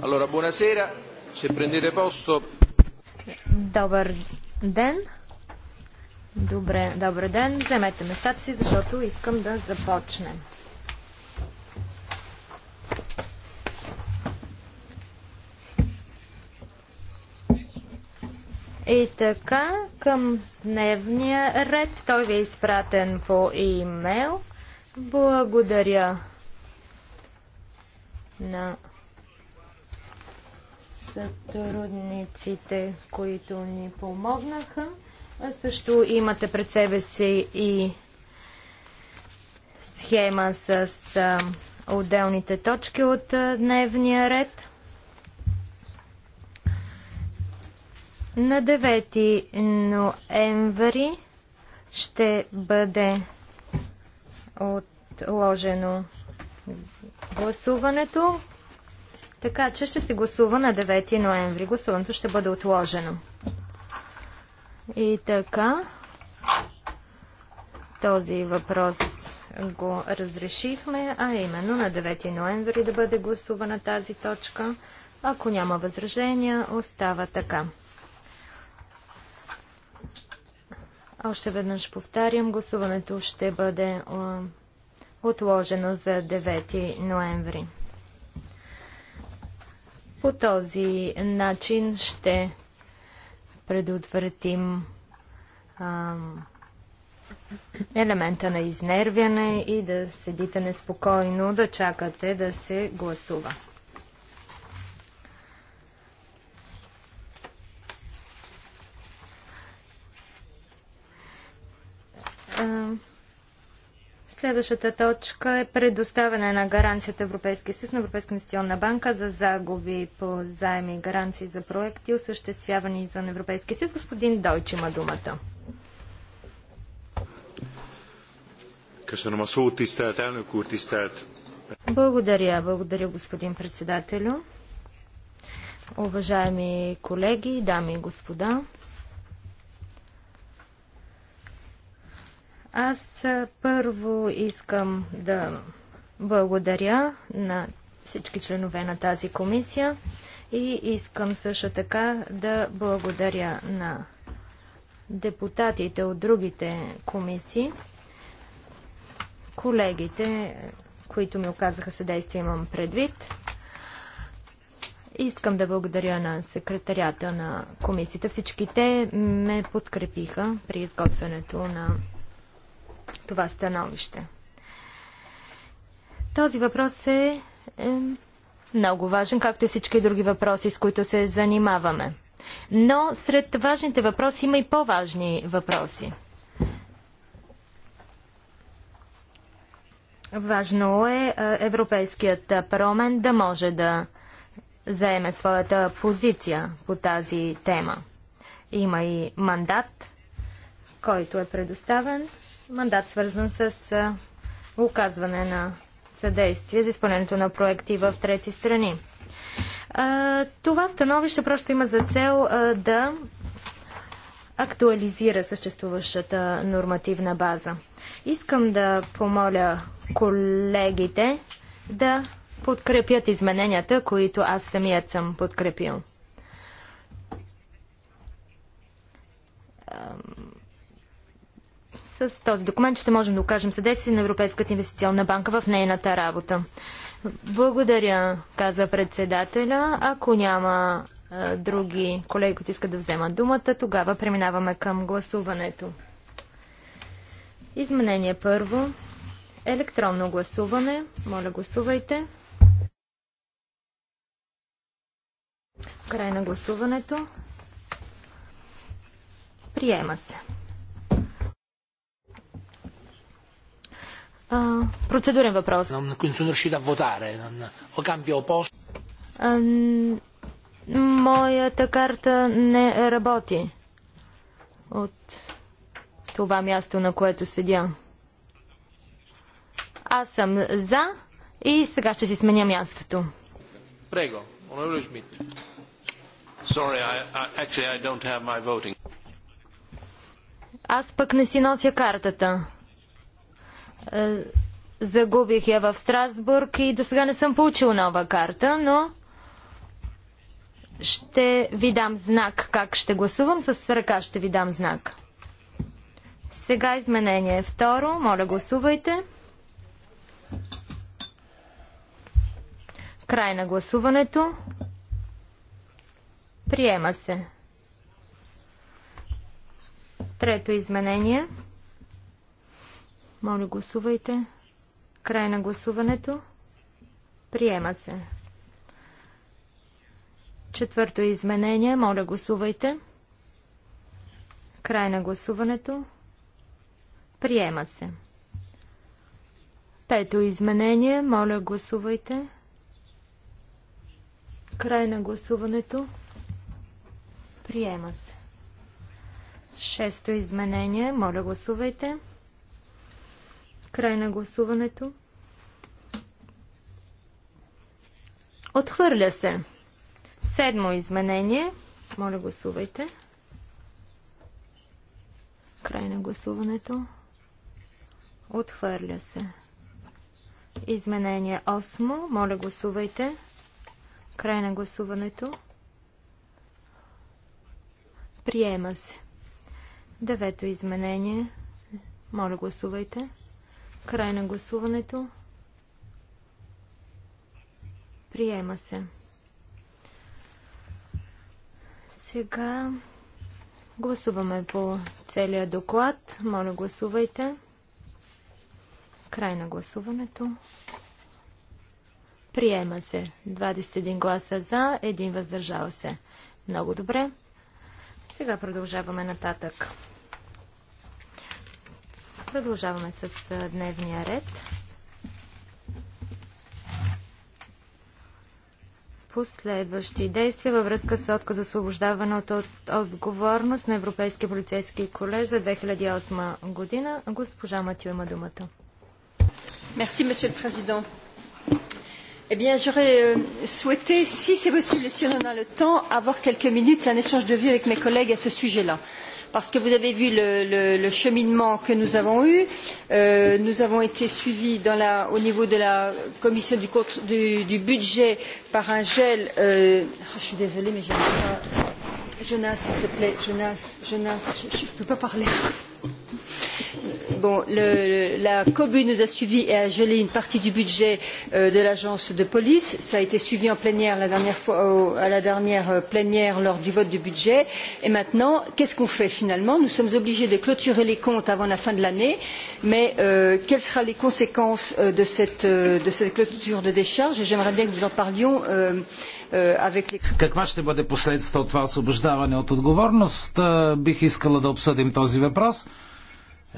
Allora, buonasera, se prendete posto. Добър ден. Добре, добър ден. Вземете местата си, защото искам да започнем. И така, към дневния ред, той ви е изпратен по имейл. Благодаря на сътрудниците, които ни помогнаха. А също имате пред себе си и схема с а, отделните точки от а, дневния ред. На 9 ноември ще бъде отложено гласуването. Така че ще се гласува на 9 ноември. Гласуването ще бъде отложено. И така, този въпрос го разрешихме, а именно на 9 ноември да бъде гласувана тази точка. Ако няма възражения, остава така. Още веднъж повтарям, гласуването ще бъде отложено за 9 ноември. По този начин ще предотвратим а, елемента на изнервяне и да седите неспокойно, да чакате да се гласува. Um... Следващата точка е предоставяне на гаранцията Европейски съюз на Европейска инвестиционна банка за загуби по заеми и гаранции за проекти, осъществявани извън Европейски съюз. Господин Дойч има думата. Благодаря, благодаря господин председателю. Уважаеми колеги, дами и господа, Аз първо искам да благодаря на всички членове на тази комисия и искам също така да благодаря на депутатите от другите комисии, колегите, които ми оказаха съдействие, имам предвид. Искам да благодаря на секретарята на комисията. Всички те ме подкрепиха при изготвянето на това становище. Този въпрос е, е много важен, както и всички други въпроси, с които се занимаваме. Но сред важните въпроси има и по-важни въпроси. Важно е, е Европейският парламент да може да заеме своята позиция по тази тема. Има и мандат, който е предоставен мандат свързан с оказване на съдействие за изпълнението на проекти в трети страни. Това становище просто има за цел да актуализира съществуващата нормативна база. Искам да помоля колегите да подкрепят измененията, които аз самият съм подкрепил. С този документ ще можем да окажем съдействие на Европейската инвестиционна банка в нейната работа. Благодаря, каза председателя. Ако няма е, други колеги, които искат да вземат думата, тогава преминаваме към гласуването. Изменение първо. Електронно гласуване. Моля, гласувайте. Край на гласуването. Приема се. процедурен въпрос. моята карта не работи от това място, на което седя. Аз съм за и сега ще си сменя мястото. Прего, Honorable Шмидт. Sorry, I, I, actually I don't have my voting. Аз пък не си нося картата. Е, загубих я в Страсбург и до сега не съм получил нова карта, но ще ви дам знак как ще гласувам. С ръка ще ви дам знак. Сега изменение второ. Моля, гласувайте. Край на гласуването. Приема се. Трето изменение. Моля, гласувайте. Край на гласуването. Приема се. Четвърто изменение. Моля, гласувайте. Край на гласуването. Приема се. Пето изменение. Моля, гласувайте. Край на гласуването. Приема се. Шесто изменение. Моля, гласувайте. Край на гласуването. Отхвърля се. Седмо изменение. Моля, гласувайте. Край на гласуването. Отхвърля се. Изменение 8. Моля, гласувайте. Край на гласуването. Приема се. Девето изменение. Моля, гласувайте. Край на гласуването. Приема се. Сега гласуваме по целия доклад. Моля, гласувайте. Край на гласуването. Приема се. 21 гласа за, 1 въздържал се. Много добре. Сега продължаваме нататък. Продължаваме с дневния ред. Последващи действия във връзка с отказа за освобождаването от отговорност на Европейския полицейски колеж за 2008 година. Госпожа Матю има думата. Мерси, monsieur президент. Eh bien, j'aurais euh, souhaité, si c'est possible et si on en a le temps, avoir quelques minutes un échange de vues avec mes collègues à ce sujet-là parce que vous avez vu le, cheminement que nous avons eu. nous avons été suivis au niveau de la commission du, budget par un gel. je suis désolée, mais je n'ai pas. Jonas, s'il te plaît, Jonas, Jonas, je ne peux pas parler la commune nous a suivis et a gelé une partie du budget de l'agence de police. Cela a été suivi en plénière à la dernière plénière lors du vote du budget. Et maintenant, qu'est-ce qu'on fait finalement Nous sommes obligés de clôturer les comptes avant la fin de l'année, mais quelles seront les conséquences de cette, clôture de décharge J'aimerais bien que nous en parlions avec les... Каква ще бъде последствията от това освобождаване от отговорност? Бих искала да обсъдим този въпрос.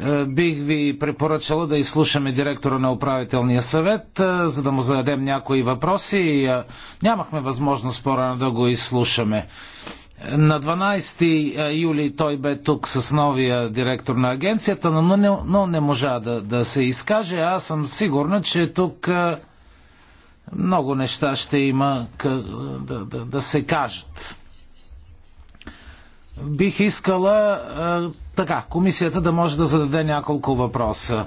Е, бих ви препоръчала да изслушаме директора на управителния съвет, е, за да му зададем някои въпроси. Е, нямахме възможност по-рано да го изслушаме. На 12 юли той бе тук с новия директор на агенцията, но не, но не можа да, да се изкаже. Аз съм сигурна, че тук много неща ще има да, да, да се кажат бих искала така, комисията да може да зададе няколко въпроса.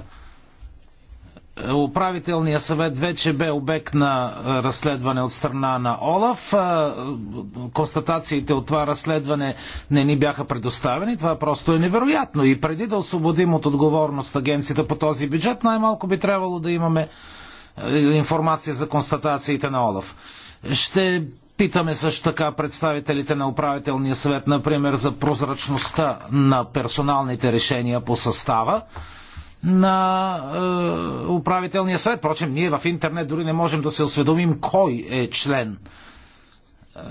Управителният съвет вече бе обект на разследване от страна на Олаф. Констатациите от това разследване не ни бяха предоставени. Това просто е невероятно. И преди да освободим от отговорност агенцията по този бюджет, най-малко би трябвало да имаме информация за констатациите на Олаф. Ще Питаме също така представителите на управителния съвет, например, за прозрачността на персоналните решения по състава на е, управителния съвет. Впрочем, ние в интернет дори не можем да се осведомим кой е член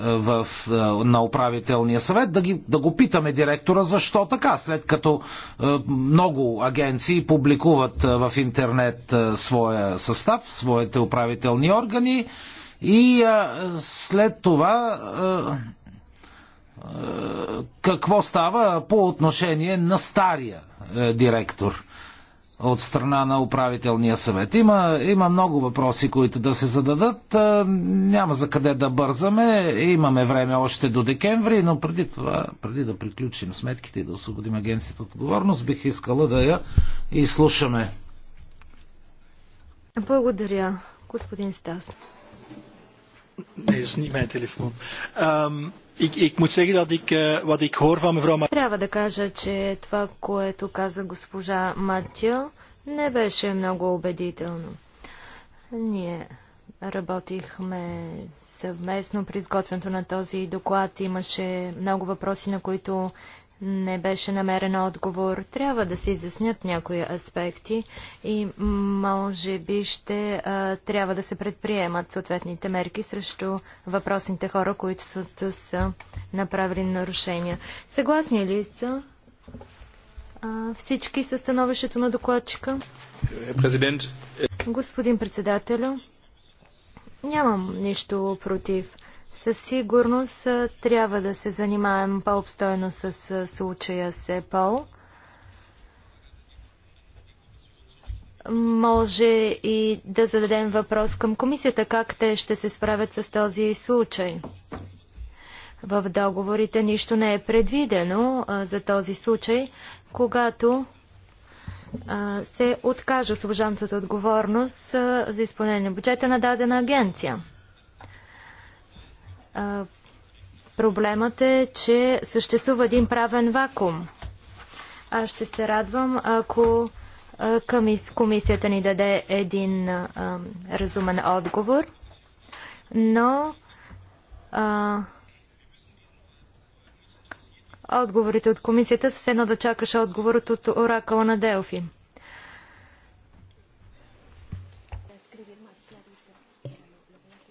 е, в, е, на управителния съвет, да, ги, да го питаме директора защо така, след като е, много агенции публикуват е, в интернет е, своя състав, своите управителни органи. Е, и а, след това а, а, какво става по отношение на стария а, е, директор от страна на управителния съвет? Има, има много въпроси, които да се зададат. А, няма за къде да бързаме. Имаме време още до декември, но преди това, преди да приключим сметките и да освободим агенцията от отговорност, бих искала да я изслушаме. Благодаря, господин Стас. Nee, dat is niet mijn telefoon. Um, ik, ik moet zeggen dat ik, uh, wat ik hoor van mevrouw... Трябва да кажа, че това, което каза госпожа Матио, не беше много убедително. Ние работихме съвместно при изготвянето на този доклад. Имаше много въпроси, на които не беше намерен отговор. Трябва да се изяснят някои аспекти и може би ще а, трябва да се предприемат съответните мерки срещу въпросните хора, които са, са направили нарушения. Съгласни ли са а, всички със становището на докладчика? Президент. Е- Господин председателю, нямам нищо против със сигурност трябва да се занимаем по-обстойно с случая СЕПОЛ. Може и да зададем въпрос към комисията как те ще се справят с този случай. В договорите нищо не е предвидено а, за този случай, когато а, се откаже служанцата отговорност а, за изпълнение на бюджета на дадена агенция проблемът е, че съществува един правен вакуум. Аз ще се радвам, ако комисията ни даде един а, разумен отговор, но а, отговорите от комисията са едно да чакаш отговорът от оракала на Делфи.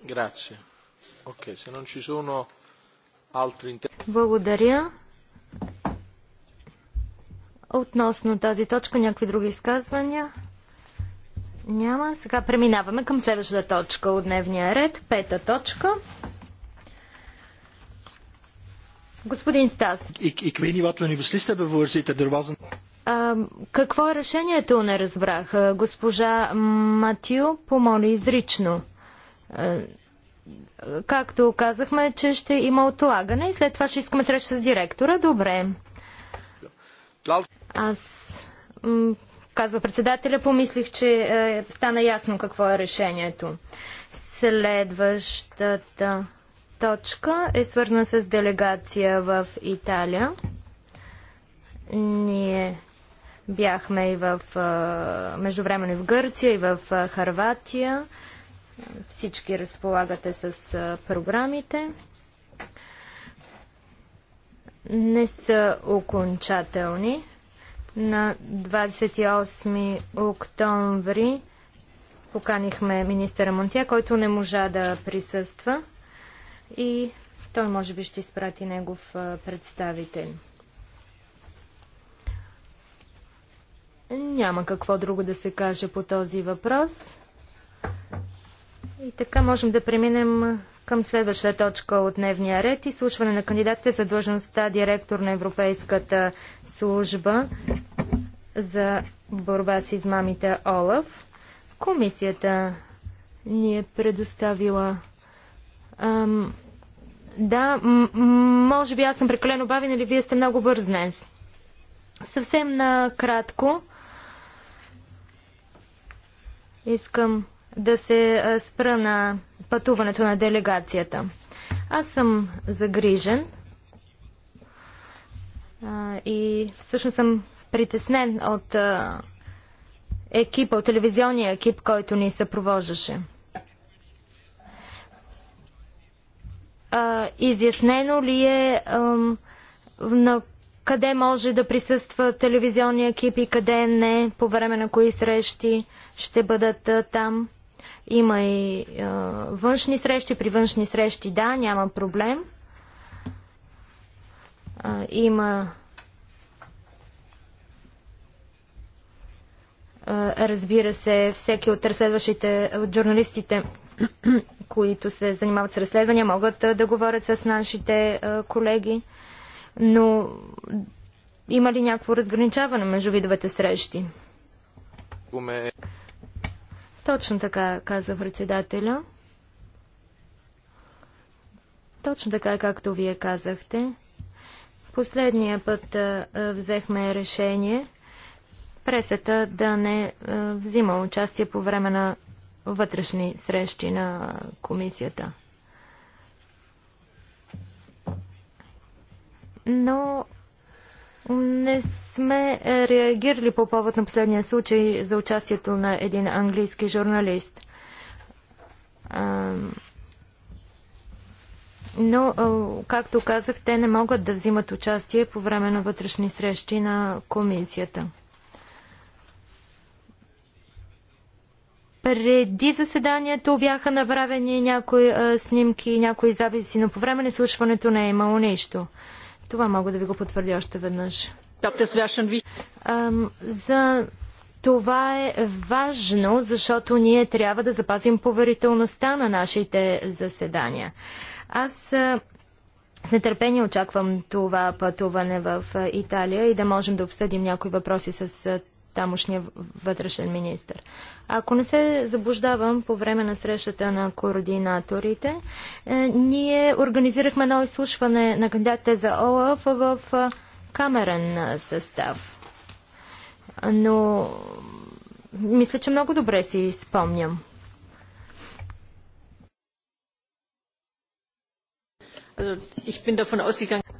Grazie. Благодаря. Относно тази точка, някакви други изказвания? Няма. Сега преминаваме към следващата точка от дневния ред. Пета точка. Господин Стас. Er какво е решението, не разбрах. Госпожа Матио помоли изрично както казахме, че ще има отлагане и след това ще искаме среща с директора. Добре. Аз, казва председателя, помислих, че е, стана ясно какво е решението. Следващата точка е свързана с делегация в Италия. Ние бяхме и в, е, междувременно и в Гърция, и в е, Харватия. Всички разполагате с програмите. Не са окончателни. На 28 октомври поканихме министъра Монтия, който не можа да присъства и той може би ще изпрати негов представител. Няма какво друго да се каже по този въпрос. И така можем да преминем към следващата точка от дневния ред. Изслушване на кандидатите за длъжността директор на Европейската служба за борба с измамите ОЛАФ. Комисията ни е предоставила ам, да, може би аз съм прекалено бавен или вие сте много бърз днес. Съвсем накратко искам да се спра на пътуването на делегацията. Аз съм загрижен а, и всъщност съм притеснен от а, екипа, от телевизионния екип, който ни съпровождаше. А, изяснено ли е на къде може да присъства телевизионния екип и къде не, по време на кои срещи ще бъдат а, там? Има и а, външни срещи. При външни срещи, да, няма проблем. А, има разбира се, всеки от разследващите, от журналистите, които се занимават с разследвания, могат да говорят с нашите колеги. Но има ли някакво разграничаване между видовете срещи? Точно така, каза председателя. Точно така, както вие казахте. Последния път а, взехме решение пресата да не а, взима участие по време на вътрешни срещи на комисията. Но не сме е, реагирали по повод на последния случай за участието на един английски журналист. Но, е, както казах, те не могат да взимат участие по време на вътрешни срещи на комисията. Преди заседанието бяха направени някои а, е, снимки, някои записи, но по време на слушването не е имало нищо. Това мога да ви го потвърдя още веднъж. За това е важно, защото ние трябва да запазим поверителността на нашите заседания. Аз с нетърпение очаквам това пътуване в Италия и да можем да обсъдим някои въпроси с тамошния вътрешен министр. Ако не се заблуждавам, по време на срещата на координаторите, е, ние организирахме едно изслушване на кандидатите за ОЛАФ в е, камерен е, състав. Но мисля, че много добре си спомням. Also, ich bin davon ausgegangen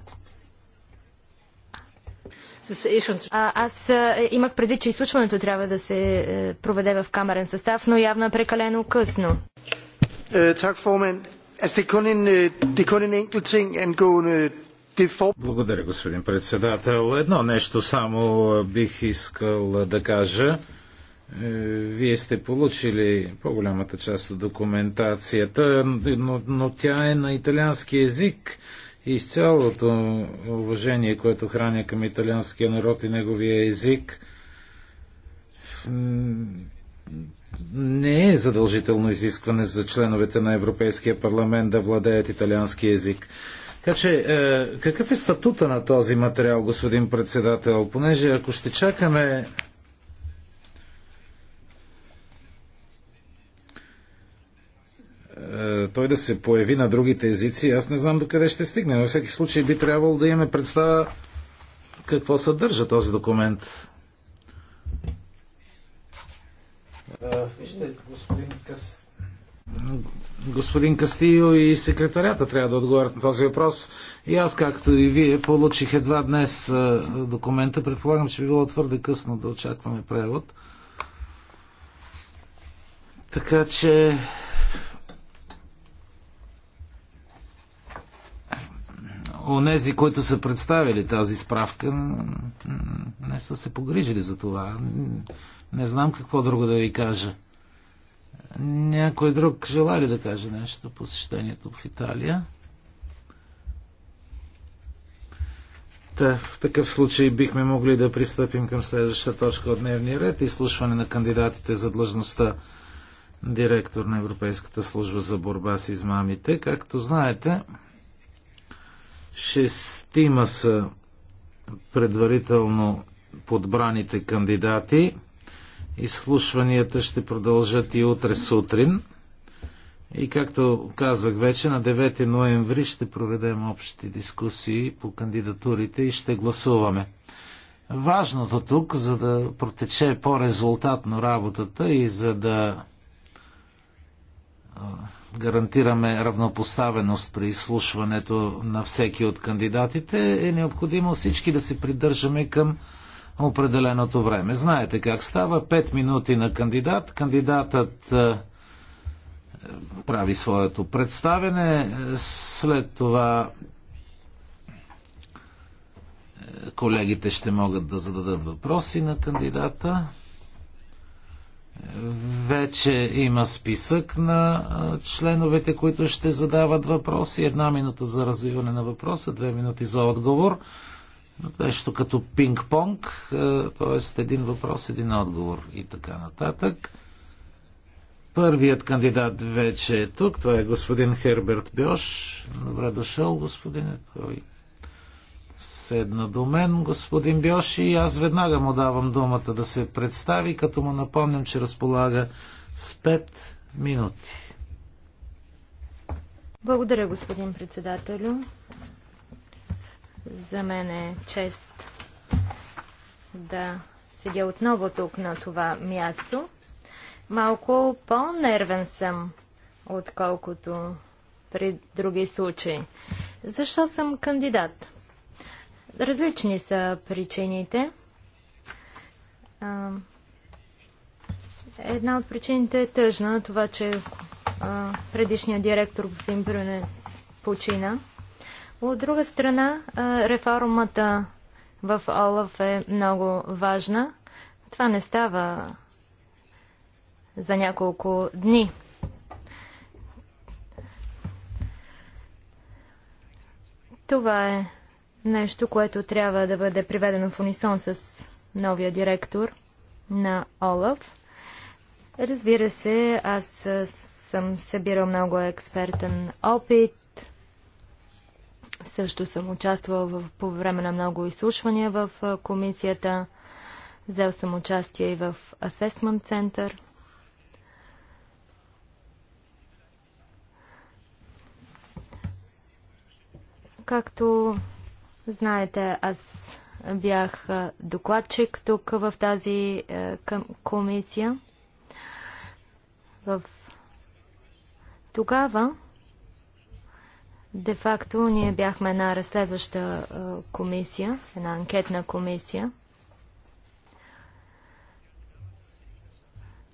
аз имах преди, че изслушването трябва да се е, проведе в камерен състав, но явно е прекалено късно. Е, er øh, er Благодаря, господин председател. Едно нещо само е, бих искал да кажа. Вие сте получили по-голямата част от документацията, но, но тя е на италиански язик и с цялото уважение, което храня към италианския народ и неговия език, не е задължително изискване за членовете на Европейския парламент да владеят италиански език. Така че, е, какъв е статута на този материал, господин председател? Понеже ако ще чакаме Е, той да се появи на другите езици, аз не знам докъде ще стигне. Във всеки случай би трябвало да имаме представа какво съдържа този документ. Вижте, господин Къс... Господин Кастио и секретарята трябва да отговарят на този въпрос. И аз, както и вие, получих едва днес е, документа. Предполагам, че би било твърде късно да очакваме превод. Така че онези, които са представили тази справка, не са се погрижили за това. Не знам какво друго да ви кажа. Някой друг жела ли да каже нещо посещението в Италия? Та, в такъв случай бихме могли да пристъпим към следващата точка от дневния ред изслушване на кандидатите за длъжността директор на Европейската служба за борба с измамите. Както знаете, Шестима са предварително подбраните кандидати. Изслушванията ще продължат и утре сутрин. И както казах вече, на 9 ноември ще проведем общите дискусии по кандидатурите и ще гласуваме. Важното тук, за да протече по-резултатно работата и за да гарантираме равнопоставеност при изслушването на всеки от кандидатите, е необходимо всички да се придържаме към определеното време. Знаете как става. Пет минути на кандидат. Кандидатът е, прави своето представене. След това е, колегите ще могат да зададат въпроси на кандидата. Вече има списък на членовете, които ще задават въпроси. Една минута за развиване на въпроса, две минути за отговор. Нещо като пинг-понг, т.е. един въпрос, един отговор и така нататък. Първият кандидат вече е тук. Това е господин Херберт Бьош. Добре дошъл, господине. Той седна до мен господин Бьоши и аз веднага му давам думата да се представи, като му напомням, че разполага с 5 минути. Благодаря, господин председателю. За мен е чест да седя отново тук на това място. Малко по-нервен съм, отколкото при други случаи. Защо съм кандидат? Различни са причините. Една от причините е тъжна, това, че предишният директор господин Брюнес почина. От друга страна, реформата в Олаф е много важна. Това не става за няколко дни. Това е Нещо, което трябва да бъде приведено в унисон с новия директор на ОЛАФ. Разбира се, аз съм събирал много експертен опит. Също съм участвал в, по време на много изслушвания в комисията. Взел съм участие и в Асесмент Център. Както Знаете, аз бях докладчик тук в тази е, комисия. В... Тогава, де-факто, ние бяхме една разследваща е, комисия, една анкетна комисия.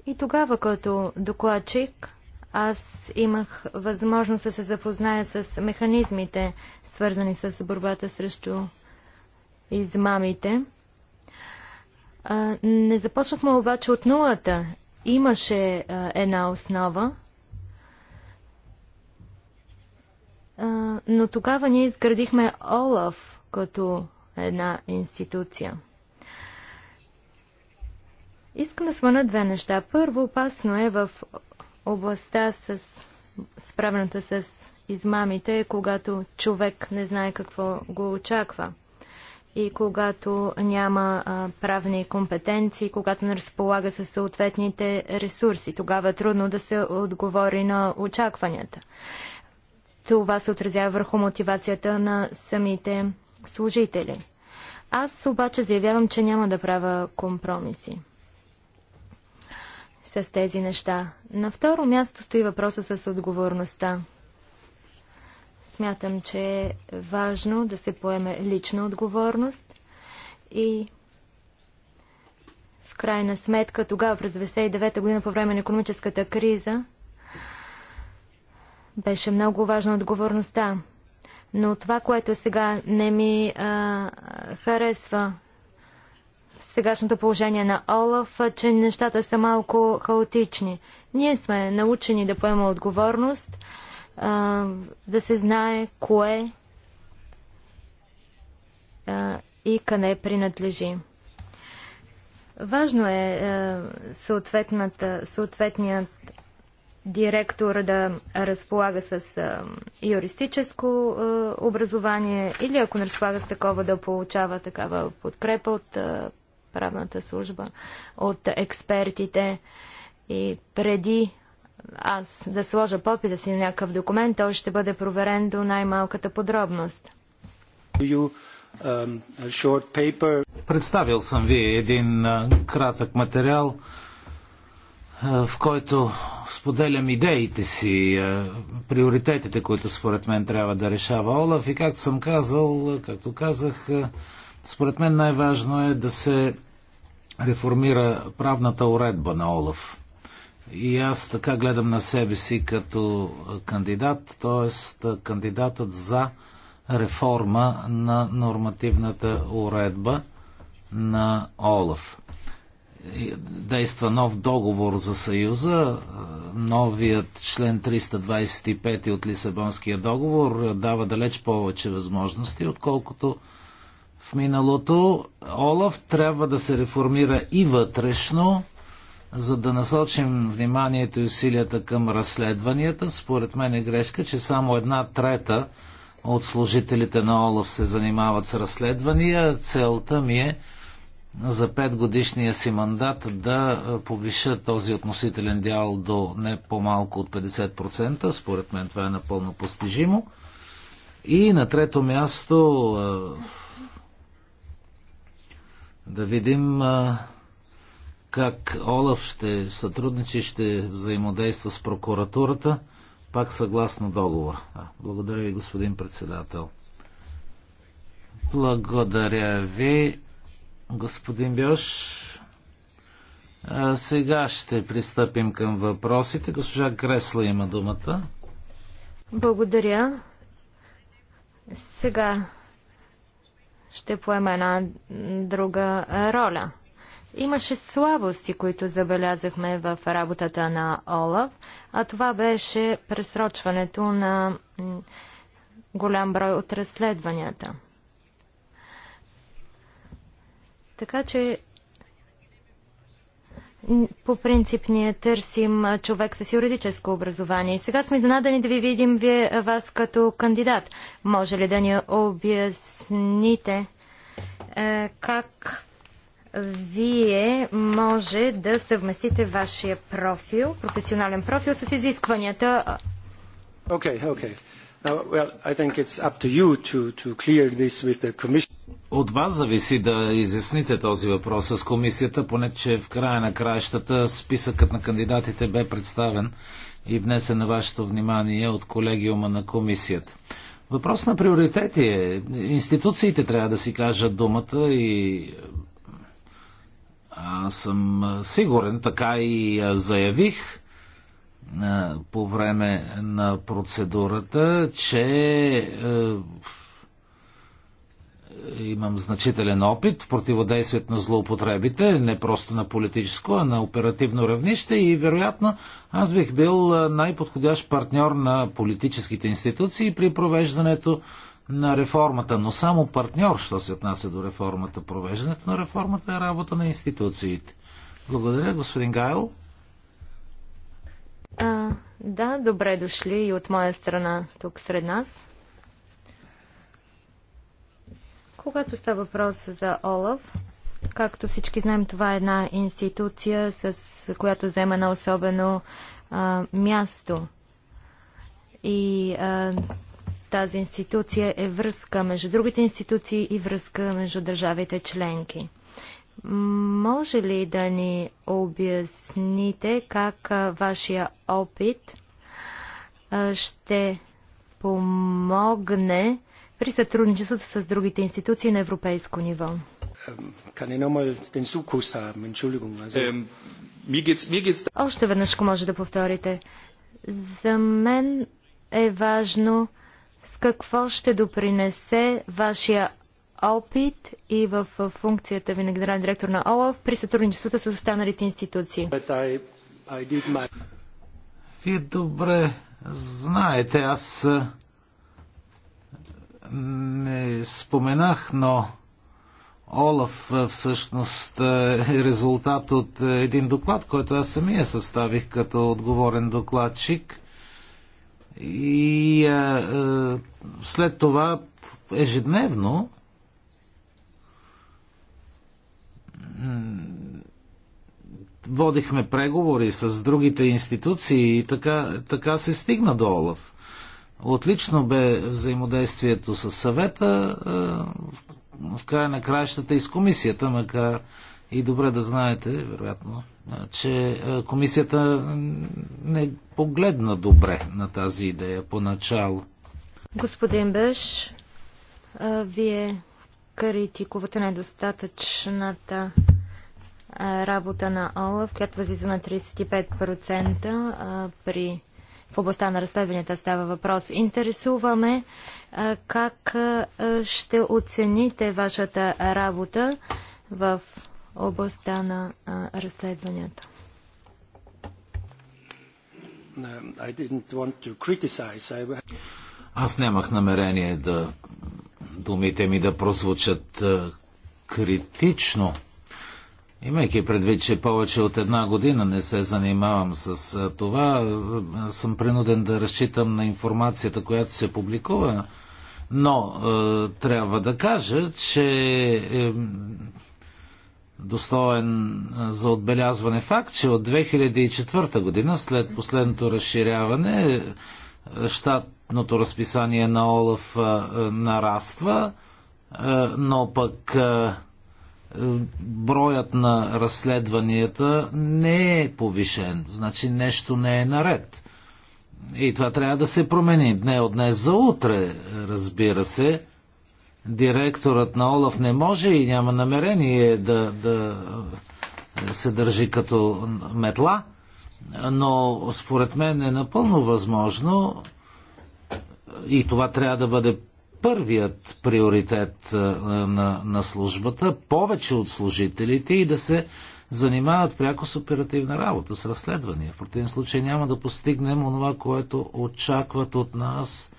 И тогава, като докладчик, аз имах възможност да се запозная с механизмите, свързани с борбата срещу измамите. Не започнахме обаче от нулата. Имаше една основа, но тогава ние изградихме ОЛАФ като една институция. Искам да спомена две неща. Първо, опасно е в областта с справената с измамите е когато човек не знае какво го очаква и когато няма а, правни компетенции, когато не разполага със съответните ресурси. Тогава е трудно да се отговори на очакванията. Това се отразява върху мотивацията на самите служители. Аз обаче заявявам, че няма да правя компромиси с тези неща. На второ място стои въпроса с отговорността. Смятам, че е важно да се поеме лична отговорност и в крайна сметка тогава през 1999 година по време на економическата криза беше много важна отговорността. Но това, което сега не ми а, харесва в сегашното положение на Олаф, че нещата са малко хаотични. Ние сме научени да поема отговорност да се знае кое а, и къде принадлежи. Важно е съответният директор да разполага с юристическо образование или ако не разполага с такова да получава такава подкрепа от правната служба, от експертите. И преди аз да сложа подписа си на някакъв документ, той ще бъде проверен до най-малката подробност. Um, Представил съм ви един кратък материал, в който споделям идеите си, приоритетите, които според мен трябва да решава Олаф и както съм казал, както казах, според мен най-важно е да се реформира правната уредба на Олаф и аз така гледам на себе си като кандидат, т.е. кандидатът за реформа на нормативната уредба на ОЛАФ. Действа нов договор за Съюза. Новият член 325 от Лисабонския договор дава далеч повече възможности, отколкото в миналото. ОЛАФ трябва да се реформира и вътрешно, за да насочим вниманието и усилията към разследванията, според мен е грешка, че само една трета от служителите на ОЛОВ се занимават с разследвания. Целта ми е за пет годишния си мандат да повиша този относителен дял до не по-малко от 50%. Според мен това е напълно постижимо. И на трето място да видим как Олаф ще сътрудничи, ще взаимодейства с прокуратурата, пак съгласно договора. Благодаря ви, господин председател. Благодаря ви, господин Бьош. А сега ще пристъпим към въпросите. Госпожа Гресла има думата. Благодаря. Сега ще поема една друга роля – Имаше слабости, които забелязахме в работата на Олаф, а това беше пресрочването на голям брой от разследванията. Така че по принцип ние търсим човек с юридическо образование. И сега сме изненадани да ви видим вие, вас като кандидат. Може ли да ни обясните е, как вие може да съвместите вашия профил, професионален профил с изискванията. Okay, okay. well, I think it's up to you to, to clear this with the commission. От вас зависи да изясните този въпрос с комисията, поне че в края на краищата списъкът на кандидатите бе представен и внесен на вашето внимание от колегиума на комисията. Въпрос на приоритети е. Институциите трябва да си кажат думата и аз съм сигурен, така и заявих по време на процедурата, че имам значителен опит в противодействието на злоупотребите, не просто на политическо, а на оперативно равнище и вероятно аз бих бил най-подходящ партньор на политическите институции при провеждането на реформата, но само партньор, що се отнася до реформата. Провеждането на реформата е работа на институциите. Благодаря, господин Гайл. А, да, добре дошли и от моя страна тук сред нас. Когато става въпрос за Олаф, както всички знаем, това е една институция, с която взема на особено а, място. И а, тази институция е връзка между другите институции и връзка между държавите членки. Може ли да ни обясните как вашия опит ще помогне при сътрудничеството с другите институции на европейско ниво? Още веднъж, ако може да повторите. За мен е важно с какво ще допринесе вашия опит и в функцията ви на генерален директор на ОЛАФ при сътрудничеството с останалите институции? I, I my... Вие добре знаете, аз не споменах, но Олаф всъщност е резултат от един доклад, който аз самия съставих като отговорен докладчик – и а, е, а, е, след това ежедневно водихме преговори с другите институции и така, така се стигна до Олаф. Отлично бе взаимодействието с съвета, е, в края на краищата и с комисията, макар и добре да знаете, вероятно, че комисията не погледна добре на тази идея поначало. Господин Беш, вие критикувате недостатъчната работа на в която възлиза на 35% при в областта на разследванията става въпрос. Интересуваме как ще оцените вашата работа в областта на а, разследванията. I... Аз нямах намерение да думите ми да прозвучат а, критично. Имайки предвид, че повече от една година не се занимавам с а, това, съм принуден да разчитам на информацията, която се публикува. Но трябва да кажа, че достоен за отбелязване факт, че от 2004 година, след последното разширяване, е, щатното разписание на Олаф е, нараства, е, но пък броят на разследванията не е повишен. Значи нещо не е наред. И това трябва да се промени. Не от днес за утре, разбира се директорът на Олаф не може и няма намерение да, да се държи като метла, но според мен е напълно възможно и това трябва да бъде първият приоритет е, на, на службата, повече от служителите и да се занимават пряко с оперативна работа, с разследвания. В противен случай няма да постигнем онова, което очакват от нас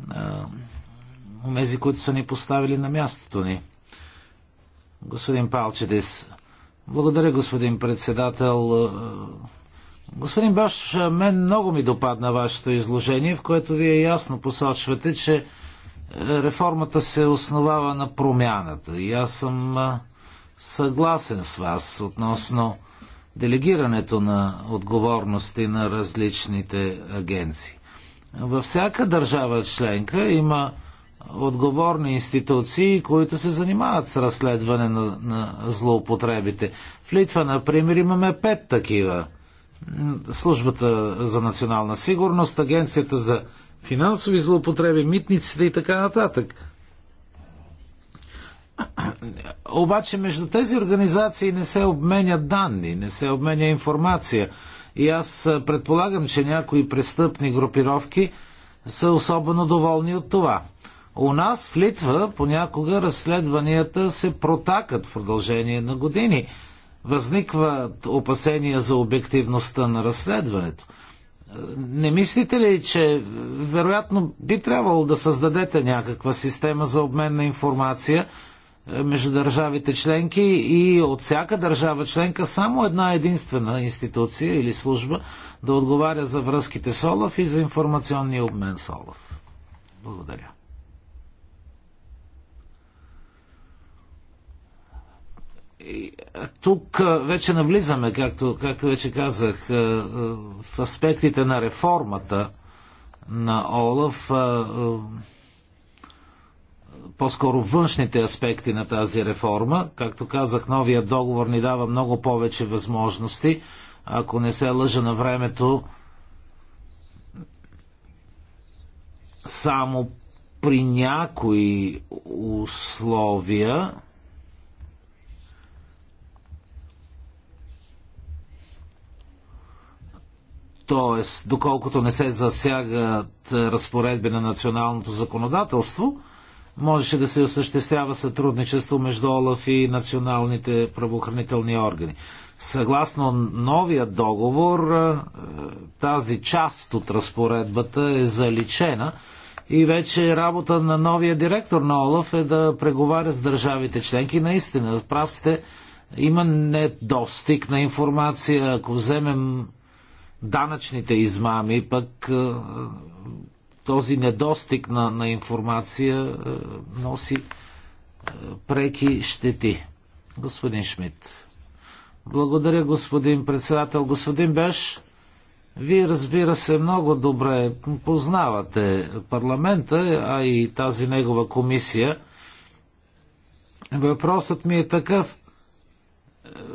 е, онези, които са ни поставили на мястото ни. Господин Палчедис, благодаря, господин председател. Господин Баш, мен много ми допадна вашето изложение, в което вие ясно посочвате, че е, реформата се основава на промяната. И аз съм е, съгласен с вас относно делегирането на отговорности на различните агенции. Във всяка държава членка има отговорни институции, които се занимават с разследване на, на злоупотребите. В Литва, например, имаме пет такива. Службата за национална сигурност, Агенцията за финансови злоупотреби, митниците и така нататък. Обаче между тези организации не се обменят данни, не се обменя информация. И аз предполагам, че някои престъпни групировки са особено доволни от това. У нас в Литва понякога разследванията се протакат в продължение на години. Възникват опасения за обективността на разследването. Не мислите ли, че вероятно би трябвало да създадете някаква система за обмен на информация е, между държавите членки и от всяка държава членка само една единствена институция или служба да отговаря за връзките с Олаф и за информационния обмен с Олаф? Благодаря. И тук вече навлизаме, както, както вече казах, в аспектите на реформата на Олаф, по-скоро външните аспекти на тази реформа. Както казах, новия договор ни дава много повече възможности. Ако не се лъжа на времето, само при някои условия т.е. доколкото не се засягат разпоредби на националното законодателство, можеше да се осъществява сътрудничество между ОЛАФ и националните правоохранителни органи. Съгласно новия договор, е, тази част от разпоредбата е заличена и вече работа на новия директор на ОЛАФ е да преговаря с държавите членки. Наистина, прав сте, има недостиг на информация. Ако вземем данъчните измами, пък е, този недостиг на, на информация е, носи е, преки щети. Господин Шмидт. Благодаря, господин председател. Господин Беш, вие разбира се много добре познавате парламента, а и тази негова комисия. Въпросът ми е такъв.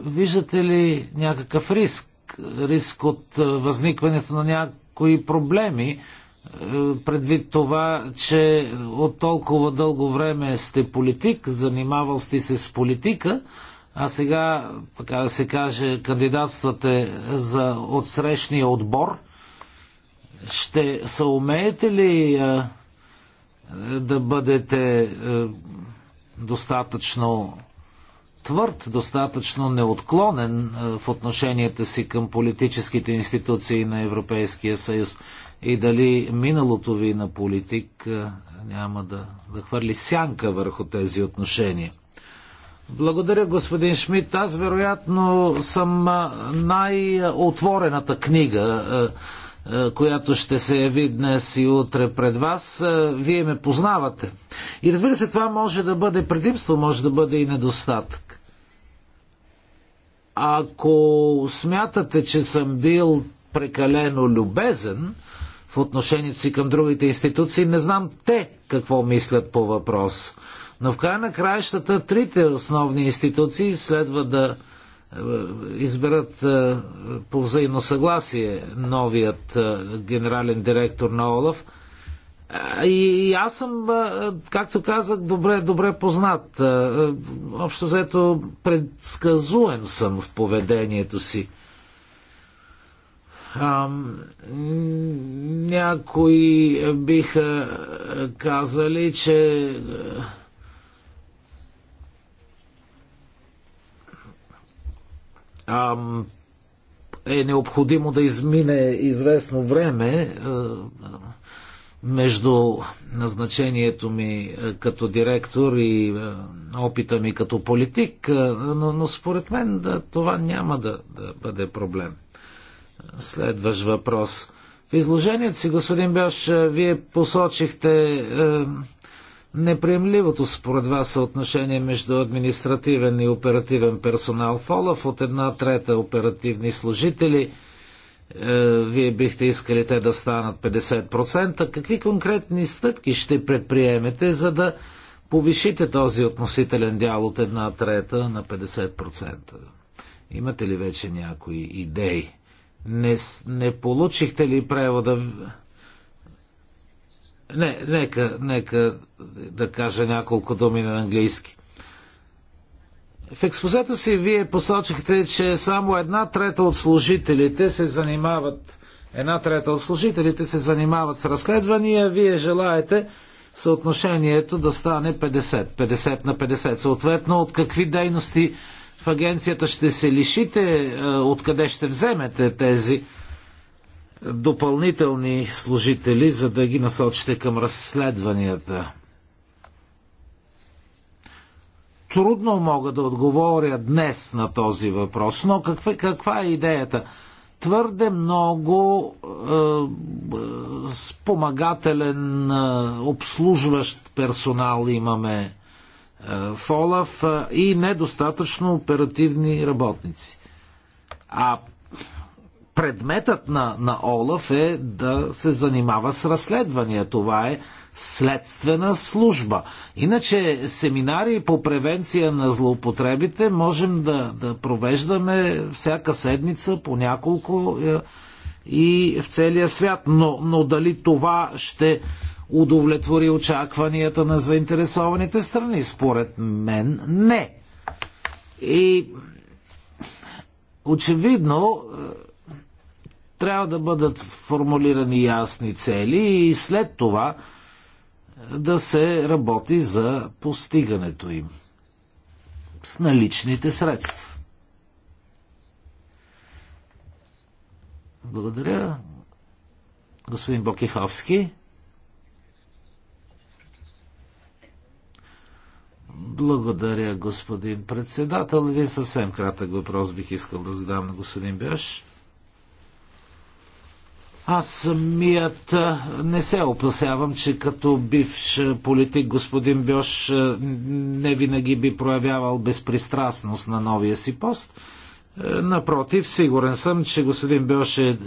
Виждате ли някакъв риск риск от е, възникването на някои проблеми, е, предвид това, че от толкова дълго време сте политик, занимавал сте се с политика, а сега, така да се каже, кандидатствате за отсрещния отбор. Ще се умеете ли е, да бъдете достатъчно твърд, достатъчно неотклонен е, в отношенията си към политическите институции на Европейския съюз и дали миналото ви на политик е, няма да, да хвърли сянка върху тези отношения. Благодаря, господин Шмидт. Аз вероятно съм е, най-отворената книга, която ще се яви днес и утре пред вас. Вие ме познавате. И разбира се, това може да бъде предимство, може да бъде и недостатък. Ако смятате, че съм бил прекалено любезен в отношението си към другите институции, не знам те какво мислят по въпрос. Но в края на краищата трите основни институции следва да е, изберат е, по взаимно съгласие новият е, генерален директор на Олаф – и аз съм, както казах, добре, добре познат. Общо заето предсказуем съм в поведението си. Ам, някои биха казали, че ам, е необходимо да измине известно време, между назначението ми е, като директор и е, опита ми като политик, е, но, но според мен да, това няма да, да бъде проблем. Следващ въпрос. В изложението си, господин Бяш, вие посочихте е, неприемливото според вас съотношение между административен и оперативен персонал в ОЛАФ от една трета оперативни служители – е, вие бихте искали те да станат 50%. Какви конкретни стъпки ще предприемете, за да повишите този относителен дял от една трета на 50%? Имате ли вече някои идеи? Не, не получихте ли превода? Не, нека, нека да кажа няколко думи на английски. В експозето си вие посочихте, че само една трета от служителите се занимават една трета от служителите се занимават с разследвания, вие желаете съотношението да стане 50, 50 на 50. Съответно, от какви дейности в агенцията ще се лишите, е, откъде ще вземете тези допълнителни служители, за да ги насочите към разследванията? трудно мога да отговоря днес на този въпрос, но каква, каква е идеята? Твърде много е, е, спомагателен, е, обслужващ персонал имаме е, в Олаф е, и недостатъчно оперативни работници. А предметът на, на Олаф е да се занимава с разследвания. Това е следствена служба. Иначе семинари по превенция на злоупотребите можем да, да провеждаме всяка седмица по няколко е, и в целия свят. Но, но дали това ще удовлетвори очакванията на заинтересованите страни? Според мен не. И очевидно е, трябва да бъдат формулирани ясни цели и след това да се работи за постигането им с наличните средства. Благодаря, господин Бокиховски. Благодаря, господин председател. Един съвсем кратък въпрос бих искал да задам на господин Бяш. Аз самият не се опасявам, че като бивш политик господин Бьош не винаги би проявявал безпристрастност на новия си пост. Напротив, сигурен съм, че господин Бьош е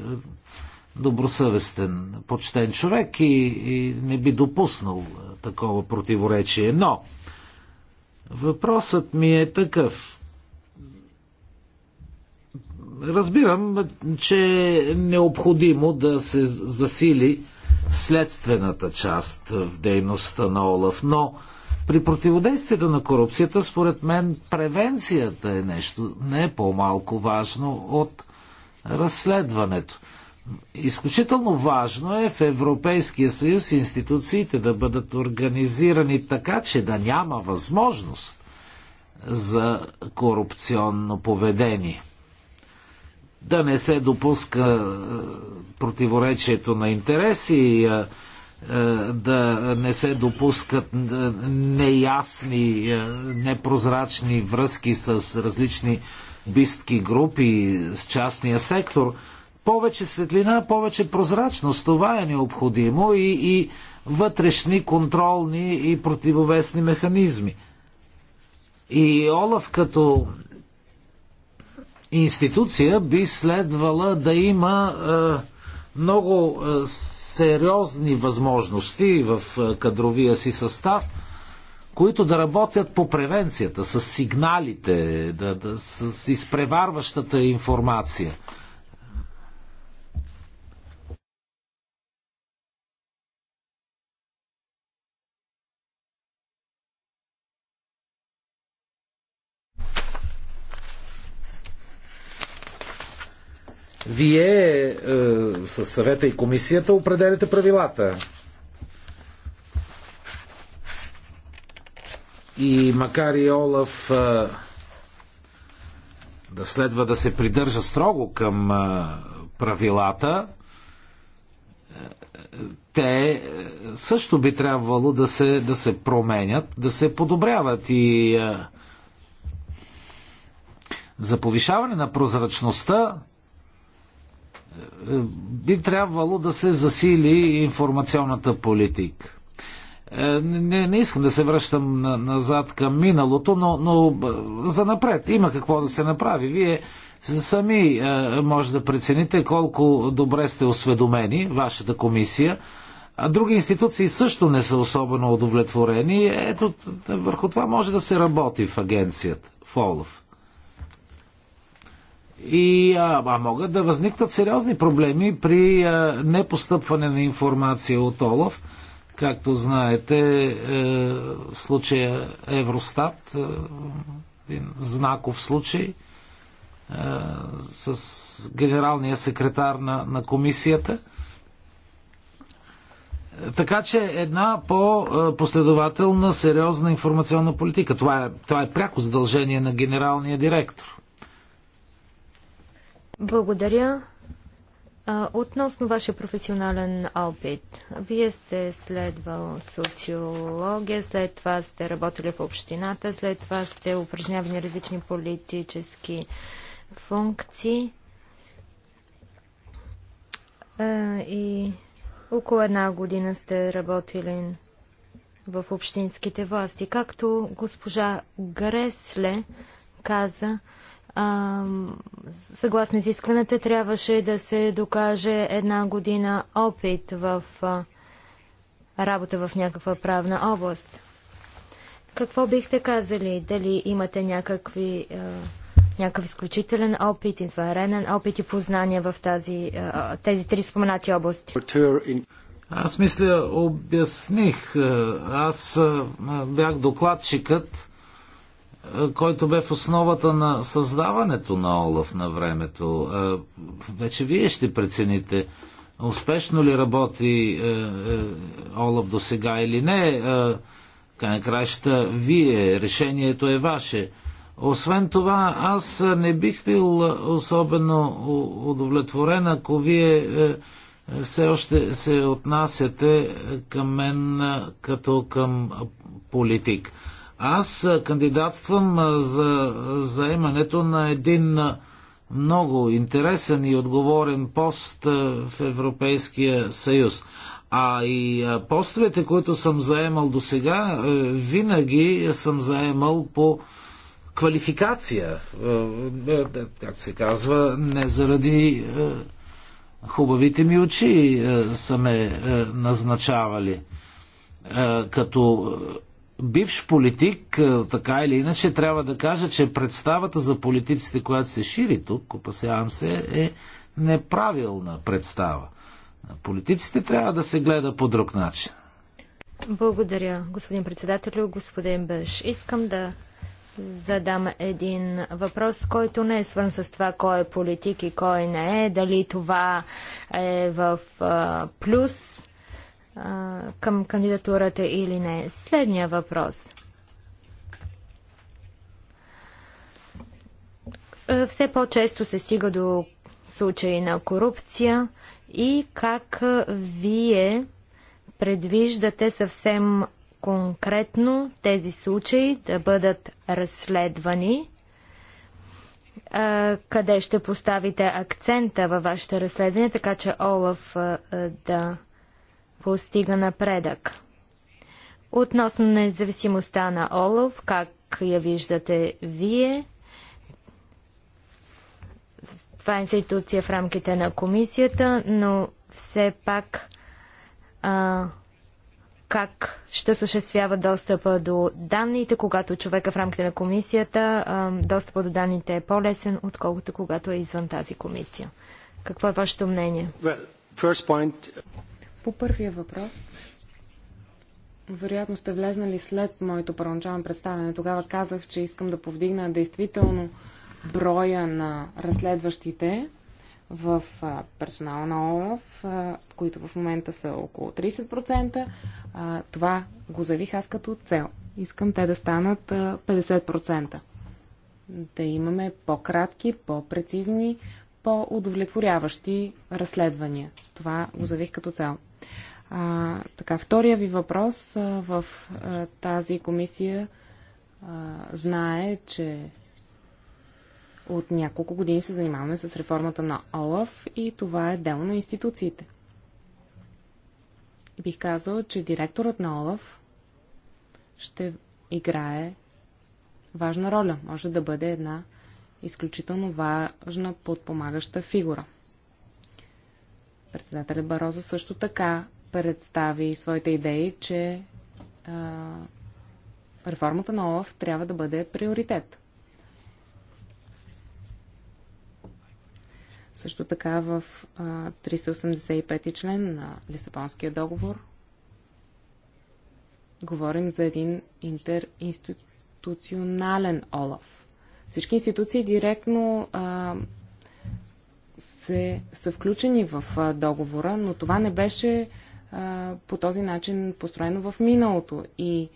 добросъвестен, почтен човек и, и не би допуснал такова противоречие. Но въпросът ми е такъв Разбирам, че е необходимо да се засили следствената част в дейността на Олаф, но при противодействието на корупцията, според мен, превенцията е нещо не е по-малко важно от разследването. Изключително важно е в Европейския съюз институциите да бъдат организирани така, че да няма възможност за корупционно поведение да не се допуска е, противоречието на интереси, е, е, да не се допускат неясни, непрозрачни връзки с различни бистки групи, с частния сектор. Повече светлина, повече прозрачност, това е необходимо и, и вътрешни контролни и противовесни механизми. И Олаф като институция би следвала да има е, много е, сериозни възможности в е, кадровия си състав, които да работят по превенцията, с сигналите, да, да, с изпреварващата информация – Вие е, с съвета и комисията определяте правилата. И макар и Олаф е, да следва да се придържа строго към е, правилата, е, те е, също би трябвало да се, да се променят, да се подобряват и е, за повишаване на прозрачността би трябвало да се засили информационната политика. Е, не, не искам да се връщам назад към миналото, но, но е, за напред има какво да се направи. Вие сами е, може да прецените колко добре сте осведомени, вашата комисия, а други институции също не са особено удовлетворени. Ето, върху това може да се работи в агенцията, в ОЛАФ. И а, а могат да възникнат сериозни проблеми при а, непостъпване на информация от Олаф. Както знаете, е, в случая Евростат, е, знаков случай, е, с генералния секретар на, на комисията. Така че една по-последователна, сериозна информационна политика. Това е, това е пряко задължение на генералния директор. Благодаря. Относно вашия професионален опит, вие сте следвал социология, след това сте работили в общината, след това сте упражнявали различни политически функции и около една година сте работили в общинските власти. Както госпожа Гресле каза, а, съгласно изискването трябваше да се докаже една година опит в а, работа в някаква правна област. Какво бихте казали? Дали имате някакви, а, някакъв изключителен опит, извънреден опит и познания в тази, а, тези три споменати области? Аз мисля, обясних. Аз бях докладчикът който бе в основата на създаването на Олаф на времето. Е, вече вие ще прецените успешно ли работи е, е, Олаф до сега или не. Край краища, вие, решението е ваше. Освен това, аз не бих бил особено удовлетворен, ако вие все още се отнасяте към мен като към политик. Аз кандидатствам за заемането на един много интересен и отговорен пост в Европейския съюз. А и постовете, които съм заемал до сега, винаги съм заемал по квалификация. Както се казва, не заради хубавите ми очи са ме назначавали като бивш политик, е, така или иначе, трябва да кажа, че представата за политиците, която се шири тук, опасявам се, е неправилна представа. Политиците трябва да се гледа по друг начин. Благодаря, господин председател, господин Беш. Искам да задам един въпрос, който не е свън с това кой е политик и кой не е, дали това е в плюс а, към кандидатурата или не. Следния въпрос. Все по-често се стига до случаи на корупция и как вие предвиждате съвсем конкретно тези случаи да бъдат разследвани? Къде ще поставите акцента във вашите разследвания, така че Олаф да постига напредък. Относно независимостта на Олов, как я виждате вие? Това е институция в рамките на комисията, но все пак а, как ще съществява достъпа до данните, когато човека в рамките на комисията, а, достъпа до данните е по-лесен, отколкото когато е извън тази комисия. Какво е вашето мнение? Well, по първия въпрос, вероятно сте влезнали след моето първоначално представяне. Тогава казах, че искам да повдигна действително броя на разследващите в персонала на ОЛАФ, които в момента са около 30%. Това го завих аз като цел. Искам те да станат 50%. Да имаме по-кратки, по-прецизни, по-удовлетворяващи разследвания. Това го завих като цел. А, така, втория ви въпрос а, в а, тази комисия а, знае, че от няколко години се занимаваме с реформата на ОЛАФ и това е дело на институциите. И бих казал, че директорът на ОЛАФ ще играе важна роля. Може да бъде една изключително важна подпомагаща фигура – Председателя Бароза също така представи своите идеи, че а, реформата на ОЛАФ трябва да бъде приоритет. Също така в а, 385 член на Лисабонския договор говорим за един интеринституционален ОЛАФ. Всички институции директно а, се, са включени в договора, но това не беше а, по този начин построено в миналото. И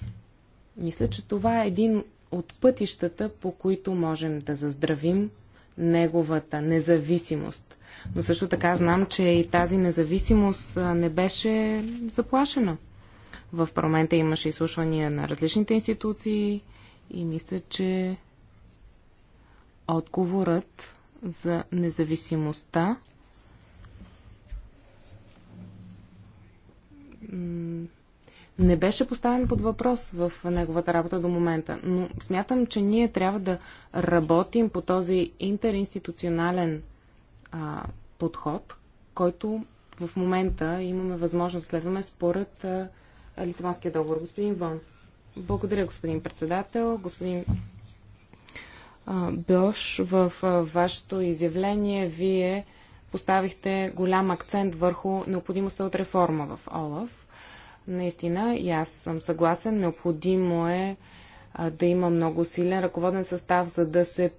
мисля, че това е един от пътищата, по които можем да заздравим неговата независимост. Но също така знам, че и тази независимост не беше заплашена. В парламента имаше изслушвания на различните институции и мисля, че отговорът за независимостта. Не беше поставен под въпрос в неговата работа до момента, но смятам, че ние трябва да работим по този интеринституционален а, подход, който в момента имаме възможност да следваме според а, Лисабонския договор. Господин Вон. Благодаря, господин председател, господин Бош, в вашето изявление вие поставихте голям акцент върху необходимостта от реформа в ОЛАФ. Наистина, и аз съм съгласен, необходимо е да има много силен ръководен състав, за да се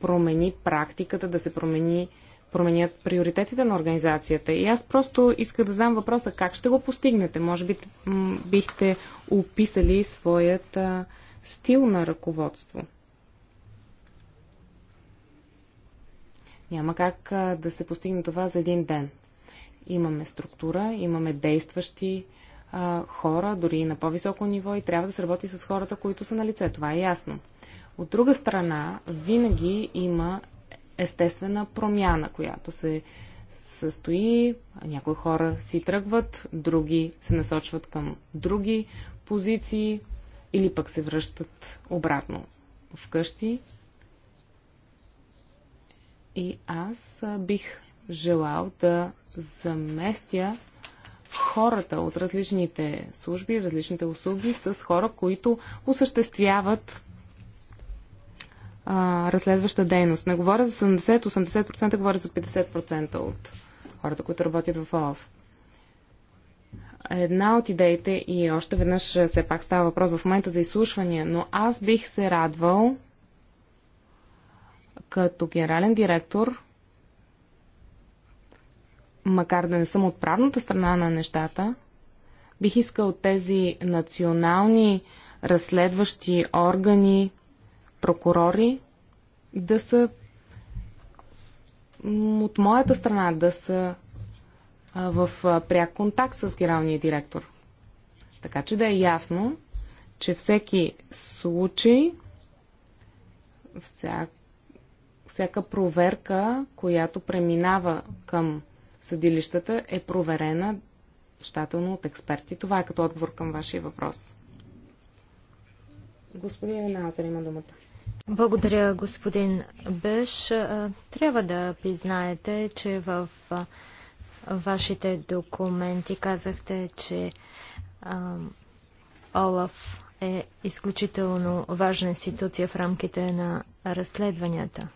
промени практиката, да се промени, променят приоритетите на организацията. И аз просто искам да знам въпроса как ще го постигнете. Може би бихте описали своят стил на ръководство. Няма как да се постигне това за един ден. Имаме структура, имаме действащи хора, дори и на по-високо ниво и трябва да се работи с хората, които са на лице. Това е ясно. От друга страна, винаги има естествена промяна, която се състои. Някои хора си тръгват, други се насочват към други позиции или пък се връщат обратно вкъщи и аз бих желал да заместя хората от различните служби, различните услуги с хора, които осъществяват а, разследваща дейност. Не говоря за 70-80%, говоря за 50% от хората, които работят в ОЛАФ. Една от идеите, и още веднъж все пак става въпрос в момента за изслушвания, но аз бих се радвал като генерален директор, макар да не съм от правната страна на нещата, бих искал тези национални разследващи органи, прокурори да са от моята страна, да са в пряк контакт с генералния директор. Така че да е ясно, че всеки случай, всяк всяка проверка, която преминава към съдилищата, е проверена щателно от експерти. Това е като отговор към вашия въпрос. Господин Назар, има думата. Благодаря, господин Беш. Трябва да признаете, че в вашите документи казахте, че Олаф е изключително важна институция в рамките на разследванията.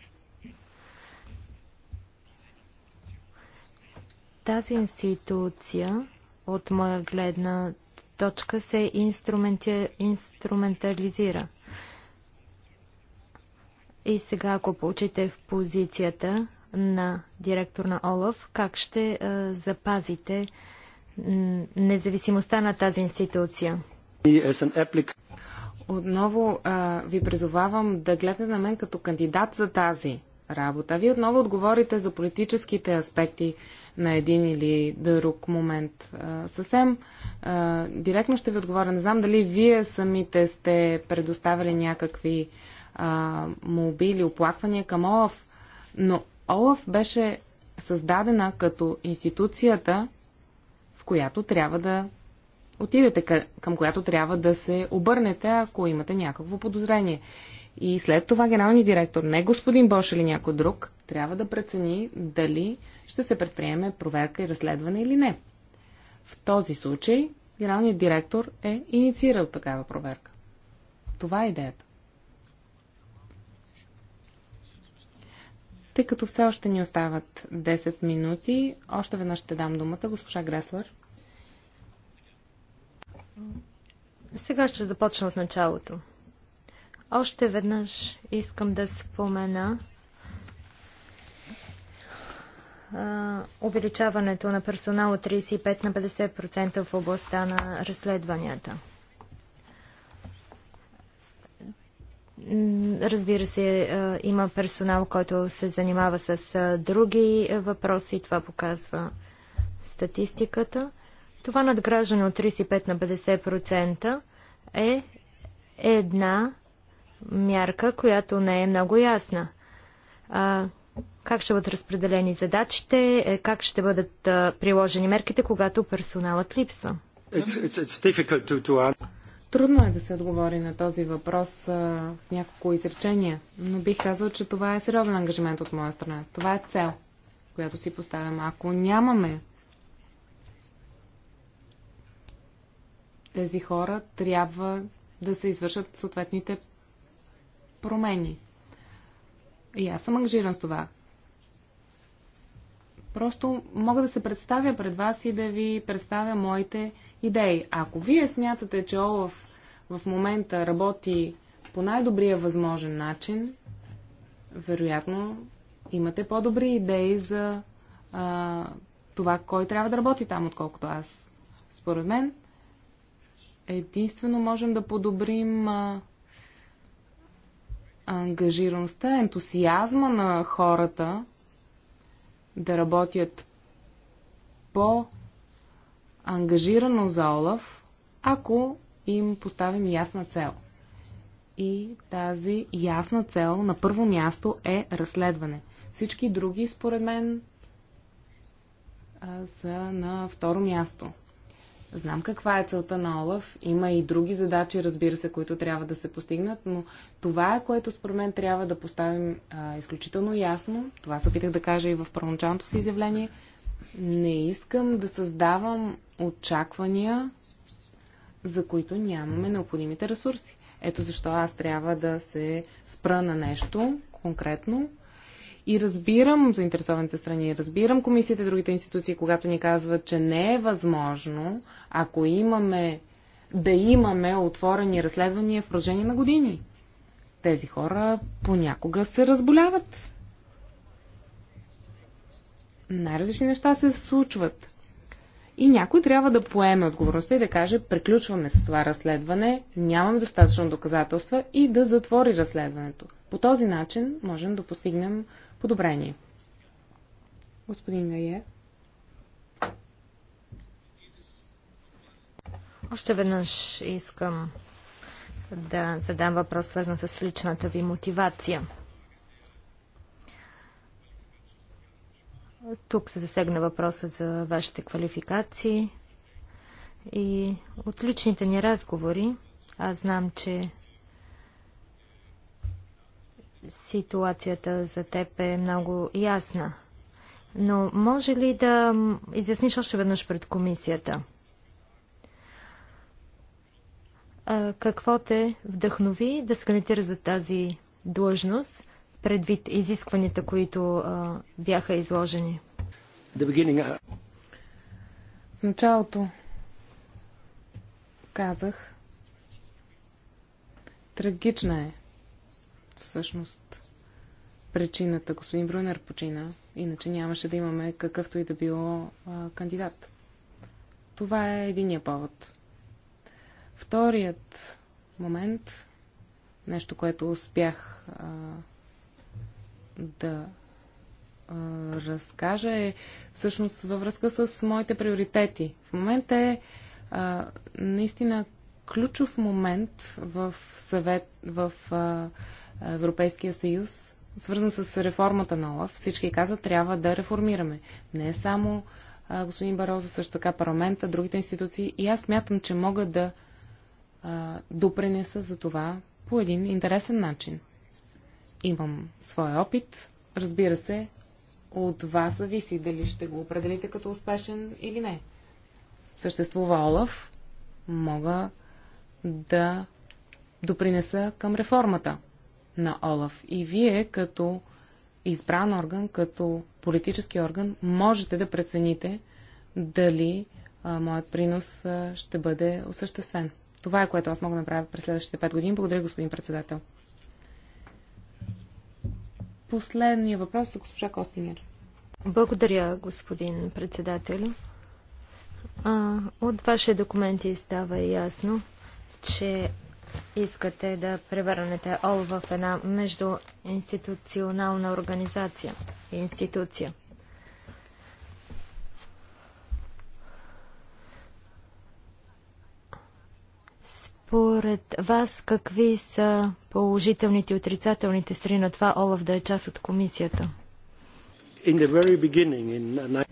Тази институция от моя гледна точка се инструменти... инструментализира. И сега, ако получите в позицията на директор на ОЛАФ, как ще а, е, запазите независимостта на тази институция? Отново а, ви призовавам да гледате на мен като кандидат за тази работа. Вие отново отговорите за политическите аспекти на един или друг момент. съвсем директно ще ви отговоря. Не знам дали вие самите сте предоставили някакви мобили, молби или оплаквания към ОЛАФ, но ОЛАФ беше създадена като институцията, в която трябва да отидете, към която трябва да се обърнете, ако имате някакво подозрение. И след това генералният директор, не господин Бош или някой друг, трябва да прецени дали ще се предприеме проверка и разследване или не. В този случай генералният директор е инициирал такава проверка. Това е идеята. Тъй като все още ни остават 10 минути, още веднъж ще дам думата госпожа Греслер. Сега ще започна от началото. Още веднъж искам да спомена увеличаването на персонал от 35 на 50% в областта на разследванията. Разбира се, има персонал, който се занимава с други въпроси. Това показва статистиката. Това надграждане от 35 на 50% е една мярка, която не е много ясна. А, как ще бъдат разпределени задачите, е, как ще бъдат а, приложени мерките, когато персоналът липсва? It's, it's, it's to, to Трудно е да се отговори на този въпрос а, в няколко изречения, но бих казал, че това е сериозен ангажимент от моя страна. Това е цел, която си поставям. Ако нямаме тези хора, трябва да се извършат съответните промени. И аз съм ангажиран с това. Просто мога да се представя пред вас и да ви представя моите идеи. Ако вие смятате, че ОЛАФ в момента работи по най-добрия възможен начин, вероятно имате по-добри идеи за а, това, кой трябва да работи там, отколкото аз. Според мен, единствено можем да подобрим а, ангажираността, ентусиазма на хората да работят по-ангажирано за Олаф, ако им поставим ясна цел. И тази ясна цел на първо място е разследване. Всички други, според мен, са на второ място. Знам каква е целта на Олаф. Има и други задачи, разбира се, които трябва да се постигнат, но това е което според мен трябва да поставим а, изключително ясно. Това се опитах да кажа и в първоначалното си изявление. Не искам да създавам очаквания, за които нямаме необходимите ресурси. Ето защо аз трябва да се спра на нещо конкретно, и разбирам заинтересованите страни, разбирам комисията и другите институции, когато ни казват, че не е възможно, ако имаме да имаме отворени разследвания в продължение на години. Тези хора понякога се разболяват. Най-различни неща се случват. И някой трябва да поеме отговорността и да каже, приключваме с това разследване, нямаме достатъчно доказателства и да затвори разследването. По този начин можем да постигнем подобрение. Господин Гайе. Още веднъж искам да задам въпрос, свързан с личната ви мотивация. Тук се засегна въпроса за вашите квалификации и от личните ни разговори. Аз знам, че ситуацията за теб е много ясна. Но може ли да изясниш още веднъж пред комисията? Какво те вдъхнови да се кандидатира за тази длъжност, предвид изискванията, които а, бяха изложени? В началото казах, трагична е всъщност причината. Господин Брунер почина, иначе нямаше да имаме какъвто и да било а, кандидат. Това е единия повод. Вторият момент, нещо, което успях а, да а, разкажа, е всъщност във връзка с моите приоритети. В момента е а, наистина ключов момент в съвет, в а, Европейския съюз, свързан с реформата на ОЛАФ. Всички казват, трябва да реформираме. Не само а, господин Барозо, също така парламента, другите институции. И аз мятам, че мога да а, допренеса за това по един интересен начин. Имам своя опит. Разбира се, от вас зависи дали ще го определите като успешен или не. Съществува Олаф, мога да допринеса към реформата на ОЛАФ. И вие, като избран орган, като политически орган, можете да прецените дали а, моят принос а, ще бъде осъществен. Това е което аз мога да направя през следващите 5 години. Благодаря, господин председател. Последния въпрос е госпожа Костинер. Благодаря, господин председател. А, от вашия документи става ясно, че искате да превърнете ОЛ в една междуинституционална организация и институция. Според вас, какви са положителните и отрицателните страни на това Олаф да е част от комисията? In...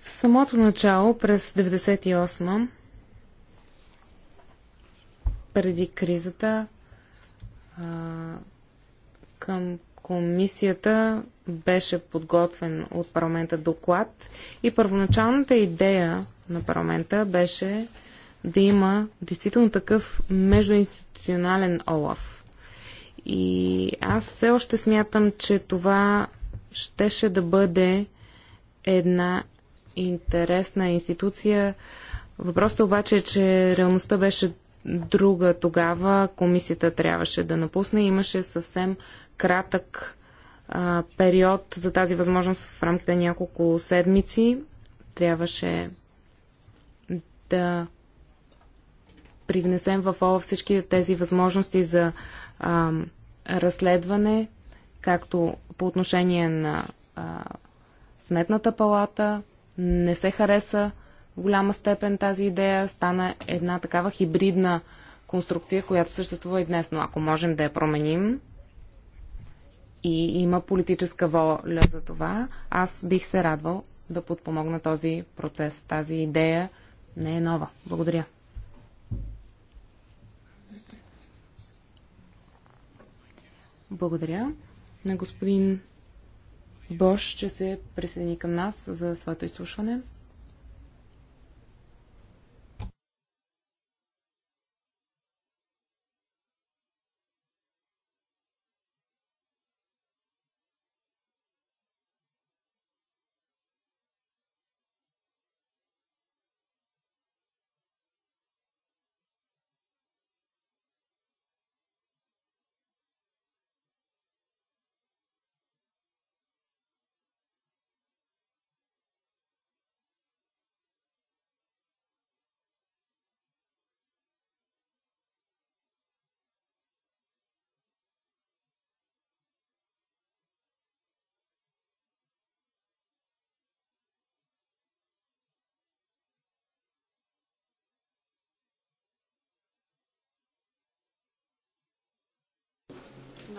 В самото начало, през 1998 преди кризата а, към комисията беше подготвен от парламента доклад и първоначалната идея на парламента беше да има действително такъв междуинституционален ОЛАФ. И аз все още смятам, че това щеше да бъде една интересна институция. Въпросът обаче е, че реалността беше друга тогава комисията трябваше да напусне. Имаше съвсем кратък а, период за тази възможност в рамките на няколко седмици. Трябваше да привнесем в ОЛА всички тези възможности за а, разследване, както по отношение на а, Сметната палата. Не се хареса в голяма степен тази идея, стана една такава хибридна конструкция, която съществува и днес. Но ако можем да я променим и има политическа воля за това, аз бих се радвал да подпомогна този процес. Тази идея не е нова. Благодаря. Благодаря на господин Бош, че се присъедини към нас за своето изслушване.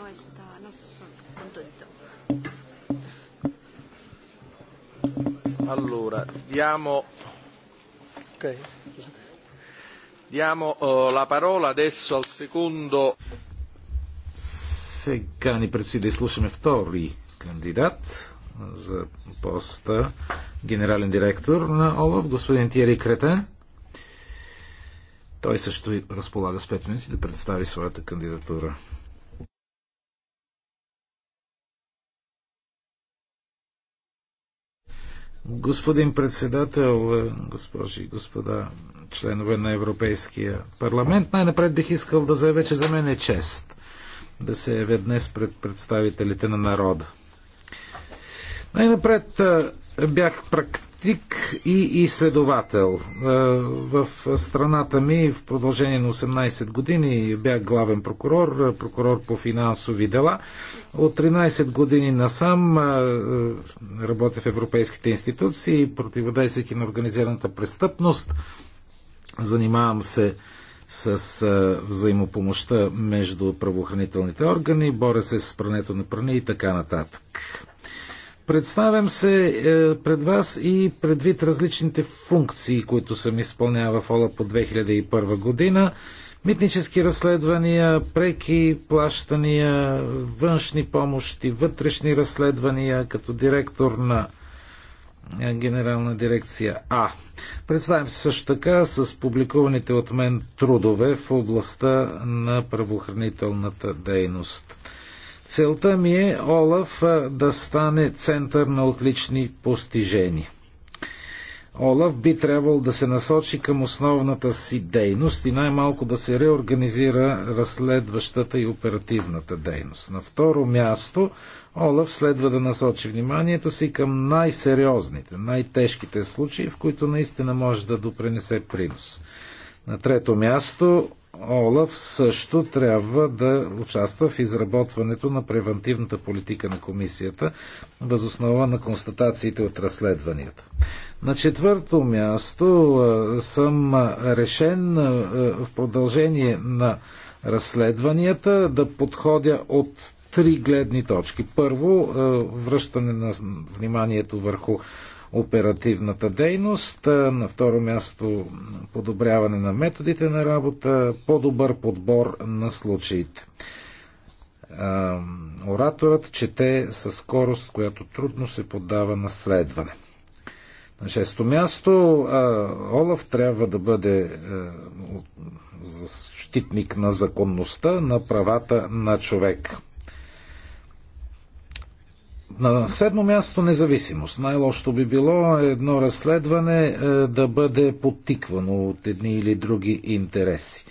no está, no sono contento. Allora, diamo, okay. diamo uh, la parola adesso al secondo. Сега ни предстои да изслушаме втори кандидат за поста генерален директор на ОЛАФ, господин Тиери Крете. Той също разполага с 5 минути да представи своята кандидатура. Господин председател, е, госпожи и господа, членове на Европейския парламент, най-напред бих искал да заявя, че за мен е чест да се явя днес пред представителите на народа. Най-напред е, Бях практик и изследовател. Е, в страната ми в продължение на 18 години бях главен прокурор, прокурор по финансови дела. От 13 години насам е, е, работя в европейските институции, противодействайки на организираната престъпност. Занимавам се с а, взаимопомощта между правоохранителните органи, боря се с прането на пране и така нататък. Представям се е, пред вас и предвид различните функции, които съм изпълнява в ОЛА по 2001 година. Митнически разследвания, преки плащания, външни помощи, вътрешни разследвания като директор на е, Генерална дирекция А. Представям се също така с публикуваните от мен трудове в областта на правоохранителната дейност. Целта ми е Олаф да стане център на отлични постижения. Олаф би трябвало да се насочи към основната си дейност и най-малко да се реорганизира разследващата и оперативната дейност. На второ място, Олаф следва да насочи вниманието си към най-сериозните, най-тежките случаи, в които наистина може да допренесе принос. На трето място, Олаф също трябва да участва в изработването на превентивната политика на комисията, възоснова на констатациите от разследванията. На четвърто място съм решен в продължение на разследванията да подходя от три гледни точки. Първо, връщане на вниманието върху оперативната дейност. На второ място подобряване на методите на работа, по-добър подбор на случаите. Ораторът чете със скорост, която трудно се поддава на следване. На шесто място, Олаф трябва да бъде защитник на законността, на правата на човек. На седмо място независимост. Най-лошото би било едно разследване е, да бъде подтиквано от едни или други интереси.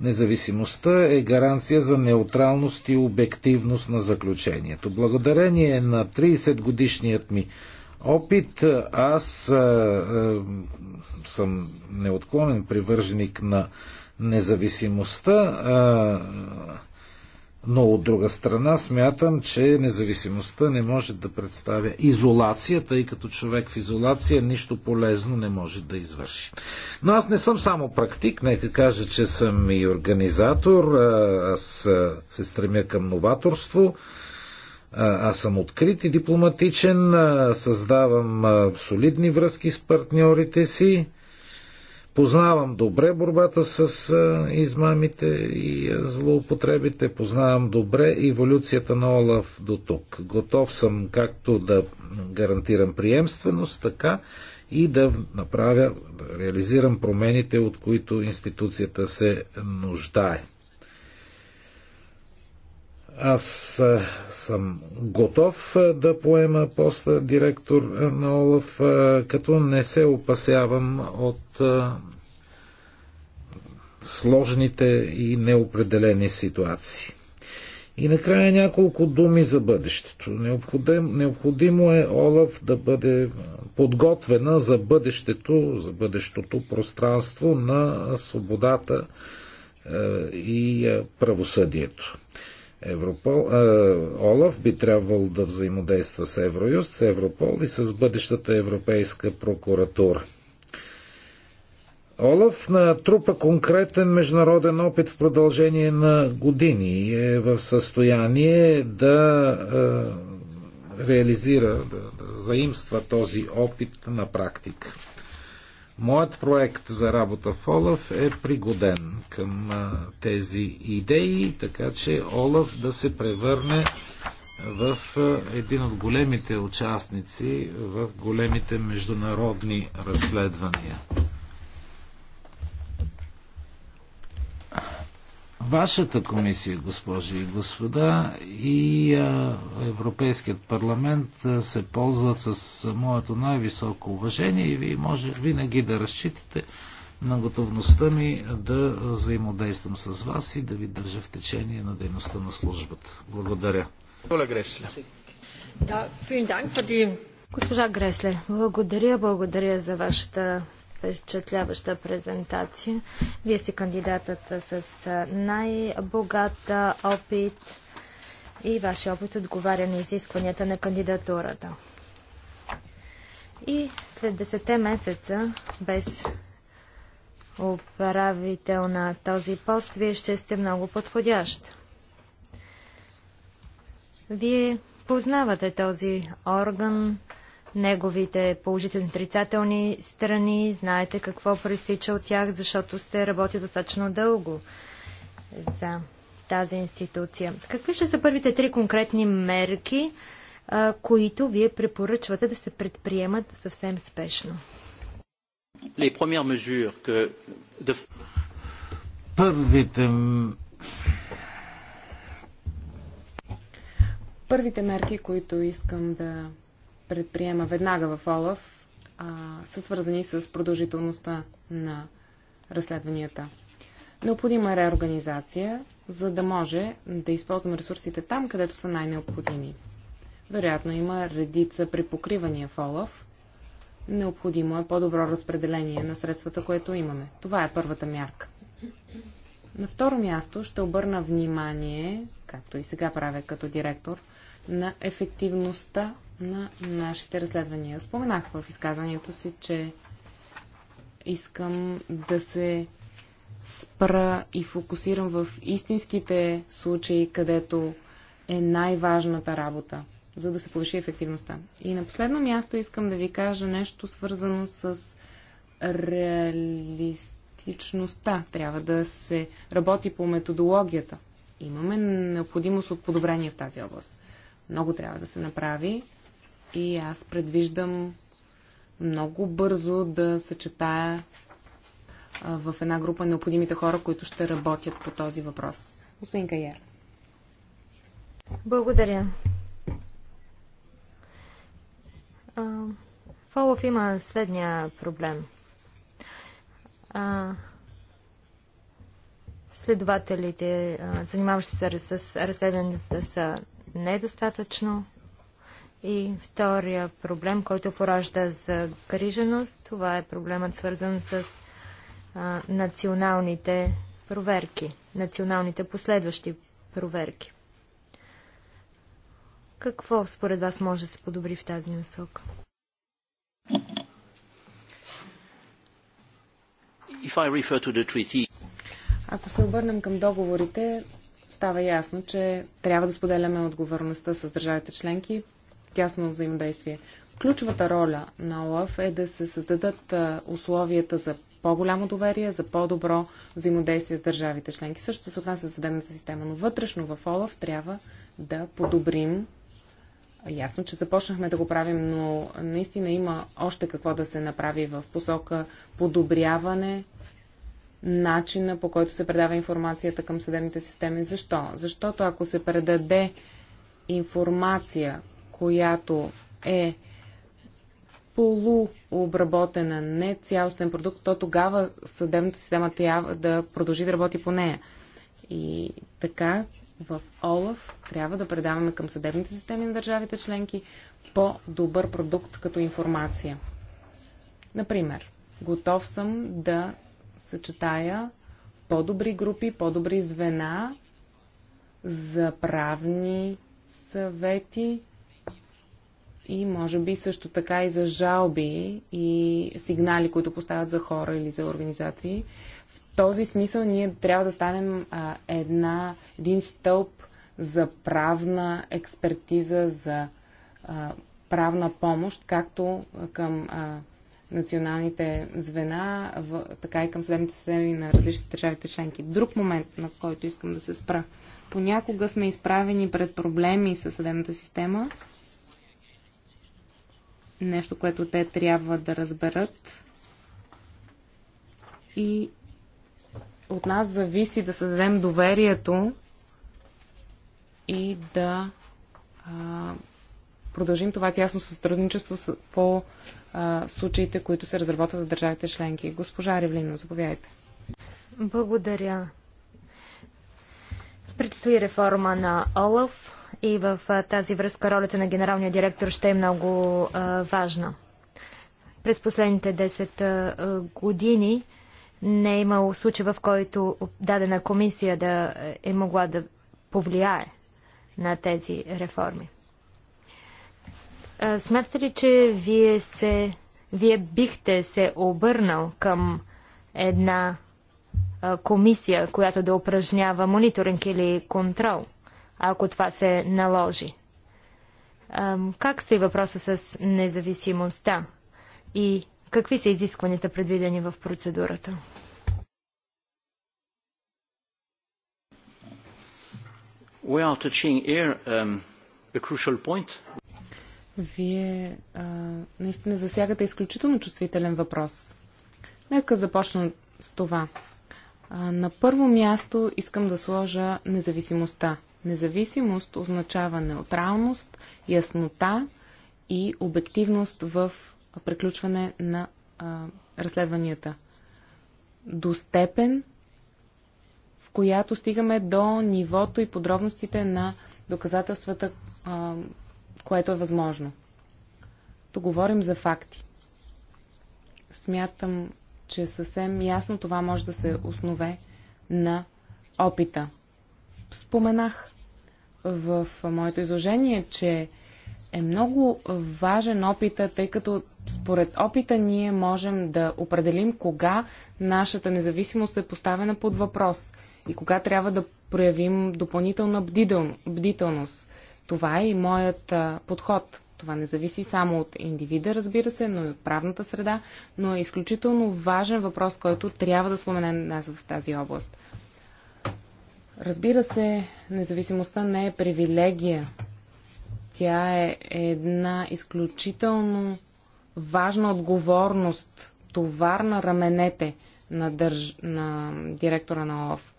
Независимостта е гаранция за неутралност и обективност на заключението. Благодарение на 30 годишният ми опит, аз а, е, а, е, съм неотклонен привърженик на независимостта. А, но от друга страна смятам, че независимостта не може да представя изолация, тъй като човек в изолация нищо полезно не може да извърши. Но аз не съм само практик, нека кажа, че съм и организатор, аз се стремя към новаторство, аз съм открит и дипломатичен, създавам солидни връзки с партньорите си, Познавам добре борбата с измамите и злоупотребите, познавам добре еволюцията на Олаф до тук. Готов съм както да гарантирам приемственост, така и да направя, да реализирам промените, от които институцията се нуждае. Аз е, съм готов е, да поема поста директор е, на Олаф, като не се опасявам от сложните и неопределени ситуации. И накрая няколко думи за бъдещето. Необходим, необходимо е Олаф да бъде подготвена за бъдещето, за бъдещото пространство на свободата и правосъдието. Европол, а, Олаф би трябвало да взаимодейства с Евроюст, с Европол и с бъдещата Европейска прокуратура. Олаф натрупа конкретен международен опит в продължение на години и е в състояние да а, реализира, да, да заимства този опит на практика. Моят проект за работа в Олаф е пригоден към тези идеи, така че Олаф да се превърне в един от големите участници в големите международни разследвания. Вашата комисия, госпожи и господа, и а, Европейският парламент а, се ползват с моето най-високо уважение и вие може винаги да разчитате на готовността ми да взаимодействам с вас и да ви държа в течение на дейността на службата. Благодаря. Госпожа Гресле, благодаря, благодаря за вашата впечатляваща презентация. Вие сте кандидатът с най-богат опит и вашия опит отговаря на изискванията на кандидатурата. И след 10 месеца без управител на този пост, вие ще сте много подходящ. Вие познавате този орган, неговите положителни отрицателни страни, знаете какво проистича от тях, защото сте работи достатъчно дълго за тази институция. Какви ще са първите три конкретни мерки, а, които вие препоръчвате да се предприемат съвсем спешно? Първите Първите мерки, които искам да предприема веднага в ОЛАФ, а, са свързани с продължителността на разследванията. Необходима е реорганизация, за да може да използваме ресурсите там, където са най-необходими. Вероятно има редица припокривания в ОЛАФ. Необходимо е по-добро разпределение на средствата, което имаме. Това е първата мярка. На второ място ще обърна внимание, както и сега правя като директор, на ефективността на нашите разследвания. Споменах в изказването си, че искам да се спра и фокусирам в истинските случаи, където е най-важната работа, за да се повиши ефективността. И на последно място искам да ви кажа нещо свързано с реалистичността. Трябва да се работи по методологията. Имаме необходимост от подобрение в тази област. Много трябва да се направи и аз предвиждам много бързо да съчетая в една група необходимите хора, които ще работят по този въпрос. Господин Кайер. Благодаря. Фолов има следния проблем. Следователите, занимаващи се с разследването, са недостатъчно и втория проблем, който поражда загриженост, това е проблемът свързан с а, националните проверки, националните последващи проверки. Какво според вас може да се подобри в тази насока? Treaty... Ако се обърнем към договорите, става ясно, че трябва да споделяме отговорността с държавите членки тясно взаимодействие. Ключовата роля на ОЛАФ е да се създадат условията за по-голямо доверие, за по-добро взаимодействие с държавите членки. Също се отнася за съдебната система, но вътрешно в ОЛАФ трябва да подобрим. Ясно, че започнахме да го правим, но наистина има още какво да се направи в посока подобряване начина по който се предава информацията към съдебните системи. Защо? Защото ако се предаде информация, която е полуобработена, не цялостен продукт, то тогава съдебната система трябва да продължи да работи по нея. И така в ОЛАФ трябва да предаваме към съдебните системи на държавите членки по-добър продукт като информация. Например, готов съм да съчетая по-добри групи, по-добри звена за правни съвети, и може би също така и за жалби и сигнали, които поставят за хора или за организации. В този смисъл ние трябва да станем а, една, един стълб за правна експертиза, за а, правна помощ, както към а, националните звена, в, така и към съдебните системи на различните държавите членки. Друг момент, на който искам да се спра. Понякога сме изправени пред проблеми със съдебната система, нещо, което те трябва да разберат. И от нас зависи да създадем доверието и да а, продължим това тясно сътрудничество по а, случаите, които се разработват в държавите членки. Госпожа Ревлина, заповядайте. Благодаря. Предстои реформа на ОЛАФ и в тази връзка ролята на генералния директор ще е много важна. През последните 10 години не е имало случай, в който дадена комисия да е могла да повлияе на тези реформи. Смятате ли, че вие, се, вие бихте се обърнал към една комисия, която да упражнява мониторинг или контрол? ако това се наложи. Как стои въпроса с независимостта и какви са изискванията предвидени в процедурата? We are touching here um, a crucial point. Вие а, наистина засягате изключително чувствителен въпрос. Нека започна с това. А, на първо място искам да сложа независимостта. Независимост означава неутралност, яснота и обективност в приключване на а, разследванията. До степен, в която стигаме до нивото и подробностите на доказателствата, а, което е възможно. То говорим за факти. Смятам, че съвсем ясно това може да се основе на опита. Споменах в моето изложение, че е много важен опита, тъй като според опита ние можем да определим кога нашата независимост е поставена под въпрос и кога трябва да проявим допълнителна бдителност. Това е и моят подход. Това не зависи само от индивида, разбира се, но и от правната среда, но е изключително важен въпрос, който трябва да споменем нас в тази област. Разбира се, независимостта не е привилегия. Тя е една изключително важна отговорност, товар на раменете на, държ... на директора на ОВ.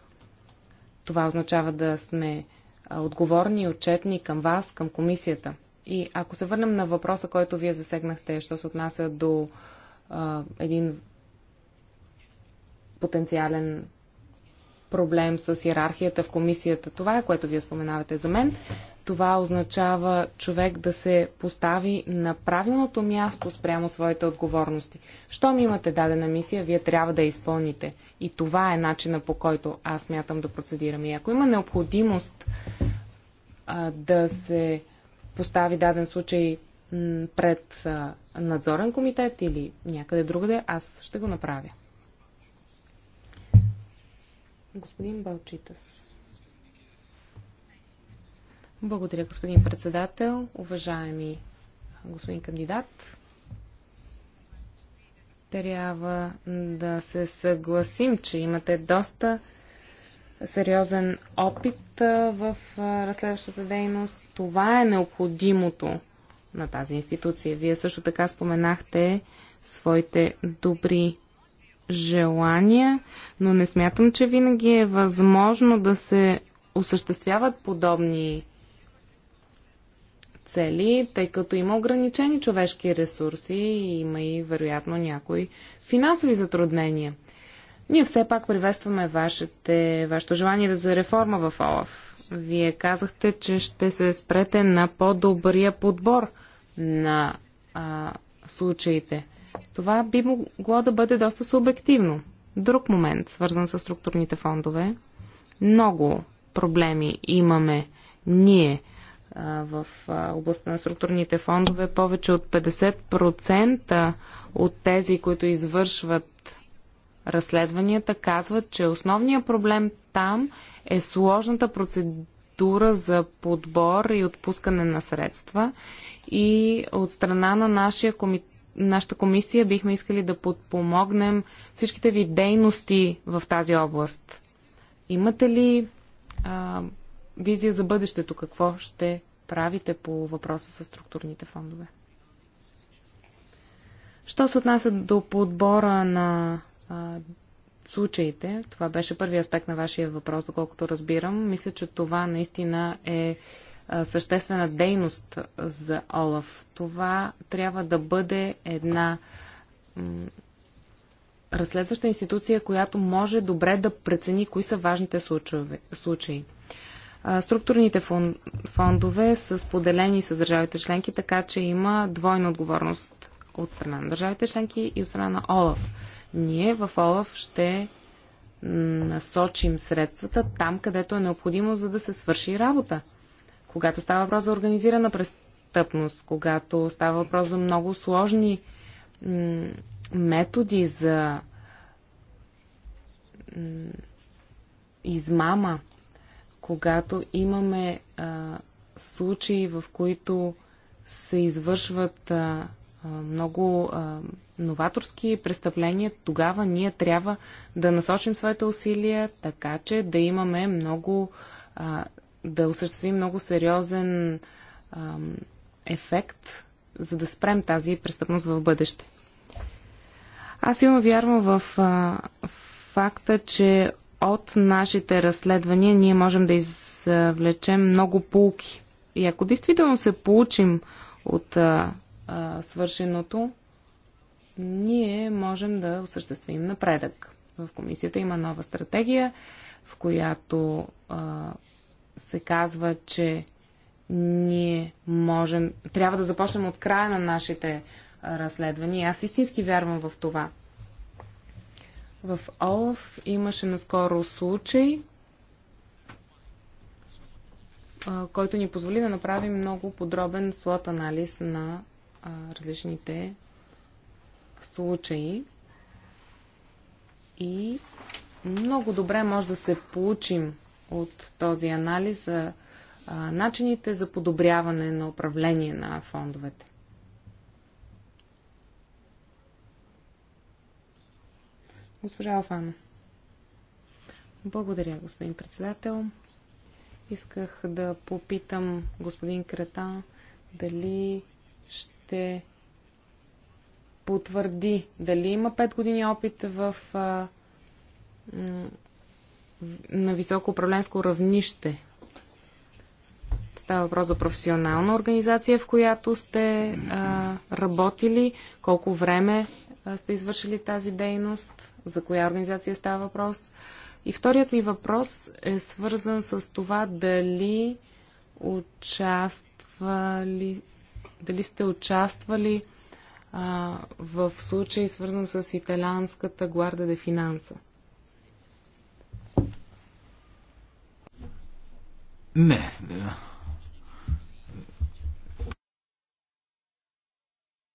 Това означава да сме отговорни и отчетни към вас, към комисията. И ако се върнем на въпроса, който вие засегнахте, що се отнася до а, един потенциален проблем с иерархията в комисията. Това е което вие споменавате за мен. Това означава човек да се постави на правилното място спрямо своите отговорности. Щом имате дадена мисия, вие трябва да я изпълните. И това е начина по който аз мятам да процедирам. И ако има необходимост а, да се постави даден случай пред а, надзорен комитет или някъде другаде, аз ще го направя. Господин Балчитас. Благодаря, господин председател. Уважаеми господин кандидат, трябва да се съгласим, че имате доста сериозен опит в разследващата дейност. Това е необходимото на тази институция. Вие също така споменахте своите добри желания, но не смятам, че винаги е възможно да се осъществяват подобни цели, тъй като има ограничени човешки ресурси и има и вероятно някои финансови затруднения. Ние все пак приветстваме вашите, вашето желание за реформа в ОЛАФ. Вие казахте, че ще се спрете на по-добрия подбор на а, случаите. Това би могло да бъде доста субективно. Друг момент, свързан с структурните фондове. Много проблеми имаме ние в областта на структурните фондове. Повече от 50% от тези, които извършват разследванията, казват, че основният проблем там е сложната процедура за подбор и отпускане на средства и от страна на нашия комитет нашата комисия бихме искали да подпомогнем всичките ви дейности в тази област. Имате ли а, визия за бъдещето? Какво ще правите по въпроса с структурните фондове? Що се отнася до подбора на а, случаите, това беше първият аспект на вашия въпрос, доколкото разбирам. Мисля, че това наистина е съществена дейност за Олаф. Това трябва да бъде една разследваща институция, която може добре да прецени кои са важните случаи. Структурните фондове са споделени с държавите членки, така че има двойна отговорност от страна на държавите членки и от страна на ОЛАФ. Ние в ОЛАФ ще насочим средствата там, където е необходимо, за да се свърши работа. Когато става въпрос за организирана престъпност, когато става въпрос за много сложни методи за измама, когато имаме а, случаи, в които се извършват а, а, много а, новаторски престъпления, тогава ние трябва да насочим своите усилия така, че да имаме много а, да осъществим много сериозен ам, ефект, за да спрем тази престъпност в бъдеще. Аз силно вярвам в а, факта, че от нашите разследвания ние можем да извлечем много полки. И ако действително се получим от а, а, свършеното, ние можем да осъществим напредък. В комисията има нова стратегия, в която а, се казва, че ние можем, трябва да започнем от края на нашите разследвания. Аз истински вярвам в това. В Олаф имаше наскоро случай, който ни позволи да направим много подробен слот анализ на различните случаи. И много добре може да се получим от този анализ за начините за подобряване на управление на фондовете. Госпожа Офана. Благодаря, господин председател. Исках да попитам господин Крета дали ще потвърди дали има 5 години опит в а, на високо управленско равнище. Става въпрос за професионална организация, в която сте а, работили, колко време а, сте извършили тази дейност, за коя организация става въпрос. И вторият ми въпрос е свързан с това дали участвали, дали сте участвали а, в случай свързан с италианската гварда де финанса. Не.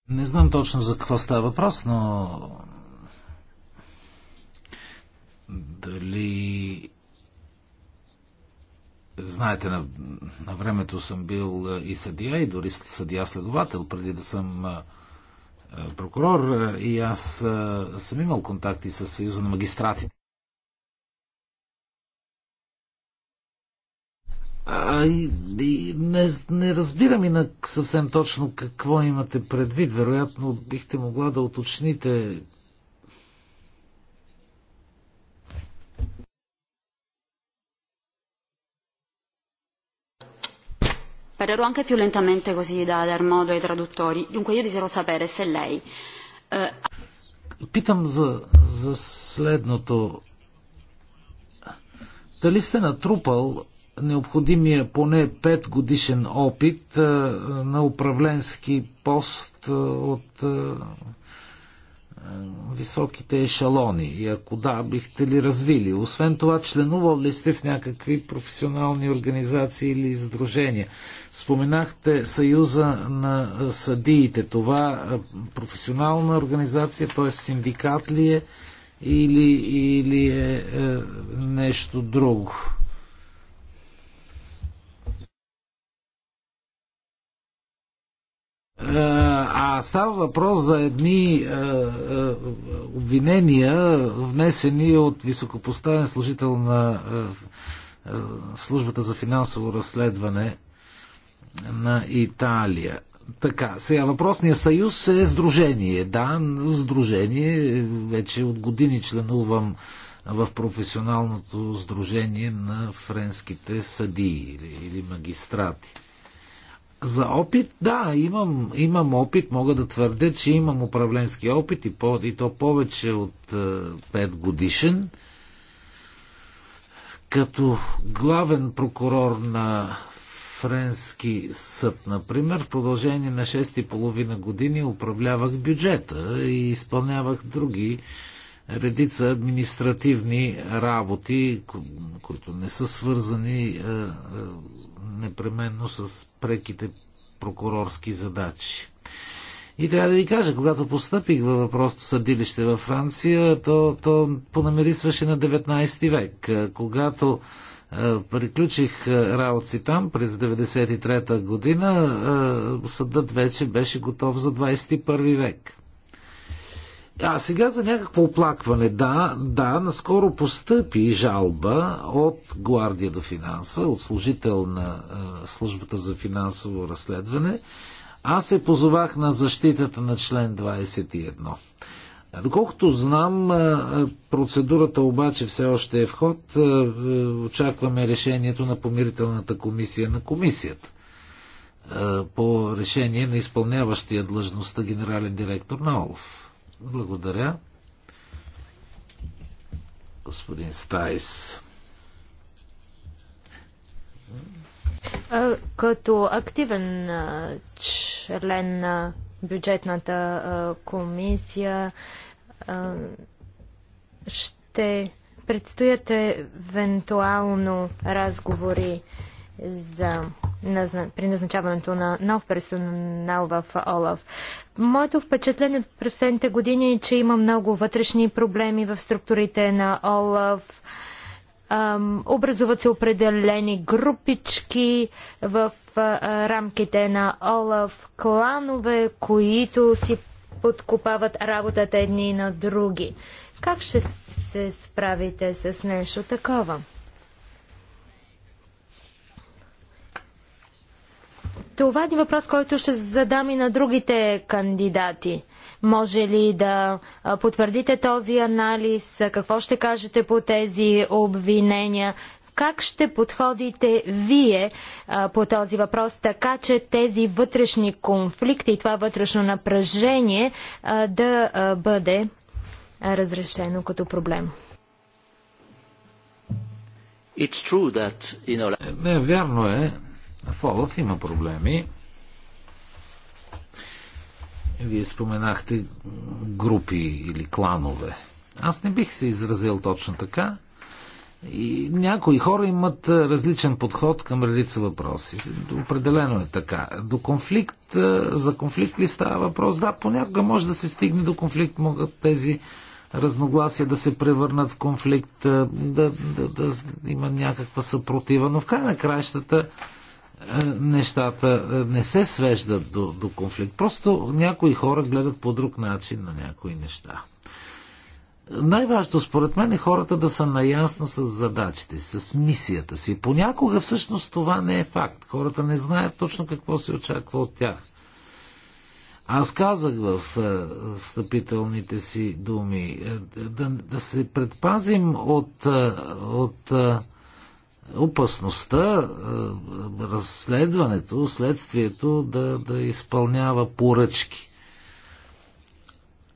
Не знам точно за какво става въпрос, но дали знаете, на, на времето съм бил и съдия, и дори съдия-следовател, преди да съм прокурор, и аз съм имал контакти с Съюза на магистратите. А, и, и не, не разбирам инак съвсем точно какво имате предвид. Вероятно бихте могла да уточните Parlerò anche più lentamente così da dar modo ai traduttori. Dunque io desidero sapere se lei... Eh, Питам за, за следното. Дали сте натрупал необходимия поне 5 годишен опит на управленски пост от високите ешалони? И ако да, бихте ли развили? Освен това, членувал ли сте в някакви професионални организации или издружения? Споменахте Съюза на съдиите. Това професионална организация, т.е. синдикат ли е или, или е, е нещо друго? А става въпрос за едни е, е, обвинения, внесени от високопоставен служител на е, службата за финансово разследване на Италия. Така, сега въпросният съюз е сдружение. Да, сдружение. Вече от години членувам в професионалното сдружение на френските съдии или, или магистрати. За опит, да, имам, имам опит, мога да твърдя, че имам управленски опит и, по, и то повече от е, 5 годишен. Като главен прокурор на Френски съд, например, в продължение на 6,5 години управлявах бюджета и изпълнявах други редица административни работи, които не са свързани е, е, непременно с преките прокурорски задачи. И трябва да ви кажа, когато постъпих във въпросто съдилище във Франция, то, то понамирисваше на 19 век. Е, когато приключих работи там през 93-та година, съдът вече беше готов за 21 век. А сега за някакво оплакване. Да, да, наскоро постъпи жалба от Гвардия до финанса, от служител на е, службата за финансово разследване. Аз се позовах на защитата на член 21. Доколкото знам, е, е, процедурата обаче все още е в ход. Очакваме решението на помирителната комисия на комисията по решение на изпълняващия длъжността генерален директор на ОЛФ. Благодаря. Господин Стайс. Като активен член на бюджетната комисия ще предстоят евентуално разговори за при назначаването на нов персонал в ОЛАФ. Моето впечатление от последните години е, че има много вътрешни проблеми в структурите на ОЛАФ. Образуват се определени групички в рамките на ОЛАФ, кланове, които си подкопават работата едни на други. Как ще се справите с нещо такова? Това е въпрос, който ще задам и на другите кандидати. Може ли да потвърдите този анализ? Какво ще кажете по тези обвинения? Как ще подходите вие а, по този въпрос, така че тези вътрешни конфликти и това вътрешно напрежение а, да а, бъде разрешено като проблем? That, you know... Е, вярно е, в Олаф има проблеми. Вие споменахте групи или кланове. Аз не бих се изразил точно така. И някои хора имат различен подход към редица въпроси. Определено е така. До конфликт, за конфликт ли става въпрос? Да, понякога може да се стигне до конфликт, могат тези разногласия да се превърнат в конфликт, да, да, да има някаква съпротива, но в край на краищата нещата не се свеждат до, до конфликт. Просто някои хора гледат по друг начин на някои неща. Най-важното според мен е хората да са наясно с задачите, с мисията си. Понякога всъщност това не е факт. Хората не знаят точно какво се очаква от тях. Аз казах в е, встъпителните си думи е, да, да се предпазим от, е, от, от опасността, е, разследването, следствието да, да изпълнява поръчки.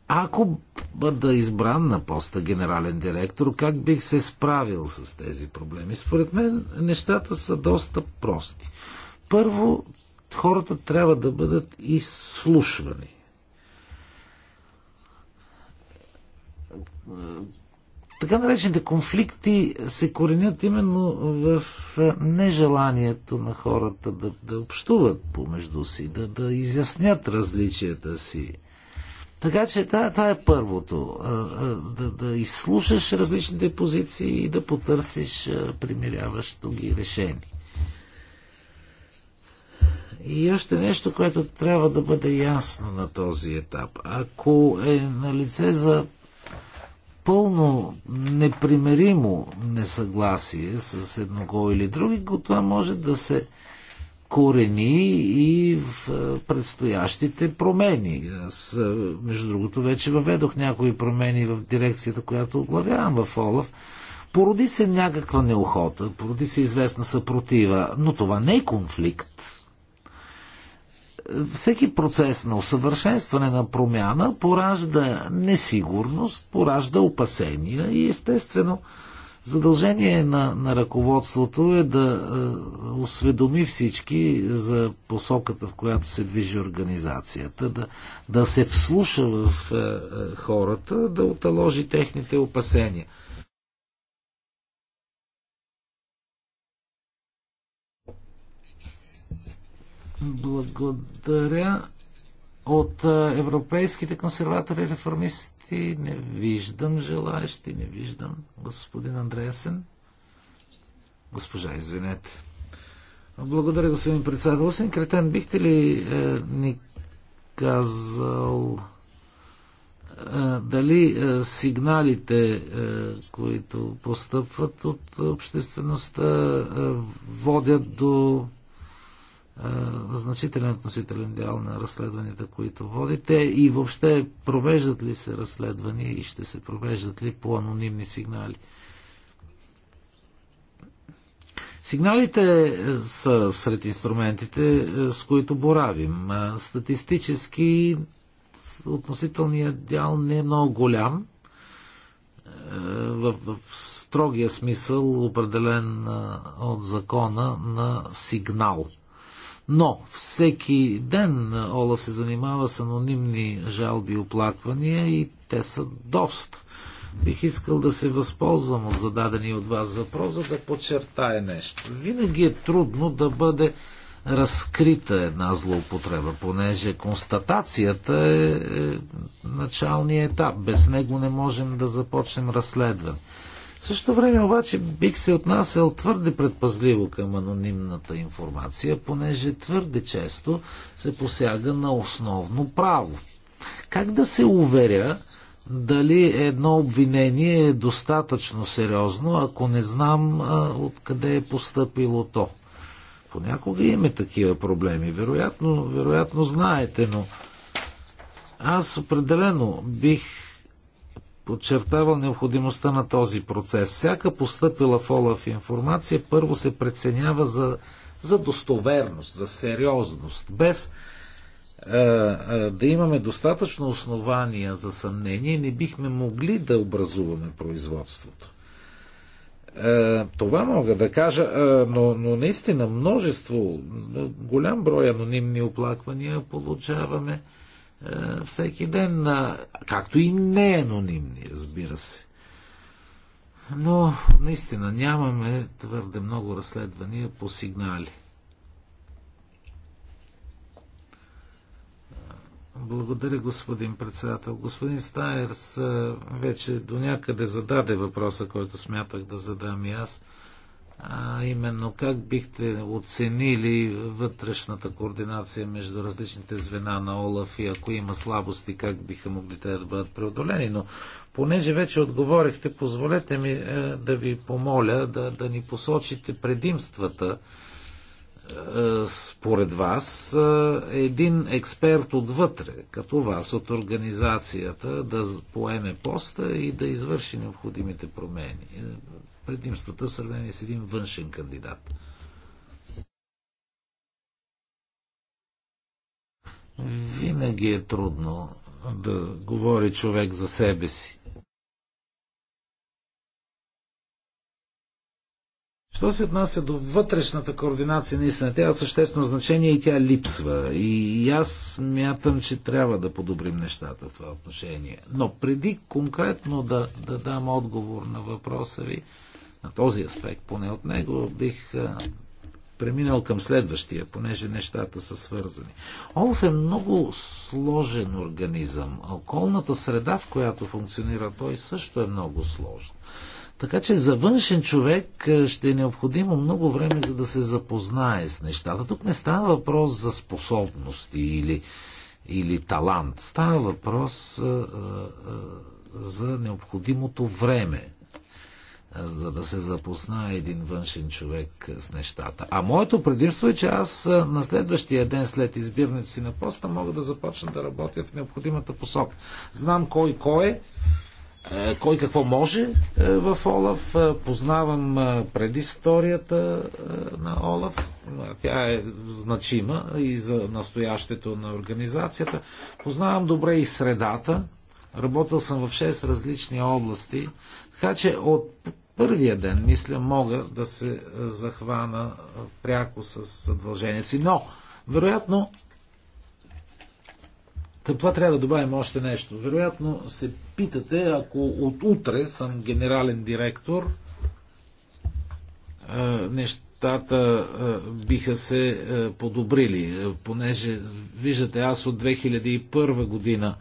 Ако бъда избран на поста генерален директор, как бих се справил с тези проблеми? Според мен нещата са доста прости. Първо, хората трябва да бъдат изслушвани така наречените конфликти се коренят именно в е, нежеланието на хората да, да общуват помежду си, да, да изяснят различията си. Така че това, това е първото. Е, е, да, да изслушаш различните позиции и да потърсиш примиряващо ги решение. И още нещо, което трябва да бъде ясно на този етап. Ако е на лице за пълно непримеримо несъгласие с едного или други, това може да се корени и в предстоящите промени. Аз, между другото, вече въведох някои промени в дирекцията, която оглавявам в Олаф. Породи се някаква неохота, породи се известна съпротива, но това не е конфликт всеки процес на усъвършенстване на промяна поражда несигурност, поражда опасения и естествено задължение на, на ръководството е да е, осведоми всички за посоката, в която се движи организацията, да, да се вслуша в е, е, хората, да оталожи техните опасения. Благодаря. От европейските консерватори и реформисти не виждам желаящи, не виждам господин Андреасен. Госпожа, извинете. Благодаря, господин председател. Господин Кретен, бихте ли е, ни казал е, дали е, сигналите, е, които постъпват от обществеността, водят до значителен относителен дял на разследванията, които водите и въобще провеждат ли се разследвания и ще се провеждат ли по анонимни сигнали? Сигналите е, са сред инструментите, е, с които боравим. Статистически относителният дял не е много голям. Е, в, в строгия смисъл, определен от закона на сигнал – но всеки ден е, Олаф се занимава с анонимни жалби и оплаквания и те са доста. Бих искал да се възползвам от зададени от вас въпрос, за да подчертая нещо. Винаги е трудно да бъде разкрита една злоупотреба, понеже констатацията е, е началният етап. Без него не можем да започнем разследване. Също време обаче бих се отнасял твърде предпазливо към анонимната информация, понеже твърде често се посяга на основно право. Как да се уверя, дали едно обвинение е достатъчно сериозно, ако не знам а, откъде е поступило то. Понякога има такива проблеми. Вероятно, вероятно знаете, но аз определено бих подчертавал необходимостта на този процес. Всяка постъпила в ОЛАФ информация първо се преценява за, за достоверност, за сериозност, без е, е, да имаме достатъчно основания за съмнение, не бихме могли да образуваме производството. Е, това мога да кажа, но, но наистина множество, голям брой анонимни оплаквания получаваме е, всеки ден, както и не анонимни, разбира се. Но наистина нямаме твърде много разследвания по сигнали. Благодаря, господин председател. Господин Стайерс е, вече до някъде зададе въпроса, който смятах да задам и аз а именно как бихте оценили вътрешната координация между различните звена на ОЛАФ и ако има слабости, как биха могли те да бъдат преодолени. Но понеже вече отговорихте, позволете ми е, да ви помоля да, да ни посочите предимствата е, според вас е, един експерт отвътре, като вас от организацията, да поеме поста и да извърши необходимите промени? Е, предимствата в сравнение с един външен кандидат. Винаги е трудно да говори човек за себе си. Що се отнася до вътрешната координация, наистина тя е от съществено значение и тя липсва. И аз смятам, че трябва да подобрим нещата в това отношение. Но преди конкретно да, да дам отговор на въпроса ви, на този аспект, поне от него, бих преминал към следващия, понеже нещата са свързани. Олф е много сложен организъм. Околната среда, в която функционира той, също е много сложна. Така че за външен човек е, ще е необходимо много време, за да се запознае с нещата. Тук не става въпрос за способности или, или талант. Става въпрос а, е, а, е, за необходимото време, за да се запознае един външен човек с нещата. А моето предимство е, че аз на следващия ден след избирането си на поста мога да започна да работя в необходимата посока. Знам кой кой е, е, кой какво може е, в Олаф. Е, познавам предисторията на Олаф. Тя е значима и за настоящето на организацията. Познавам добре и средата. Работил съм в 6 различни области. Така че от първия ден, мисля, мога да се захвана пряко с задълженията си. Но, вероятно, към това трябва да добавим още нещо. Вероятно се питате, ако от утре съм генерален директор, е, нещата е, биха се е, подобрили, понеже, виждате, аз от 2001 година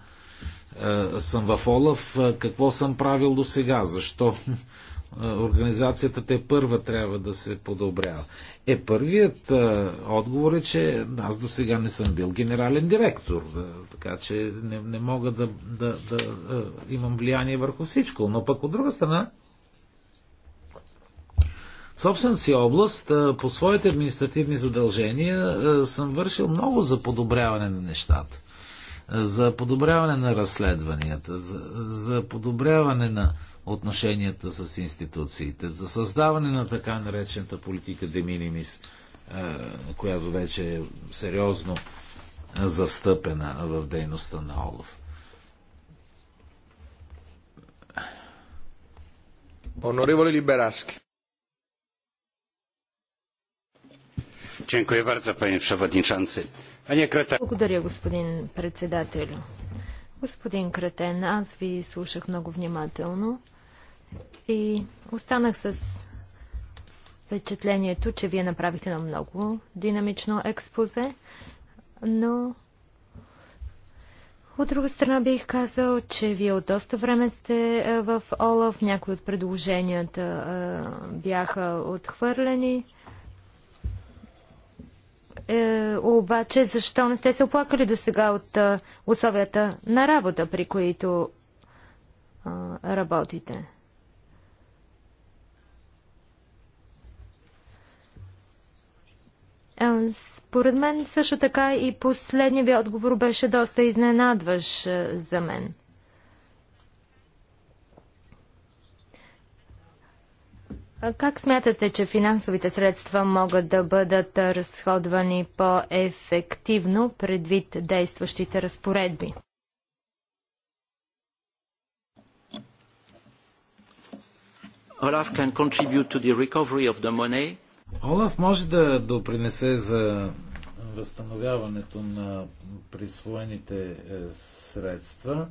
съм в Олаф, какво съм правил до сега, защо Организацията те първа трябва да се подобрява. Е, първият а, отговор е, че аз до сега не съм бил генерален директор, а, така че не, не мога да, да, да а, имам влияние върху всичко. Но пък от друга страна, в собствената си област, а, по своите административни задължения, а, съм вършил много за подобряване на нещата за подобряване на разследванията, за, за подобряване на отношенията с институциите, за създаване на така наречената политика де минимис, която вече е сериозно застъпена в дейността на Олов. Onorevole Liberaski. Dziękuję bardzo, panie przewodniczący. Благодаря, господин председател. Господин Кретен, аз ви слушах много внимателно и останах с впечатлението, че вие направихте на много динамично експозе, но от друга страна бих казал, че вие от доста време сте е, в Олаф. Някои от предложенията е, бяха отхвърлени. Е, обаче, защо не сте се оплакали до сега от е, условията на работа, при които е, работите? Според мен също така и последния ви отговор беше доста изненадващ е, за мен. Как смятате, че финансовите средства могат да бъдат разходвани по-ефективно предвид действащите разпоредби? Olaf can contribute to the recovery of the money. Олаф може да допринесе за възстановяването на присвоените е, средства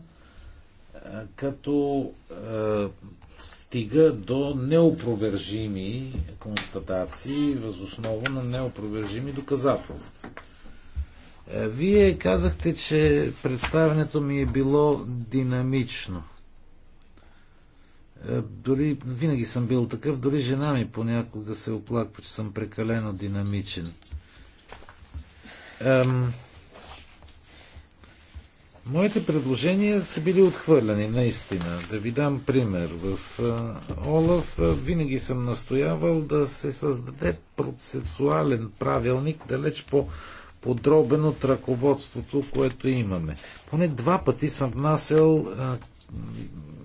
като е, стига до неопровержими констатации възоснова на неопровержими доказателства. Е, вие казахте, че представянето ми е било динамично. Е, дори винаги съм бил такъв, дори жена ми понякога се оплаква, че съм прекалено динамичен. Ем, Моите предложения са били отхвърлени, наистина. Да ви дам пример. В Олаф винаги съм настоявал да се създаде процесуален правилник, далеч по подробен от ръководството, което имаме. Поне два пъти съм внасял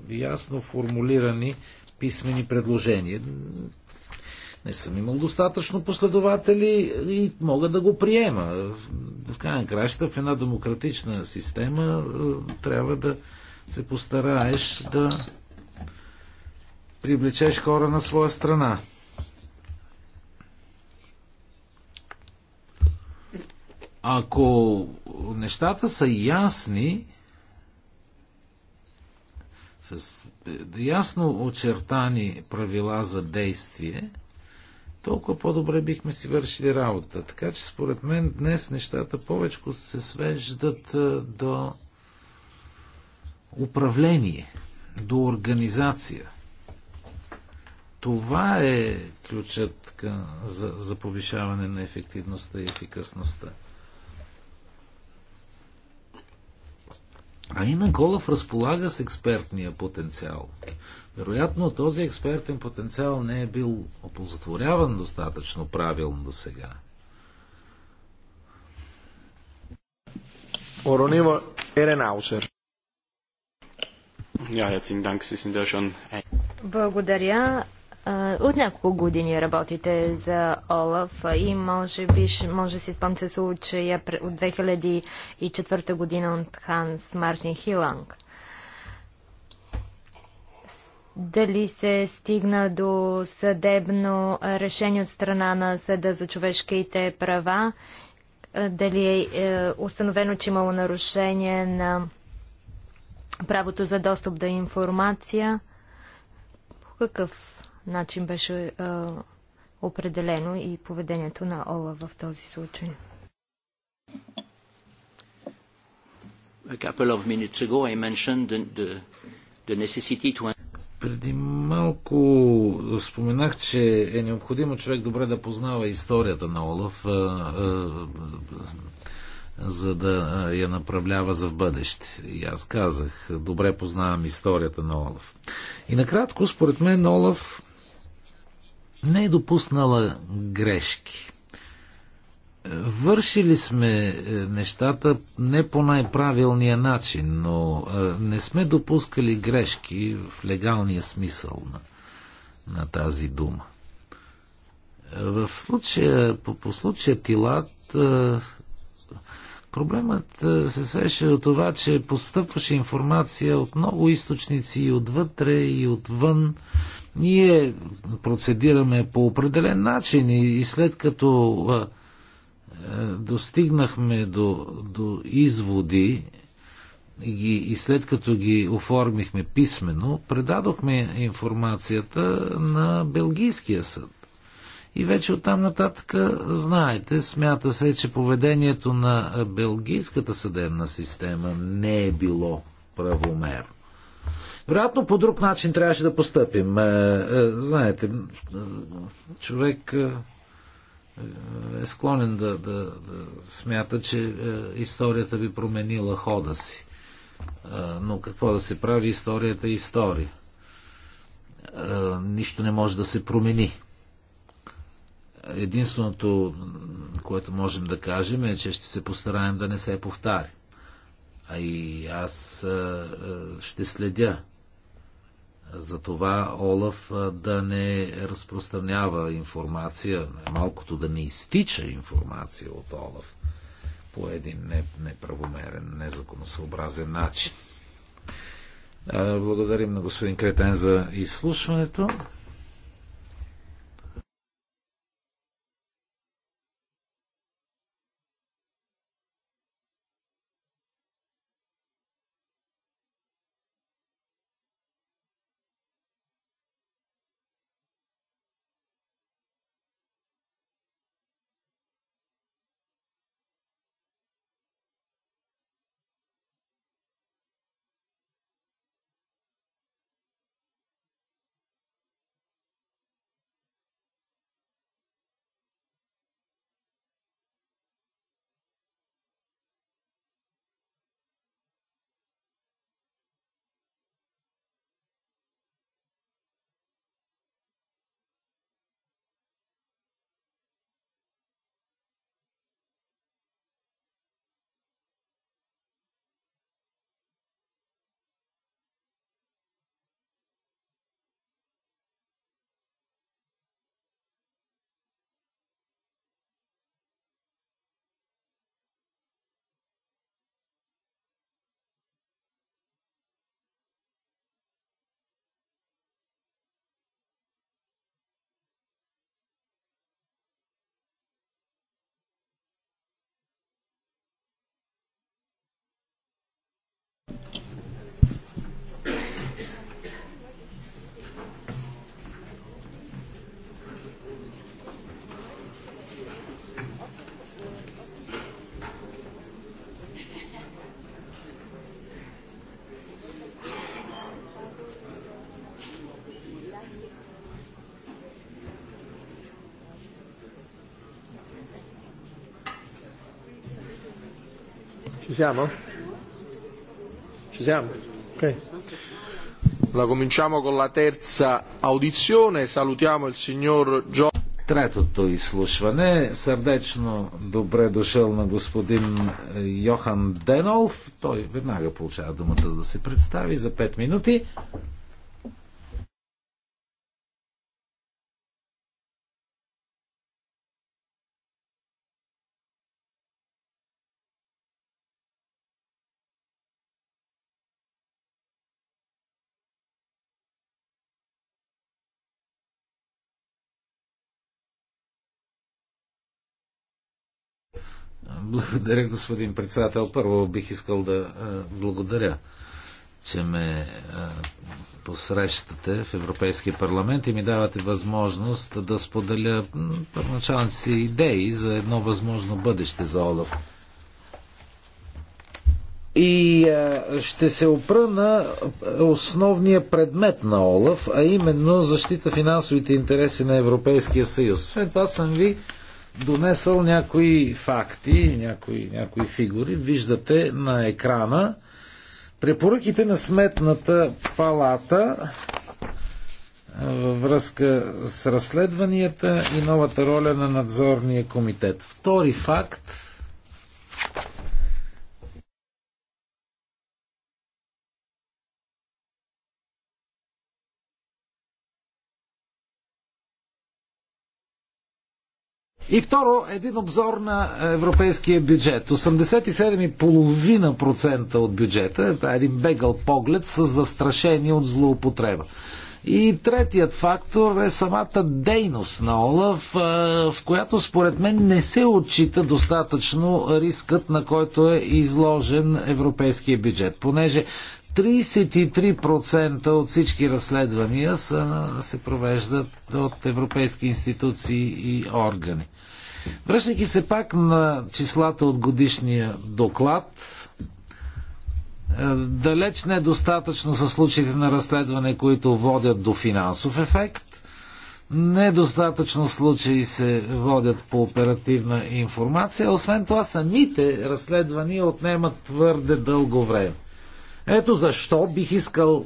ясно формулирани писмени предложения. Не съм имал достатъчно последователи и мога да го приема. В крайна краща, в една демократична система е, трябва да се постараеш да привлечеш хора на своя страна. Ако нещата са ясни, с е, ясно очертани правила за действие, толкова по-добре бихме си вършили работа. Така че според мен днес нещата повече се свеждат до управление, до организация. Това е ключът за, за повишаване на ефективността и ефикасността. А и Колов разполага с експертния потенциал. Вероятно, този експертен потенциал не е бил оползотворяван достатъчно правилно до сега. Оронива Еренаусер. Благодаря. От няколко години работите за ОЛАФ и може би може да си спомните случая от 2004 година от Ханс Мартин Хиланг. Дали се стигна до съдебно решение от страна на Съда за човешките права? Дали е, е установено, че имало нарушение на правото за достъп до информация? По какъв начин беше а, е, определено и поведението на Ола в този случай. A couple of minutes ago I mentioned the, the, the necessity to преди малко споменах, че е необходимо човек добре да познава историята на Олаф, а, е, а, е, за да я направлява за в бъдеще. И аз казах, добре познавам историята на Олаф. И накратко, според мен, Олаф не е допуснала грешки. Вършили сме е, нещата не по най-правилния начин, но е, не сме допускали грешки в легалния смисъл на, на тази дума. В случая, по, по случая Тилат, е, проблемът се свеше от това, че постъпваше информация от много източници и отвътре, и отвън, ние процедираме по определен начин и след като достигнахме до, до изводи и, ги, и след като ги оформихме писменно, предадохме информацията на Белгийския съд. И вече оттам нататък, знаете, смята се, че поведението на белгийската съдебна система не е било правомерно. Вероятно по друг начин трябваше да постъпим. Е, е, знаете, човек е, е склонен да, да, да смята, че историята би променила хода си. Но какво да се прави? Историята е история. Нищо не може да се промени. Единственото, което можем да кажем е, че ще се постараем да не се повтаря. А и аз ще следя за това Олаф да не разпространява информация, най малкото да не изтича информация от Олаф по един неправомерен, незаконосъобразен начин. Благодарим на господин Кретен за изслушването. Ci siamo? Ci siamo? Ok. Allora cominciamo con la terza audizione. Salutiamo il signor Gio... Третото изслушване. Сърдечно добре дошъл на господин Йохан Денолф. Той веднага получава думата за да се представи за 5 минути. Благодаря, господин председател. Първо бих искал да благодаря, че ме посрещате в Европейския парламент и ми давате възможност да споделя първоначалните си идеи за едно възможно бъдеще за Олаф. И ще се опра на основния предмет на Олаф, а именно защита финансовите интереси на Европейския съюз. След това съм ви донесъл някои факти, някои, някои фигури. Виждате на екрана препоръките на Сметната палата във връзка с разследванията и новата роля на надзорния комитет. Втори факт И второ, един обзор на европейския бюджет. 87,5% от бюджета, е един бегал поглед, са застрашени от злоупотреба. И третият фактор е самата дейност на Олаф, в която според мен не се отчита достатъчно рискът, на който е изложен европейския бюджет. Понеже 33% от всички разследвания са, се провеждат от европейски институции и органи. Връщайки се пак на числата от годишния доклад, далеч недостатъчно са случаите на разследване, които водят до финансов ефект. Недостатъчно случаи се водят по оперативна информация. Освен това, самите разследвания отнемат твърде дълго време. Ето защо бих искал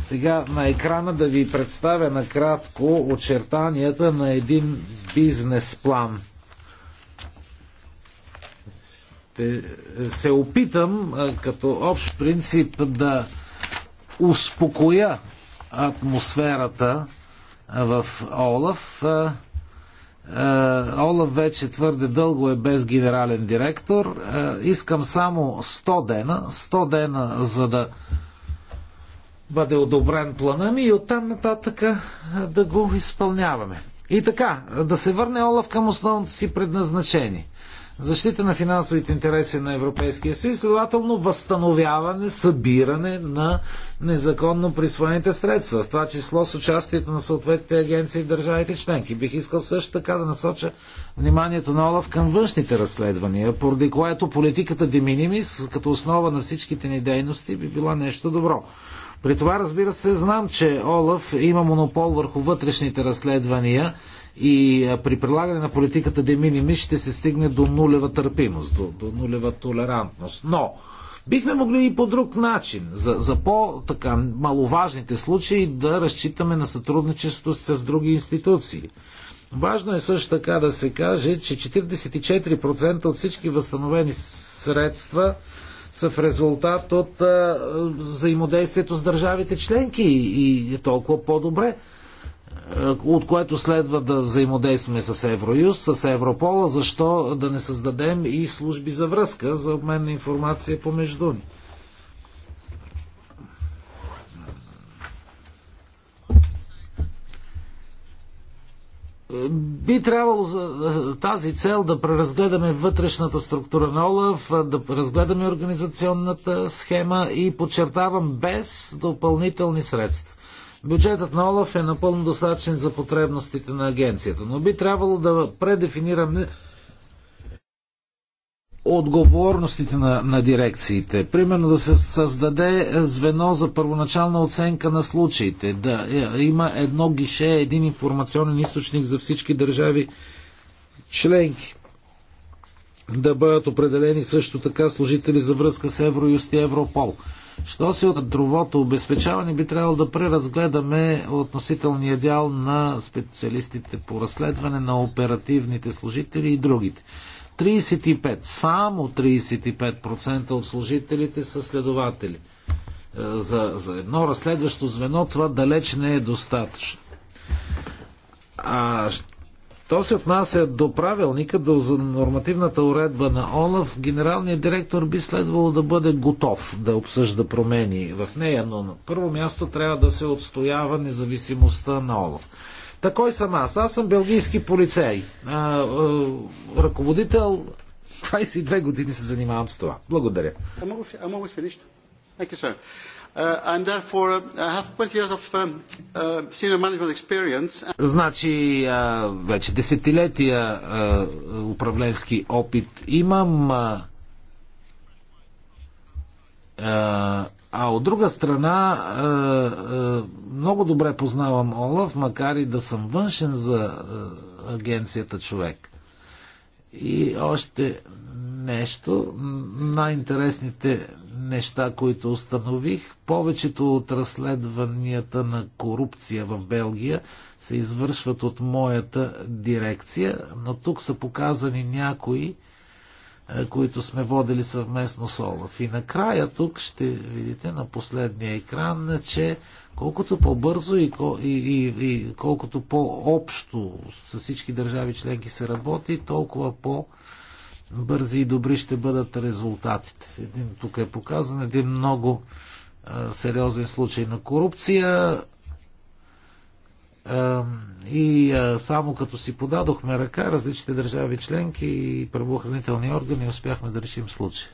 сега на екрана да ви представя накратко очертанията на един бизнес план. Се опитам като общ принцип да успокоя атмосферата в Олаф, е, Олаф вече твърде дълго е без генерален директор. Е, искам само 100 дена, 100 дена, за да бъде одобрен плана ми и оттам нататък е, да го изпълняваме. И така, да се върне Олаф към основното си предназначение защита на финансовите интереси на Европейския съюз, следователно възстановяване, събиране на незаконно присвоените средства, в това число с участието на съответните агенции в държавите членки. Бих искал също така да насоча вниманието на Олаф към външните разследвания, поради което политиката de като основа на всичките ни дейности, би била нещо добро. При това, разбира се, знам, че Олаф има монопол върху вътрешните разследвания, и при прилагане на политиката минимис ще се стигне до нулева търпимост, до, до нулева толерантност. Но бихме могли и по друг начин, за, за по-така маловажните случаи да разчитаме на сътрудничеството с други институции. Важно е също така да се каже, че 44% от всички възстановени средства са в резултат от а, взаимодействието с държавите членки и е толкова по-добре. Е, от което следва да взаимодействаме с Евроюз, с Европола, защо да не създадем и служби за връзка за обмен на информация помежду ни. би трябвало за е, тази цел да преразгледаме вътрешната структура на ОЛАВ, да разгледаме организационната схема и подчертавам без допълнителни средства. Бюджетът на Олаф е напълно достатъчен за потребностите на агенцията, но би трябвало да предефинираме отговорностите на, на дирекциите. Примерно да се създаде звено за първоначална оценка на случаите, да е, има едно гише, един информационен източник за всички държави членки. Да бъдат определени също така служители за връзка с Евроюст и Европол. Що се от кадровото обезпечаване би трябвало да преразгледаме относителния дял на специалистите по разследване на оперативните служители и другите. 35, само 35% от служителите са следователи. Е, за, за едно разследващо звено това далеч не е достатъчно. А Що се отнася до правилника, до нормативната уредба на ОЛАФ, генералният директор би следвало да бъде готов да обсъжда промени в нея, но на първо място трябва да се отстоява независимостта на ОЛАФ. Такой съм аз. Аз съм белгийски полицей. А, а, ръководител 22 години се занимавам с това. Благодаря. А мога финиш. Thank you, sir. Uh, and therefore uh, I have 20 years of um, uh, senior management experience. Значи вече десетилетия управленски опит имам. А от друга страна, много добре познавам Олаф, макар и да съм външен за агенцията човек. И още нещо, най-интересните неща, които установих. Повечето от разследванията на корупция в Белгия се извършват от моята дирекция, но тук са показани някои, е, които сме водили съвместно с Олаф. И накрая тук ще видите на последния екран, че колкото по-бързо и, и, и, и колкото по-общо с всички държави членки се работи, толкова по- бързи и добри ще бъдат резултатите. Един, тук е показан един много а, сериозен случай на корупция. А, и а, само като си подадохме ръка, различните държави членки и правоохранителни органи успяхме да решим случая.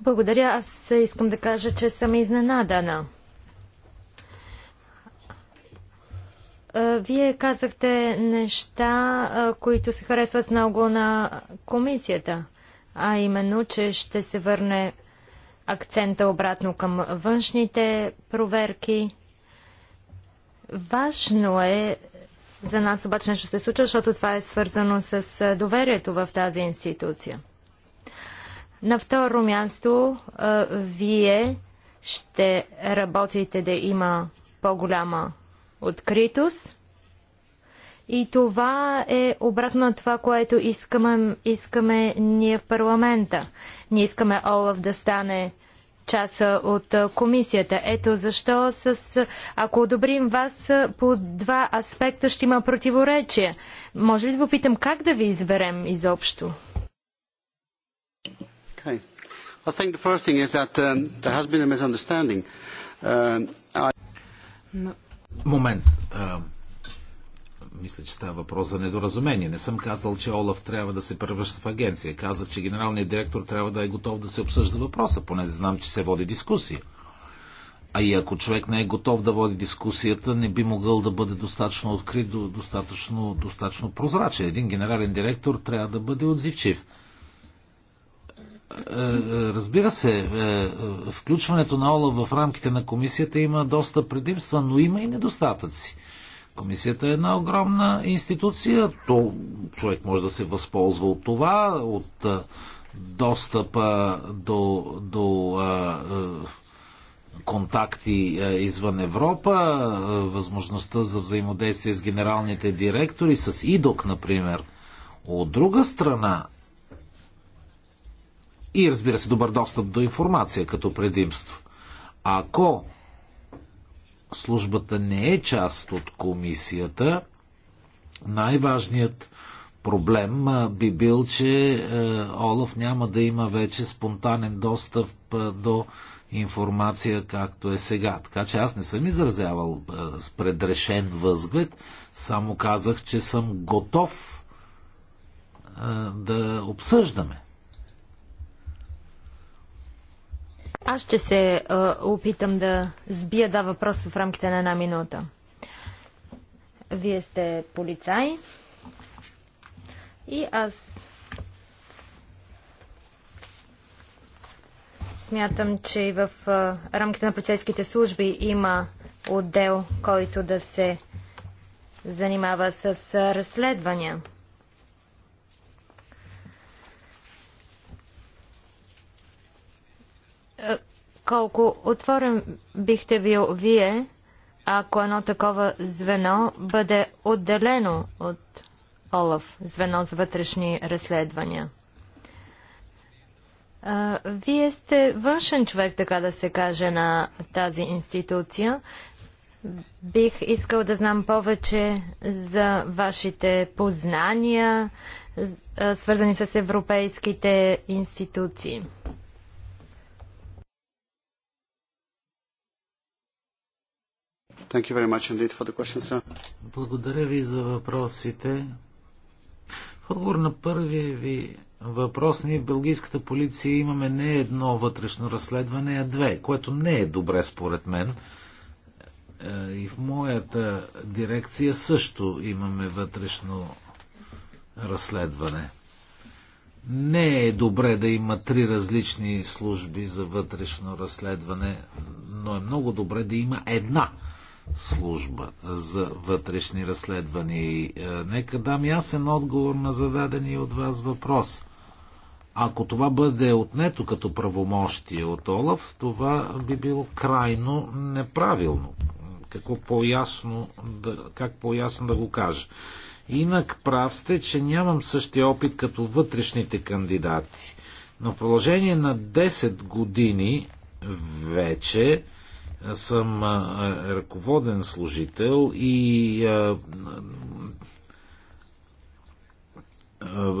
Благодаря. Аз искам да кажа, че съм изненадана. Вие казахте неща, които се харесват много на комисията, а именно, че ще се върне акцента обратно към външните проверки. Важно е за нас обаче нещо се случва, защото това е свързано с доверието в тази институция. На второ място, вие ще работите да има по-голяма откритост. И това е обратно на това, което искаме, искаме ние в парламента. Ние искаме Олаф да стане част от комисията. Ето защо, с, ако одобрим вас по два аспекта, ще има противоречие. Може ли да попитам как да ви изберем изобщо? Okay. I think the first thing is that um, there has been a misunderstanding. Um, I... Момент. А, мисля, че става въпрос за недоразумение. Не съм казал, че Олаф трябва да се превръща в агенция. Казах, че генералният директор трябва да е готов да се обсъжда въпроса, поне знам, че се води дискусия. А и ако човек не е готов да води дискусията, не би могъл да бъде достатъчно открит, достатъчно, достатъчно прозрачен. Един генерален директор трябва да бъде отзивчив. Е, е, разбира се, е, включването на ОЛА в рамките на комисията има доста предимства, но има и недостатъци. Комисията е една огромна институция, то човек може да се възползва от това, от достъпа до, до а, контакти извън Европа, възможността за взаимодействие с генералните директори, с ИДОК, например. От друга страна, и разбира се добър достъп до информация като предимство. Ако службата не е част от комисията, най-важният проблем би бил, че е, Олаф няма да има вече спонтанен достъп до информация, както е сега. Така че аз не съм изразявал е, предрешен възглед, само казах, че съм готов е, да обсъждаме Аз ще се а, опитам да сбия да въпрос в рамките на една минута. Вие сте полицай и аз смятам, че и в а, рамките на полицейските служби има отдел, който да се занимава с разследвания. Е, колко отворен бихте бил вие, ако едно такова звено бъде отделено от ОЛАФ, звено за вътрешни разследвания? Е, вие сте външен човек, така да се каже, на тази институция. Бих искал да знам повече за вашите познания, е, свързани с европейските институции. Thank you very much indeed for the question, sir. Благодаря ви за въпросите. В отговор на първия ви въпрос, ние в Белгийската полиция имаме не едно вътрешно разследване, а две, което не е добре според мен. Е, и в моята дирекция също имаме вътрешно разследване. Не е добре да има три различни служби за вътрешно разследване, но е много добре да има една служба за вътрешни разследвания. Е, нека дам ясен отговор на зададения от вас въпрос. Ако това бъде отнето като правомощие от Олаф, това би било крайно неправилно. Какво по-ясно да, как по-ясно да го кажа. Инак прав сте, че нямам същия опит като вътрешните кандидати. Но в продължение на 10 години вече съм е, ръководен служител и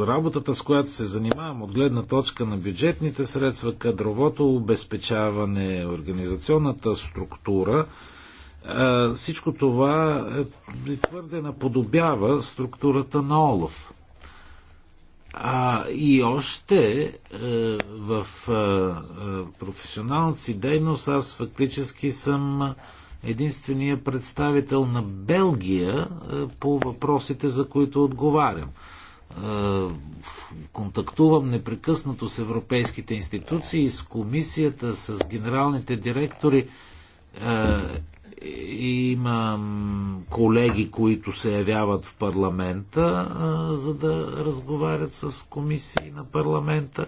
работата, с която се занимавам от гледна точка на бюджетните средства, кадровото обезпечаване, организационната структура, всичко това е, твърде наподобява структурата на Олов. А и още е, в е, е, професионалната си дейност аз фактически съм единствения представител на Белгия е, по въпросите, за които отговарям. Е, контактувам непрекъснато с европейските институции, с комисията, с генералните директори е, има колеги, които се явяват в парламента, за да разговарят с комисии на парламента.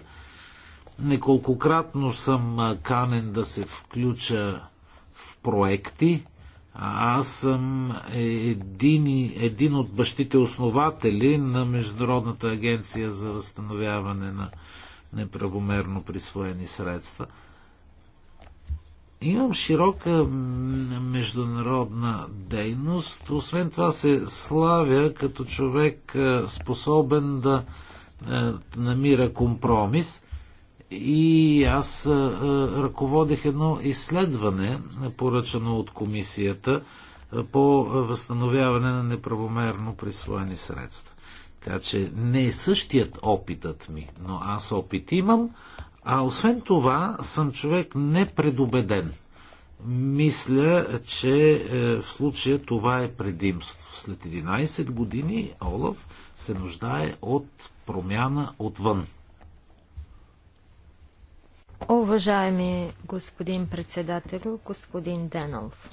Неколкократно съм канен да се включа в проекти. Аз съм е, един, един от бащите основатели на Международната агенция за възстановяване на неправомерно присвоени средства – Имам широка международна дейност. Освен това се славя като човек е, способен да е, намира компромис. И аз е, ръководих едно изследване, поръчано от комисията, по възстановяване на неправомерно присвоени средства. Така че не е същият опитът ми, но аз опит имам, а освен това, съм човек непредубеден. Мисля, че е, в случая това е предимство. След 11 години Олаф се нуждае от промяна отвън. Уважаеми господин председател, господин Денов.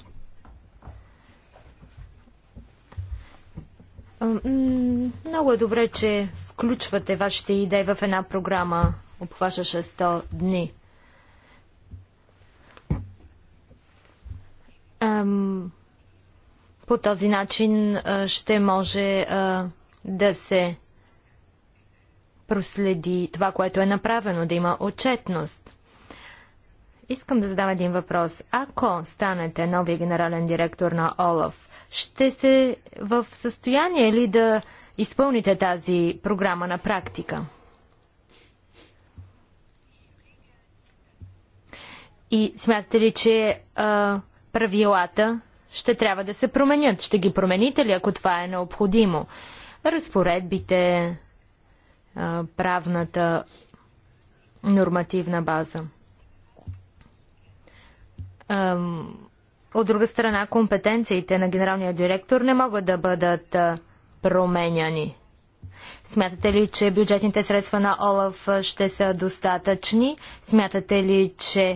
Много е добре, че включвате вашите идеи в една програма, обхващаща 100 дни. По този начин ще може да се проследи това, което е направено, да има отчетност. Искам да задам един въпрос. Ако станете новия генерален директор на ОЛАФ, ще се в състояние ли да изпълните тази програма на практика? И смятате ли, че а, правилата ще трябва да се променят? Ще ги промените ли, ако това е необходимо? Разпоредбите, а, правната нормативна база. От друга страна, компетенциите на генералния директор не могат да бъдат променяни. Смятате ли, че бюджетните средства на ОЛАФ ще са достатъчни? Смятате ли, че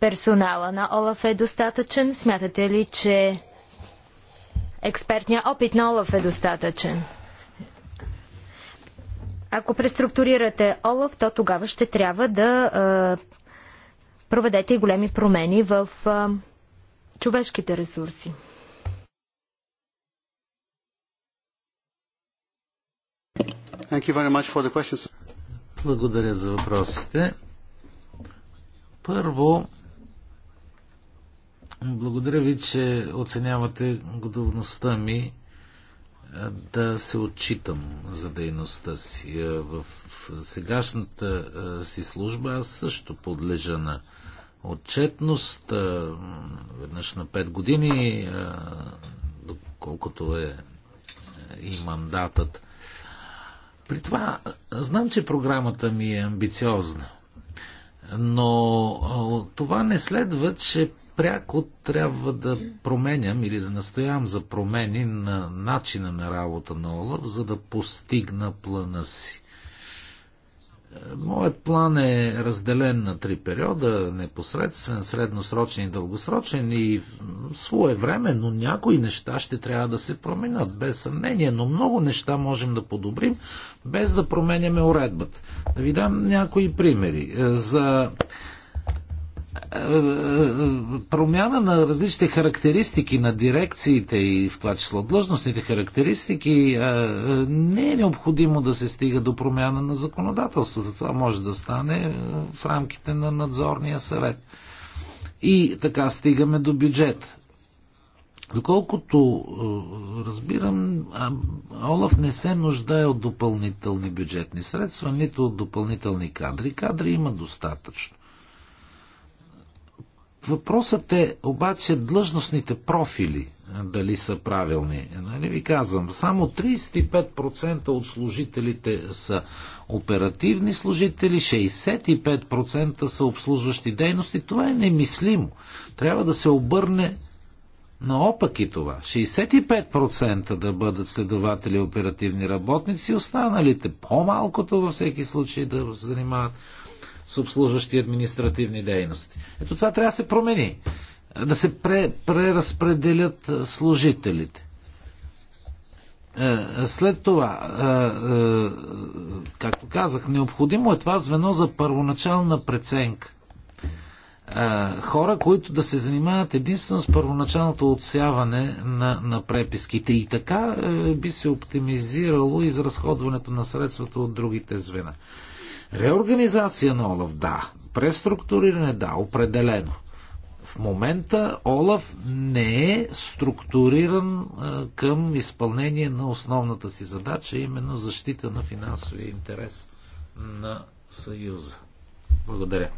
персонала на ОЛАФ е достатъчен? Смятате ли, че експертният опит на ОЛАФ е достатъчен? Ако преструктурирате ОЛАФ, то тогава ще трябва да проведете и големи промени в Човешките ресурси. Благодаря за въпросите. Първо, благодаря ви, че оценявате готовността ми е, да се отчитам за дейността си. Е, в сегашната е, си служба аз също подлежа на отчетност веднъж на 5 години, доколкото е, е и мандатът. При това знам, че програмата ми е амбициозна, но това не следва, че пряко трябва да променям или да настоявам за промени на начина на работа на Олаф, за да постигна плана си. Моят план е разделен на три периода непосредствен, средносрочен и дългосрочен и свое време, но някои неща ще трябва да се променят, без съмнение, но много неща можем да подобрим, без да променяме уредбата. Да ви дам някои примери. За промяна на различните характеристики на дирекциите и в това число длъжностните характеристики е, е, не е необходимо да се стига до промяна на законодателството. Това може да стане е, в рамките на надзорния съвет. И така стигаме до бюджет. Доколкото разбирам, Олаф не се нуждае от допълнителни бюджетни средства, нито от допълнителни кадри. Кадри има достатъчно. Въпросът е обаче длъжностните профили дали са правилни. Нали ви казвам, само 35% от служителите са оперативни служители, 65% са обслужващи дейности. Това е немислимо. Трябва да се обърне наопаки това. 65% да бъдат следователи оперативни работници, останалите по-малкото във всеки случай да се занимават с обслужващи административни дейности. Ето това трябва да се промени. Да се пре, преразпределят е, служителите. Е, след това, е, както казах, необходимо е това звено за първоначална преценка. Хора, които да се занимават единствено с първоначалното отсяване на, на преписките. И така би се оптимизирало изразходването на средствата от другите звена. Реорганизация на Олаф, да. Преструктуриране, да, определено. В момента Олаф не е структуриран е, към изпълнение на основната си задача, именно защита на финансовия интерес на Съюза. Благодаря.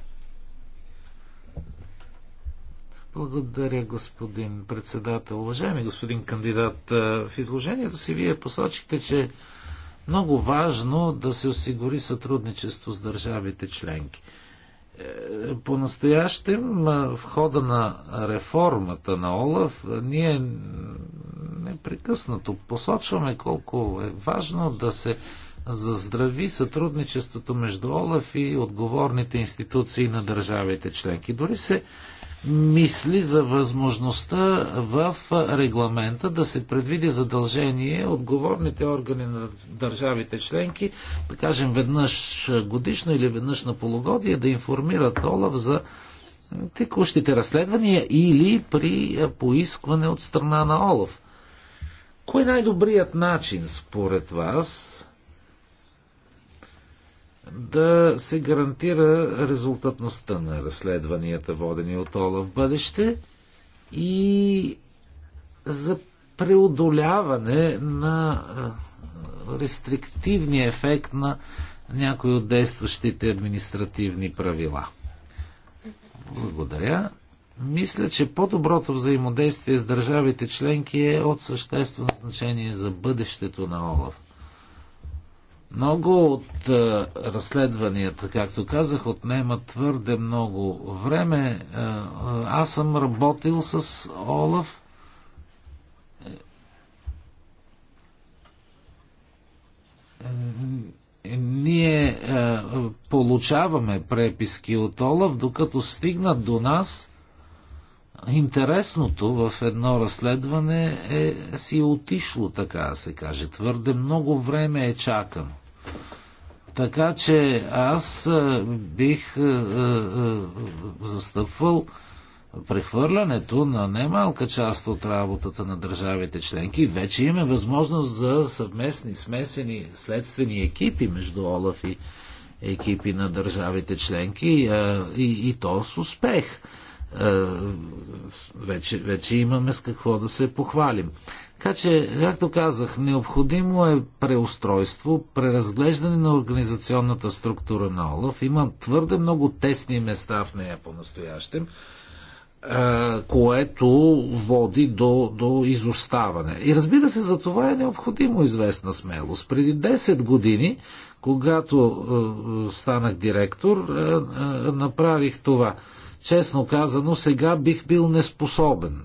Благодаря, господин председател. Уважаеми господин кандидат, е, в изложението си вие посочихте, че много важно да се осигури сътрудничество с държавите членки. Е, по-настоящем, е, в хода на реформата на ОЛАФ, е, ние непрекъснато посочваме колко е важно да се заздрави сътрудничеството между ОЛАФ и отговорните институции на държавите членки. Дори се мисли за възможността в регламента да се предвиди задължение отговорните органи на държавите членки, да кажем веднъж годишно или веднъж на полугодие, да информират Олаф за текущите разследвания или при поискване от страна на Олаф. Кой е най-добрият начин, според вас, да се гарантира резултатността на разследванията, водени от Ола в бъдеще и за преодоляване на рестриктивния ефект на някои от действащите административни правила. Благодаря. Мисля, че по-доброто взаимодействие с държавите членки е от съществено значение за бъдещето на Олаф. Много от а, е, разследванията, както казах, отнемат твърде много време. А, е, е, аз съм работил с Олаф. ние е, получаваме преписки от Олаф, докато стигнат до нас. Интересното в едно разследване е си отишло, така да се каже. Твърде много време е чакано. Така че аз бих застъпвал прехвърлянето на немалка част от работата на държавите членки. Вече имаме възможност за съвместни, смесени следствени екипи между Олаф и екипи на държавите членки и, и то с успех. Вече, вече имаме с какво да се похвалим. Така че, както казах, необходимо е преустройство, преразглеждане на организационната структура на ОЛАФ. Има твърде много тесни места в нея по-настоящем, което води до, до изоставане. И разбира се, за това е необходимо известна смелост. Преди 10 години, когато е, станах директор, е, е, направих това. Честно казано, сега бих бил неспособен.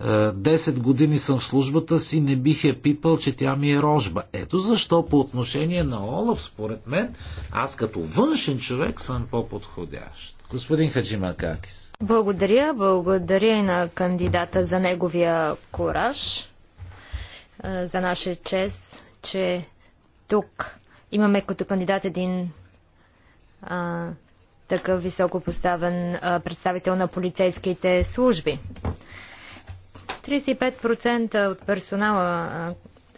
10 е, години съм в службата си, не бих я пипал, че тя ми е рожба. Ето защо по отношение на Олаф, според мен, аз като външен човек съм по-подходящ. Господин Хаджимакакис. Благодаря, благодаря и на кандидата за неговия кораж. Е, за наша чест, че тук имаме като кандидат един а, такъв високо поставен а, представител на полицейските служби. 35% от персонала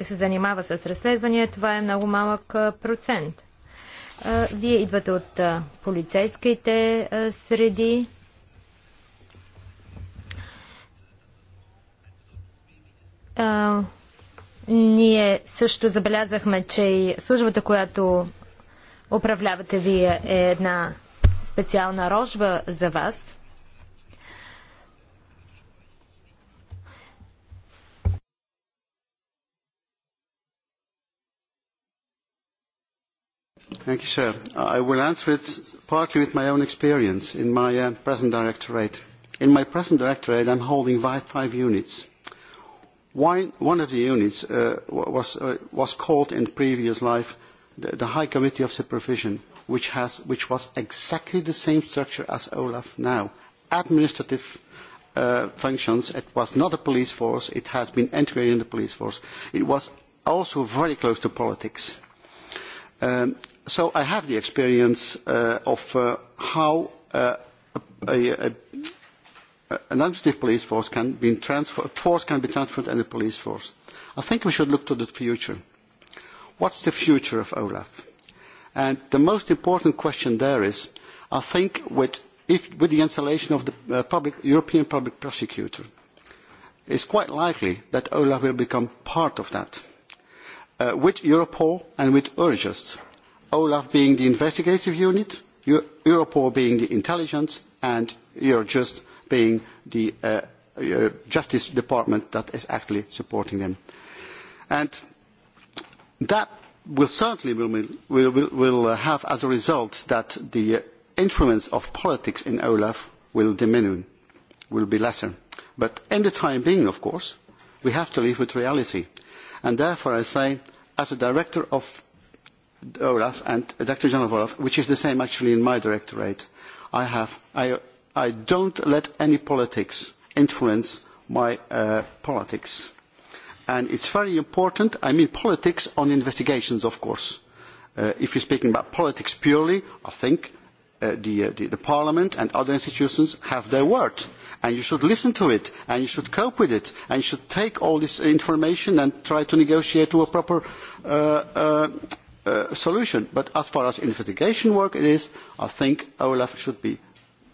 се занимава с разследвания. Това е много малък процент. Вие идвате от полицейските среди. Ние също забелязахме, че и службата, която управлявате вие, е една специална рожба за вас. Thank you, sir. I will answer it partly with my own experience in my present directorate. In my present directorate, I am holding five units. One of the units was called in previous life the High Committee of Supervision, which, has, which was exactly the same structure as OLAF now. Administrative functions, it was not a police force, it has been integrated in the police force. It was also very close to politics so I have the experience of how an administrative police force can be transferred, force can be transferred in a police force. I think we should look to the future. What's the future of OLAF? And the most important question there is, I think, with, if, with the installation of the public, European public prosecutor, it's quite likely that OLAF will become part of that, with Europol and with Eurojust Olaf being the investigative unit, Europol being the intelligence, and Eurojust being the Justice Department that is actually supporting them. And that will certainly will, have as a result that the influence of politics in Olaf will diminish, will be lesser. But in the time being, of course, we have to live with reality. And therefore I say, as a director of Olaf and Director General Olaf, which is the same actually in my directorate. I have I I don't let any politics influence my politics, and it's very important. I mean politics on investigations, of course. if you're speaking about politics purely, I think the, the Parliament and other institutions have their word. And you should listen to it, and you should cope with it, and you should take all this information and try to negotiate to a proper solution. But as far as investigation work is, I think OLAF should be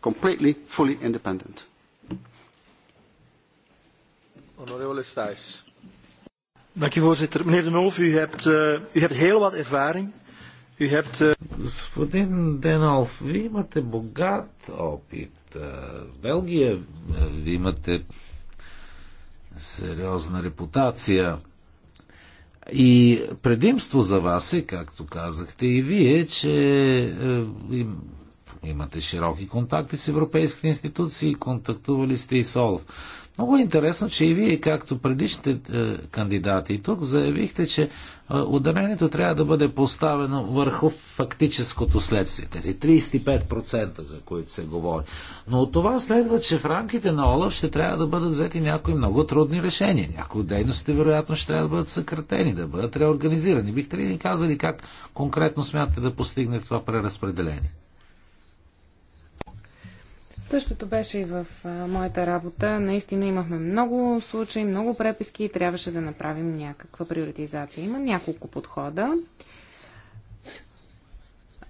completely, fully independent. voorzitter. Meneer De Nolf, u hebt, u hebt heel wat ervaring. U hebt, Господин Денов, вие имате богат опит. В Белгия вие имате сериозна репутация. И предимство за вас е, както казахте и вие, че е, им, имате широки контакти с европейските институции, контактували сте и Солов. Много е интересно, че и вие, както предишните е, кандидати тук, заявихте, че е, ударението трябва да бъде поставено върху фактическото следствие, тези 35%, за които се говори. Но от това следва, че в рамките на ОЛАФ ще трябва да бъдат взети някои много трудни решения. Някои дейности, вероятно, ще трябва да бъдат съкратени, да бъдат реорганизирани. Бихте ли ни казали как конкретно смятате да постигне това преразпределение? Същото беше и в а, моята работа. Наистина имахме много случаи, много преписки и трябваше да направим някаква приоритизация. Има няколко подхода.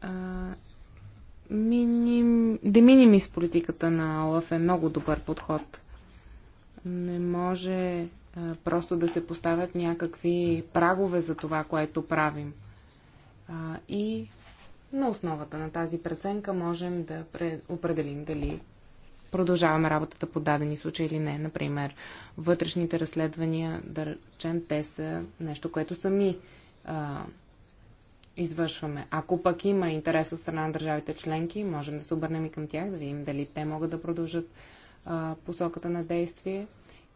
А, миним... политиката на ОЛАФ е много добър подход. Не може а, просто да се поставят някакви прагове за това, което правим. А, и на основата на тази преценка можем да определим дали продължаваме работата по дадени случаи или не. Например, вътрешните разследвания, да речем, те са нещо, което сами а, извършваме. Ако пък има интерес от страна на държавите членки, можем да се обърнем и към тях, да видим дали те могат да продължат а, посоката на действие.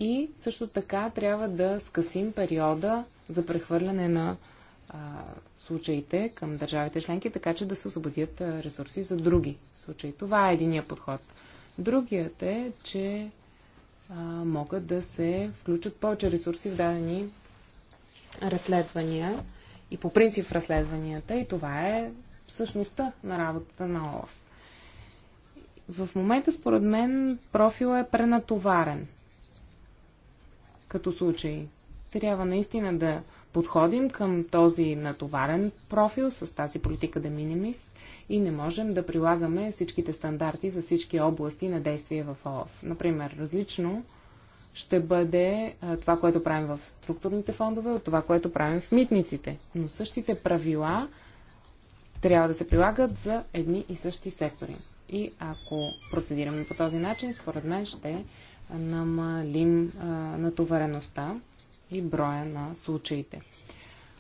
И също така трябва да скъсим периода за прехвърляне на а, случаите към държавите членки, така че да се освободят ресурси за други случаи. Това е единия подход. Другият е, че а, могат да се включат повече ресурси в дадени разследвания и по принцип в разследванията и това е същността на работата на ОЛАФ. В момента, според мен, профил е пренатоварен като случай. Трябва наистина да подходим към този натоварен профил с тази политика да минимис и не можем да прилагаме всичките стандарти за всички области на действие в ОЛАФ. Например, различно ще бъде това, което правим в структурните фондове, от това, което правим в митниците. Но същите правила трябва да се прилагат за едни и същи сектори. И ако процедираме по този начин, според мен ще намалим натовареността и броя на случаите.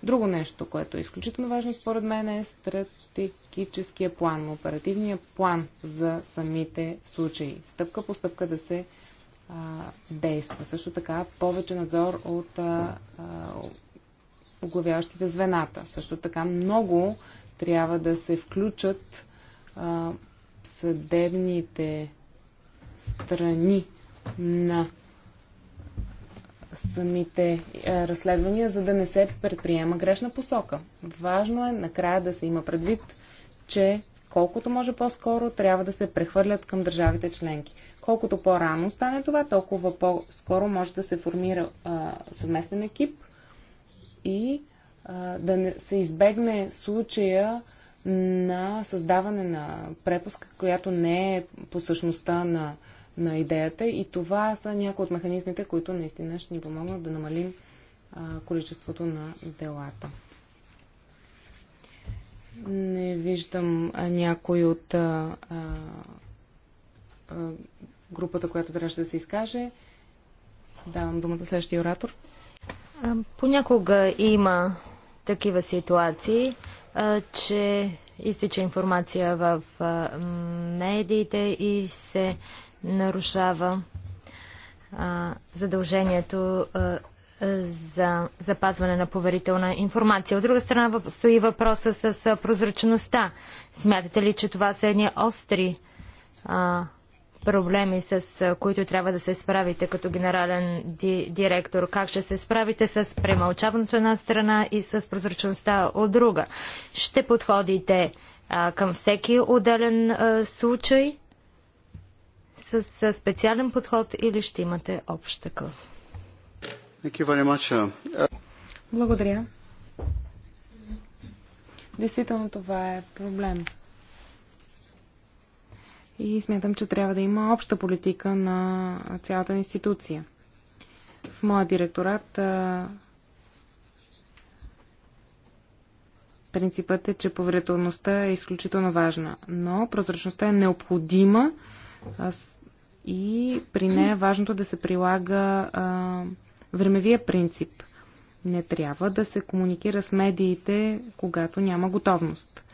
Друго нещо, което е изключително важно според мен е стратегическия план, оперативния план за самите случаи. Стъпка по стъпка да се а, действа. Също така повече надзор от а, а, оглавяващите звената. Също така много трябва да се включат а, съдебните страни на самите е, разследвания, за да не се предприема грешна посока. Важно е накрая да се има предвид, че колкото може по-скоро трябва да се прехвърлят към държавите членки. Колкото по-рано стане това, толкова по-скоро може да се формира а, съвместен екип и а, да не, се избегне случая на създаване на препуска, която не е по същността на на идеята и това са някои от механизмите, които наистина ще ни помогнат да намалим а, количеството на делата. Не виждам а, някой от а, а, групата, която трябваше да се изкаже. Давам думата следващия оратор. Понякога има такива ситуации, че изтича информация в медиите и се нарушава а, задължението а, за запазване на поверителна информация. От друга страна стои въпроса с, прозрачността. Смятате ли, че това са едни остри а, проблеми, с които трябва да се справите като генерален ди, директор? Как ще се справите с премълчаването една страна и с прозрачността от друга? Ще подходите а, към всеки отделен а, случай с, с специален подход или ще имате общ такъв? Благодаря. Действително това е проблем. И смятам, че трябва да има обща политика на цялата институция. В моя директорат принципът е, че поверителността е изключително важна, но прозрачността е необходима, и при нея е важното да се прилага а, времевия принцип. Не трябва да се комуникира с медиите, когато няма готовност.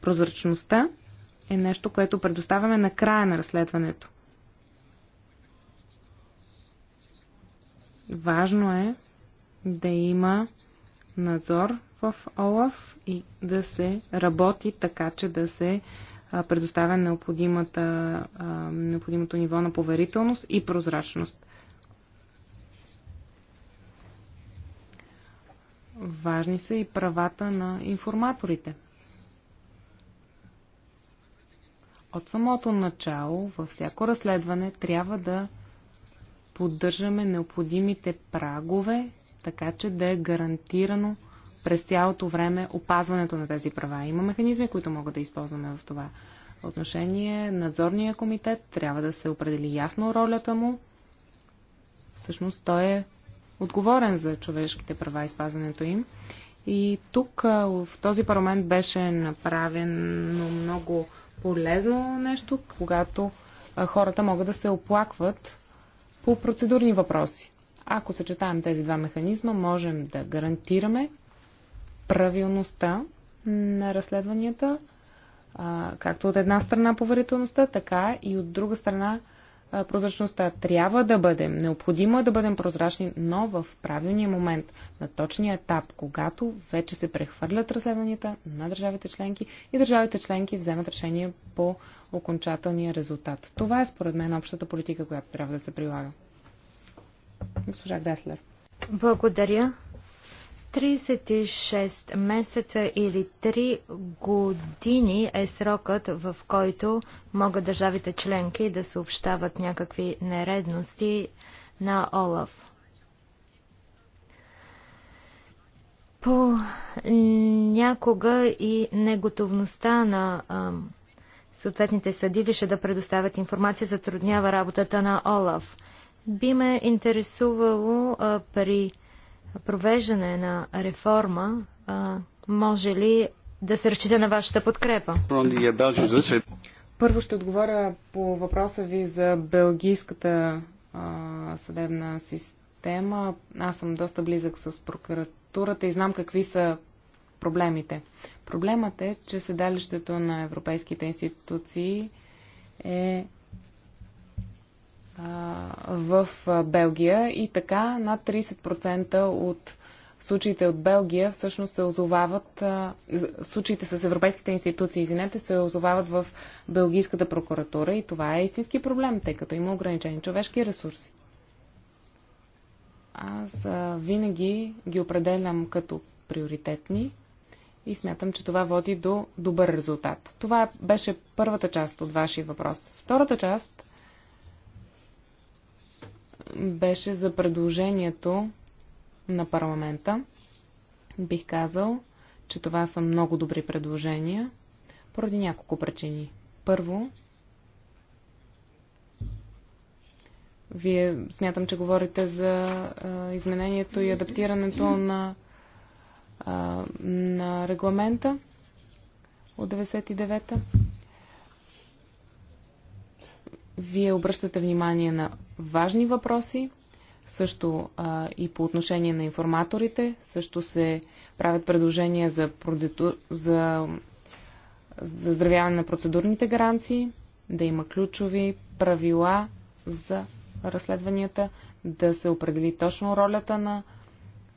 Прозрачността е нещо, което предоставяме на края на разследването. Важно е да има надзор в ОЛАФ и да се работи така, че да се предоставя необходимата, необходимото ниво на поверителност и прозрачност. Важни са и правата на информаторите. От самото начало, във всяко разследване, трябва да поддържаме необходимите прагове, така че да е гарантирано през цялото време опазването на тези права. Има механизми, които могат да използваме в това отношение. Надзорния комитет трябва да се определи ясно ролята му. Всъщност той е отговорен за човешките права и спазването им. И тук в този парламент беше направено много полезно нещо, когато хората могат да се оплакват по процедурни въпроси. Ако съчетаем тези два механизма, можем да гарантираме правилността на разследванията, както от една страна поверителността, така и от друга страна прозрачността. Трябва да бъдем, необходимо е да бъдем прозрачни, но в правилния момент, на точния етап, когато вече се прехвърлят разследванията на държавите членки и държавите членки вземат решение по окончателния резултат. Това е според мен общата политика, която трябва да се прилага. Госпожа Греслер. Благодаря. 36 месеца или 3 години е срокът, в който могат държавите членки да съобщават някакви нередности на ОЛАФ. По някога и неготовността на а, съответните съдилища да предоставят информация затруднява работата на ОЛАФ. Би ме интересувало а, при провеждане на реформа може ли да се разчита на вашата подкрепа? Първо ще отговоря по въпроса ви за белгийската а, съдебна система. Аз съм доста близък с прокуратурата и знам какви са проблемите. Проблемът е, че седалището на европейските институции е в Белгия и така над 30% от случаите от Белгия всъщност се озовават, случаите с европейските институции, извинете, се озовават в Белгийската прокуратура и това е истински проблем, тъй като има ограничени човешки ресурси. Аз винаги ги определям като приоритетни и смятам, че това води до добър резултат. Това беше първата част от вашия въпрос. Втората част беше за предложението на парламента. Бих казал, че това са много добри предложения поради няколко причини. Първо, вие смятам, че говорите за а, изменението и адаптирането на, а, на регламента от 99-та. Вие обръщате внимание на важни въпроси, също а, и по отношение на информаторите, също се правят предложения за, продиту... за здравяване на процедурните гаранции, да има ключови правила за разследванията, да се определи точно ролята на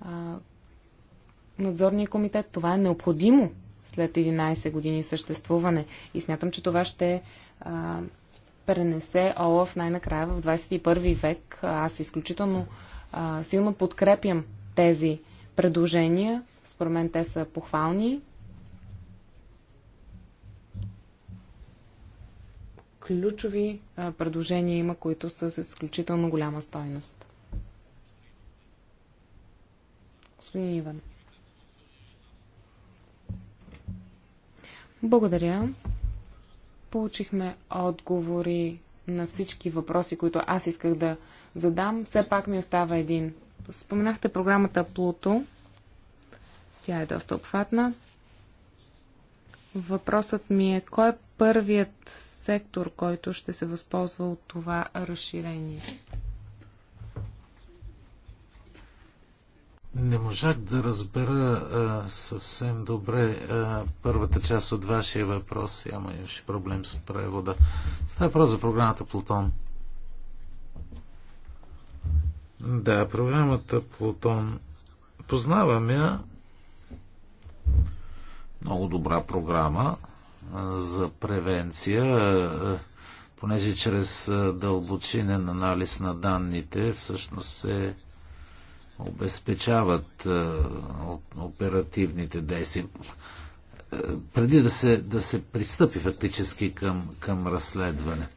а, надзорния комитет. Това е необходимо след 11 години съществуване и смятам, че това ще а, пренесе Олаф най-накрая в 21 век. Аз изключително а, силно подкрепям тези предложения. Според мен те са похвални. Ключови а, предложения има, които са с изключително голяма стойност. Господин Иван. Благодаря. Получихме отговори на всички въпроси, които аз исках да задам. Все пак ми остава един. Споменахте програмата Плуто. Тя е доста обхватна. Въпросът ми е, кой е първият сектор, който ще се възползва от това разширение? Не можах да разбера а, съвсем добре а, първата част от вашия въпрос. Ама имаше проблем с превода. Става въпрос за програмата Плутон. Да, програмата Плутон. Познавам я. Много добра програма а, за превенция. А, понеже чрез дълбочинен анализ на данните всъщност се обезпечават е, оперативните действия. Е, преди да се, да се пристъпи фактически към, към разследване.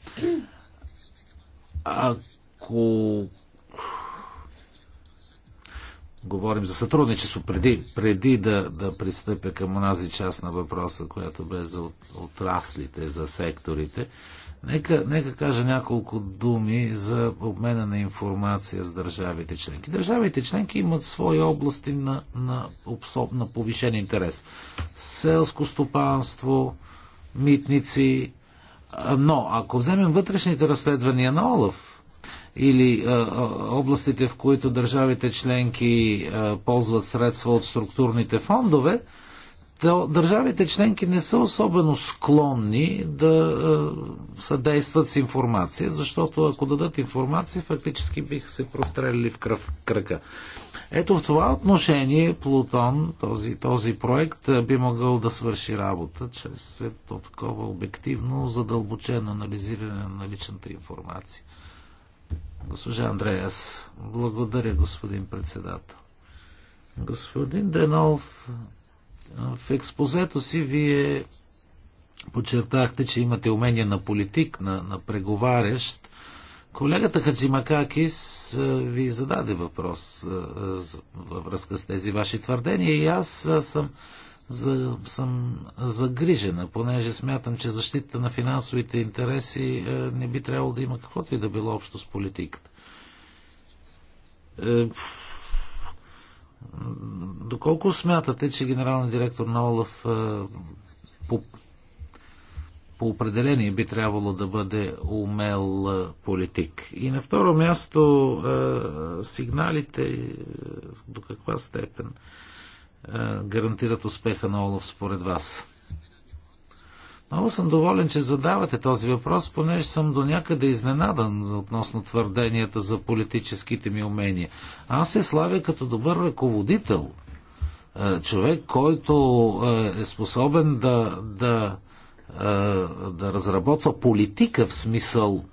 Ако говорим за сътрудничество, преди, преди да, да пристъпя към онази част на въпроса, която бе за отраслите, за секторите, Нека, нека кажа няколко думи за обмена на информация с държавите членки. Държавите членки имат свои области на, на, обсоб, на повишен интерес. Селско стопанство, митници, но ако вземем вътрешните разследвания на ОЛАФ или а, областите, в които държавите членки а, ползват средства от структурните фондове, държавите членки не са особено склонни да е, съдействат с информация, защото ако дадат информация, фактически бих се прострелили в кръв, кръка. Ето в това отношение Плутон, този, този проект, е, би могъл да свърши работа чрез ето такова обективно, задълбочено анализиране на личната информация. Госпожа Андреас, благодаря, господин председател. Господин Денов в експозето си вие подчертахте, че имате умение на политик, на, на преговарящ. Колегата Хаджимакакис ви зададе въпрос във връзка с тези ваши твърдения и аз съм, за, съм загрижена, понеже смятам, че защита на финансовите интереси не би трябвало да има каквото и да било общо с политиката. Е, Доколко смятате, че генералният директор на Олаф е, по, по определение би трябвало да бъде умел е, политик? И на второ място е, сигналите до каква степен гарантират успеха на Олаф според вас? Много съм доволен, че задавате този въпрос, понеже съм до някъде изненадан относно твърденията за политическите ми умения. Аз се славя като добър ръководител, е, човек, който е, е способен да, да, е, да разработва политика в смисъл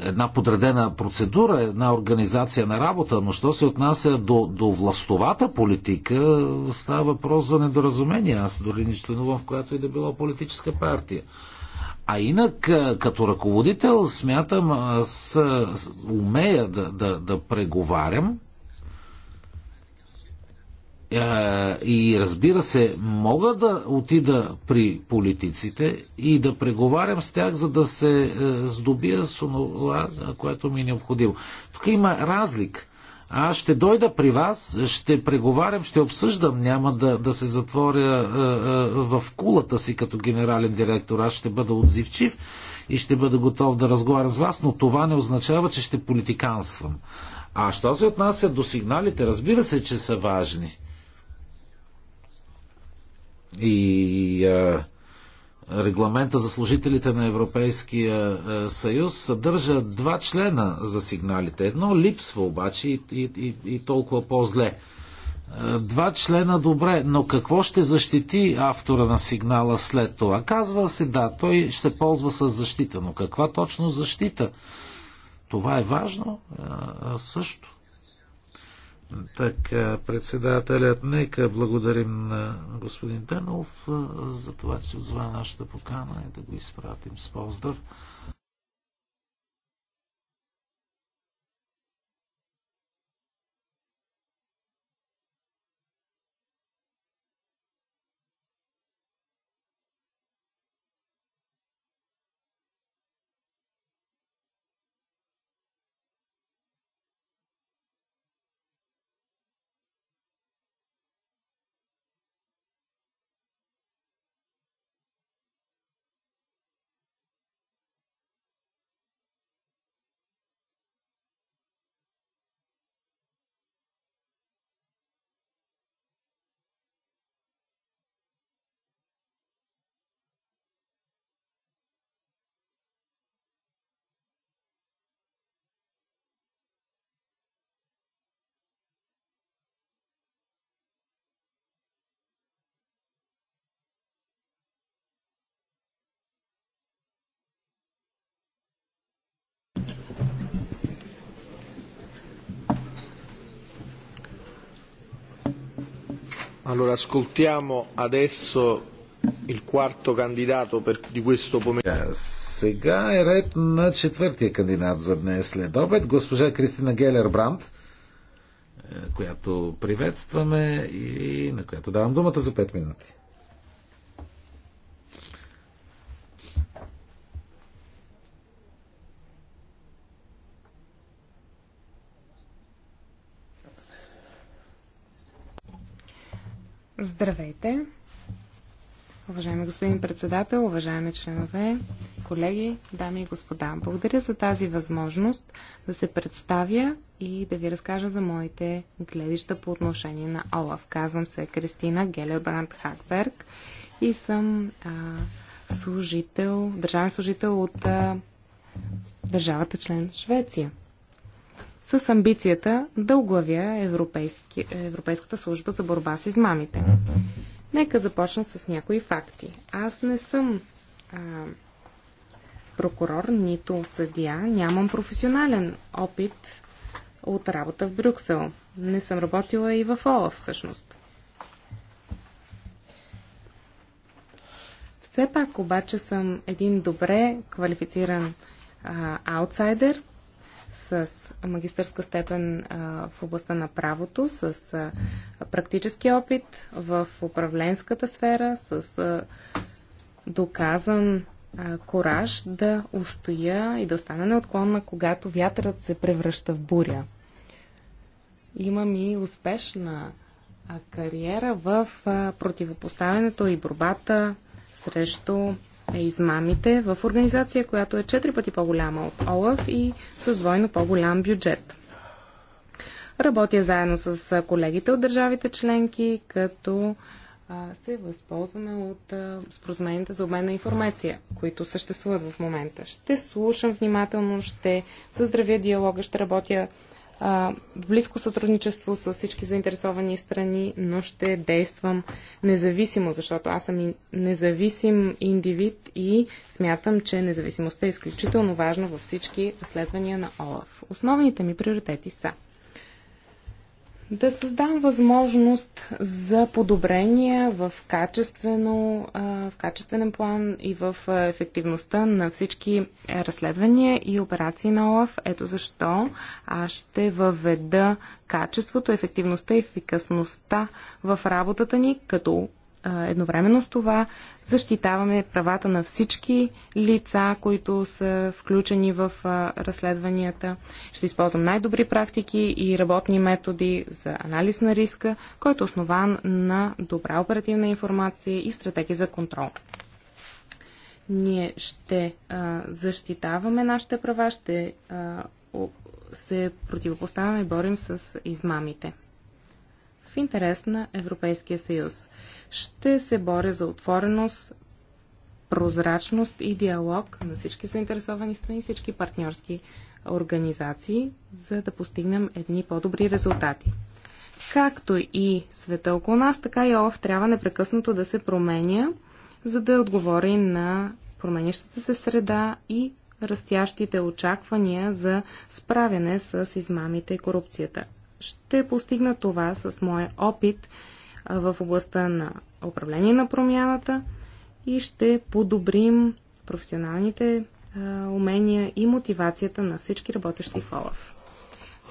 една подредена процедура, една организация на работа, но що се отнася до, до властовата политика, става въпрос за недоразумение. Аз дори не членувам в която и да била политическа партия. А инак, като ръководител, смятам, аз умея да, да, да преговарям е, и разбира се, мога да отида при политиците и да преговарям с тях, за да се е, здобия с това, което ми е необходимо. Тук има разлик. Аз ще дойда при вас, ще преговарям, ще обсъждам, няма да, да се затворя е, в кулата си като генерален директор. Аз ще бъда отзивчив и ще бъда готов да разговарям с вас, но това не означава, че ще политиканствам. А що се отнася до сигналите, разбира се, че са важни и регламента за служителите на Европейския съюз съдържа два члена за сигналите. Едно липсва обаче и, и, и толкова по-зле. Два члена добре, но какво ще защити автора на сигнала след това? Казва се, да, той ще ползва с защита, но каква точно защита? Това е важно също. Така, председателят, нека благодарим на господин Тенов за това, че отзва нашата покана и да го изпратим с поздрав. Allora ascoltiamo adesso il quarto candidato per, di questo pomeriggio. Е, сега е ред на четвъртия кандидат за днес след обед, госпожа Кристина Гелербранд, е, която приветстваме и на която давам думата за 5 минути. Здравейте! Уважаеми господин председател, уважаеми членове, колеги, дами и господа, благодаря за тази възможност да се представя и да ви разкажа за моите гледища по отношение на ОЛАФ. Казвам се Кристина Гелебранд Хакберг и съм а, служител, държавен служител от а, държавата член Швеция с амбицията да оглавя Европейски, Европейската служба за борба с измамите. Нека започна с някои факти. Аз не съм а, прокурор, нито съдия, нямам професионален опит от работа в Брюксел. Не съм работила и в ОЛАФ всъщност. Все пак обаче съм един добре квалифициран а, аутсайдер – с магистърска степен в областта на правото, с практически опит в управленската сфера, с доказан кораж да устоя и да остана неотклонна, когато вятърът се превръща в буря. Имам и успешна кариера в противопоставянето и борбата срещу е измамите в организация, която е четири пъти по-голяма от ОЛАФ и с двойно по-голям бюджет. Работя заедно с колегите от държавите членки, като се възползваме от споразумените за обмен на информация, които съществуват в момента. Ще слушам внимателно, ще създравя диалога, ще работя близко сътрудничество с всички заинтересовани страни, но ще действам независимо, защото аз съм независим индивид и смятам, че независимостта е изключително важна във всички разследвания на ОЛАФ. Основните ми приоритети са – да създам възможност за подобрения в, качествено, в качествен план и в ефективността на всички разследвания и операции на ОЛАФ. Ето защо аз ще въведа качеството, ефективността и ефикасността в работата ни като едновременно с това защитаваме правата на всички лица, които са включени в разследванията. Ще използвам най-добри практики и работни методи за анализ на риска, който е основан на добра оперативна информация и стратегия за контрол. Ние ще защитаваме нашите права, ще се противопоставяме и борим с измамите в интерес на Европейския съюз. Ще се боря за отвореност, прозрачност и диалог на всички заинтересовани страни, всички партньорски организации, за да постигнем едни по-добри резултати. Както и света около нас, така и ОЛАФ трябва непрекъснато да се променя, за да отговори на променящата се среда и растящите очаквания за справяне с измамите и корупцията ще постигна това с моя опит в областта на управление на промяната и ще подобрим професионалните умения и мотивацията на всички работещи в ОЛАФ.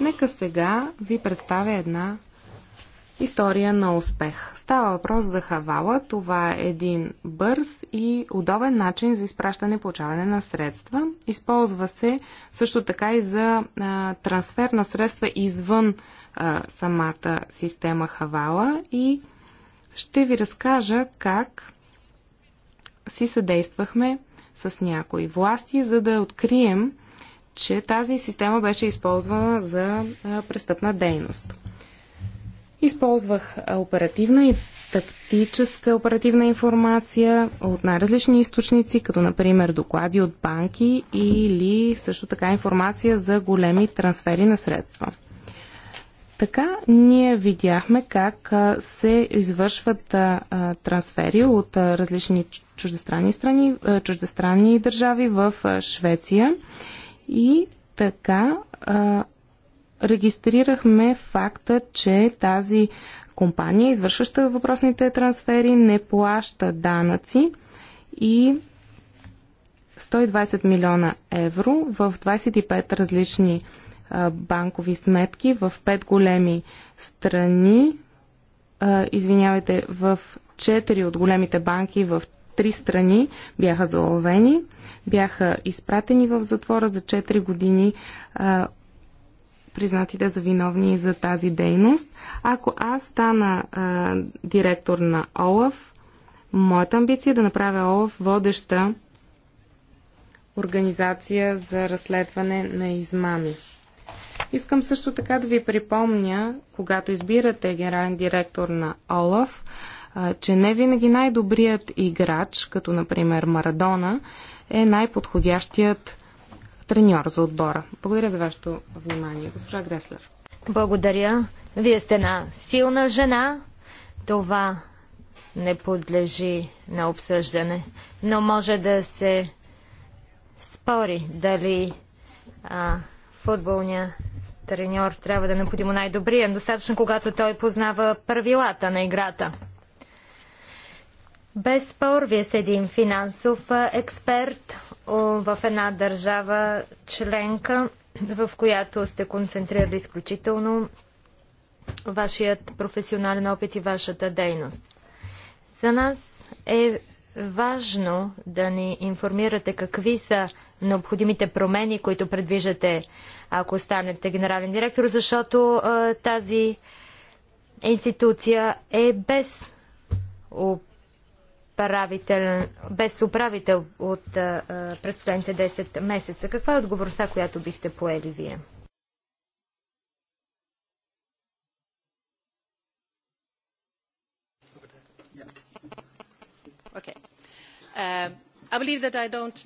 Нека сега ви представя една история на успех. Става въпрос за Хавала. Това е един бърз и удобен начин за изпращане и получаване на средства. Използва се също така и за а, трансфер на средства извън а, самата система Хавала и ще ви разкажа как си съдействахме с някои власти, за да открием, че тази система беше използвана за а, престъпна дейност. Използвах оперативна и тактическа оперативна информация от най-различни източници, като например доклади от банки или също така информация за големи трансфери на средства. Така ние видяхме как се извършват трансфери от различни чуждестранни страни, чуждестранни държави в Швеция и така регистрирахме факта, че тази компания, извършваща въпросните трансфери, не плаща данъци и 120 милиона евро в 25 различни банкови сметки в 5 големи страни, извинявайте, в 4 от големите банки в 3 страни бяха заловени, бяха изпратени в затвора за 4 години признатите за виновни за тази дейност. Ако аз стана а, директор на ОЛАФ, моята амбиция е да направя ОЛАФ водеща организация за разследване на измами. Искам също така да ви припомня, когато избирате генерален директор на ОЛАФ, а, че не винаги най-добрият играч, като например Марадона, е най-подходящият треньор за отбора. Благодаря за вашето внимание. Госпожа Греслер. Благодаря. Вие сте една силна жена. Това не подлежи на обсъждане. Но може да се спори дали а, футболния треньор трябва да е необходимо най-добрия, достатъчно когато той познава правилата на играта. Без спор, вие сте един финансов експерт, в една държава членка, в която сте концентрирали изключително вашият професионален опит и вашата дейност. За нас е важно да ни информирате какви са необходимите промени, които предвиждате, ако станете генерален директор, защото а, тази институция е без управител, без управител от, а, през последните 10 месеца. Каква е отговорността, която бихте поели вие? Okay. Uh, I that I don't...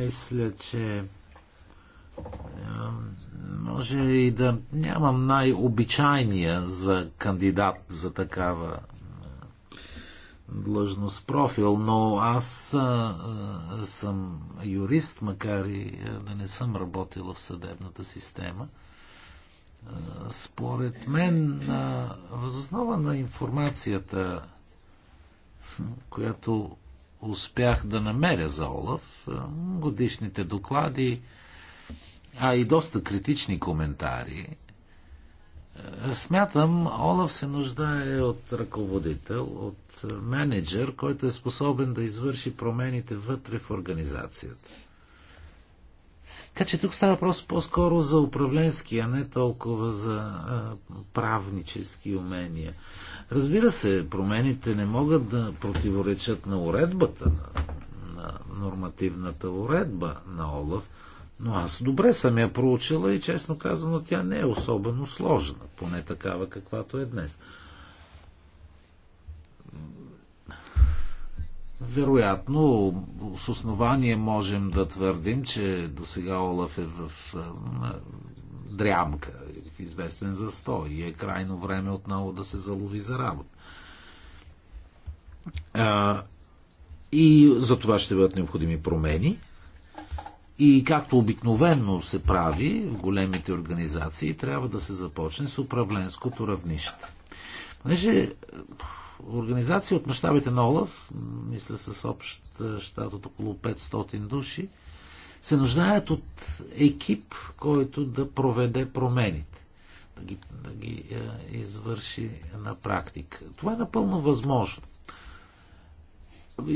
Мисля, че може и да нямам най-обичайния за кандидат за такава длъжност профил, но аз а, а, съм юрист, макар и да не съм работил в съдебната система. А, според мен, а, възоснова на информацията, която успях да намеря за Олаф, годишните доклади, а и доста критични коментари, Смятам, Олаф се нуждае от ръководител, от менеджер, който е способен да извърши промените вътре в организацията. Така че тук става въпрос по-скоро за управленски, а не толкова за а, правнически умения. Разбира се, промените не могат да противоречат на уредбата, на, на нормативната уредба на Олаф, но аз добре съм я проучила и честно казано тя не е особено сложна, поне такава каквато е днес. Вероятно, с основание можем да твърдим, че до сега Олаф е в е, дрямка, в известен застой и е крайно време отново да се залови за работа. и за това ще бъдат необходими промени и както обикновенно се прави в големите организации, трябва да се започне с управленското равнище. Понеже е, организация от мащабите на Олаф, мисля с общ е, щат от около 500 души, се нуждаят от екип, който да проведе промените, да ги, да ги е, извърши на практика. Това е напълно възможно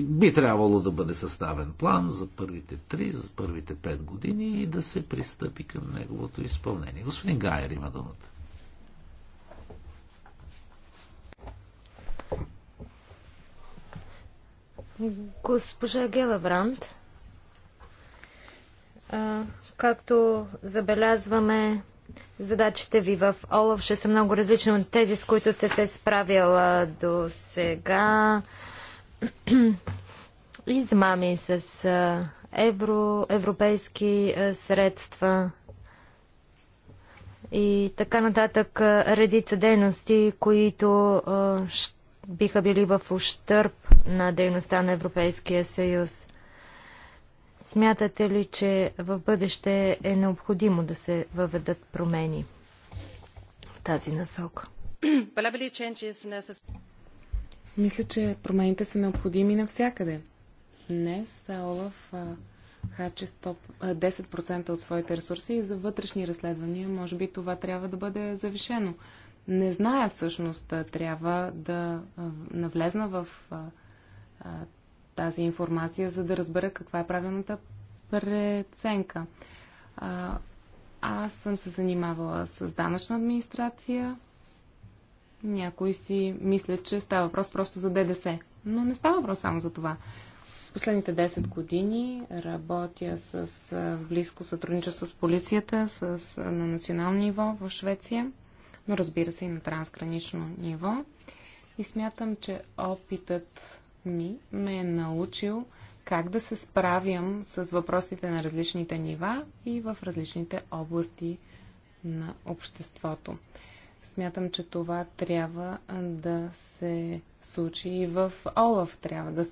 би трябвало да бъде съставен план за първите три, за първите пет години и да се пристъпи към неговото изпълнение. Господин Гайер има думата. Госпожа Гелабранд, както забелязваме, задачите ви в Олаф ще са много различни от тези, с които сте се справила до сега измами с евро, европейски средства и така нататък редица дейности, които биха били в ущърп на дейността на Европейския съюз. Смятате ли, че в бъдеще е необходимо да се въведат промени в тази насока? Мисля, че промените са необходими навсякъде. Днес Олаф харчи 10% от своите ресурси и за вътрешни разследвания. Може би това трябва да бъде завишено. Не зная всъщност, трябва да навлезна в тази информация, за да разбера каква е правилната преценка. Аз съм се занимавала с данъчна администрация някои си мислят, че става въпрос просто за ДДС. Но не става въпрос само за това. Последните 10 години работя с близко сътрудничество с полицията с, на национално ниво в Швеция, но разбира се и на трансгранично ниво. И смятам, че опитът ми ме е научил как да се справям с въпросите на различните нива и в различните области на обществото. Смятам, че това трябва да се случи и в ОЛАФ. Трябва да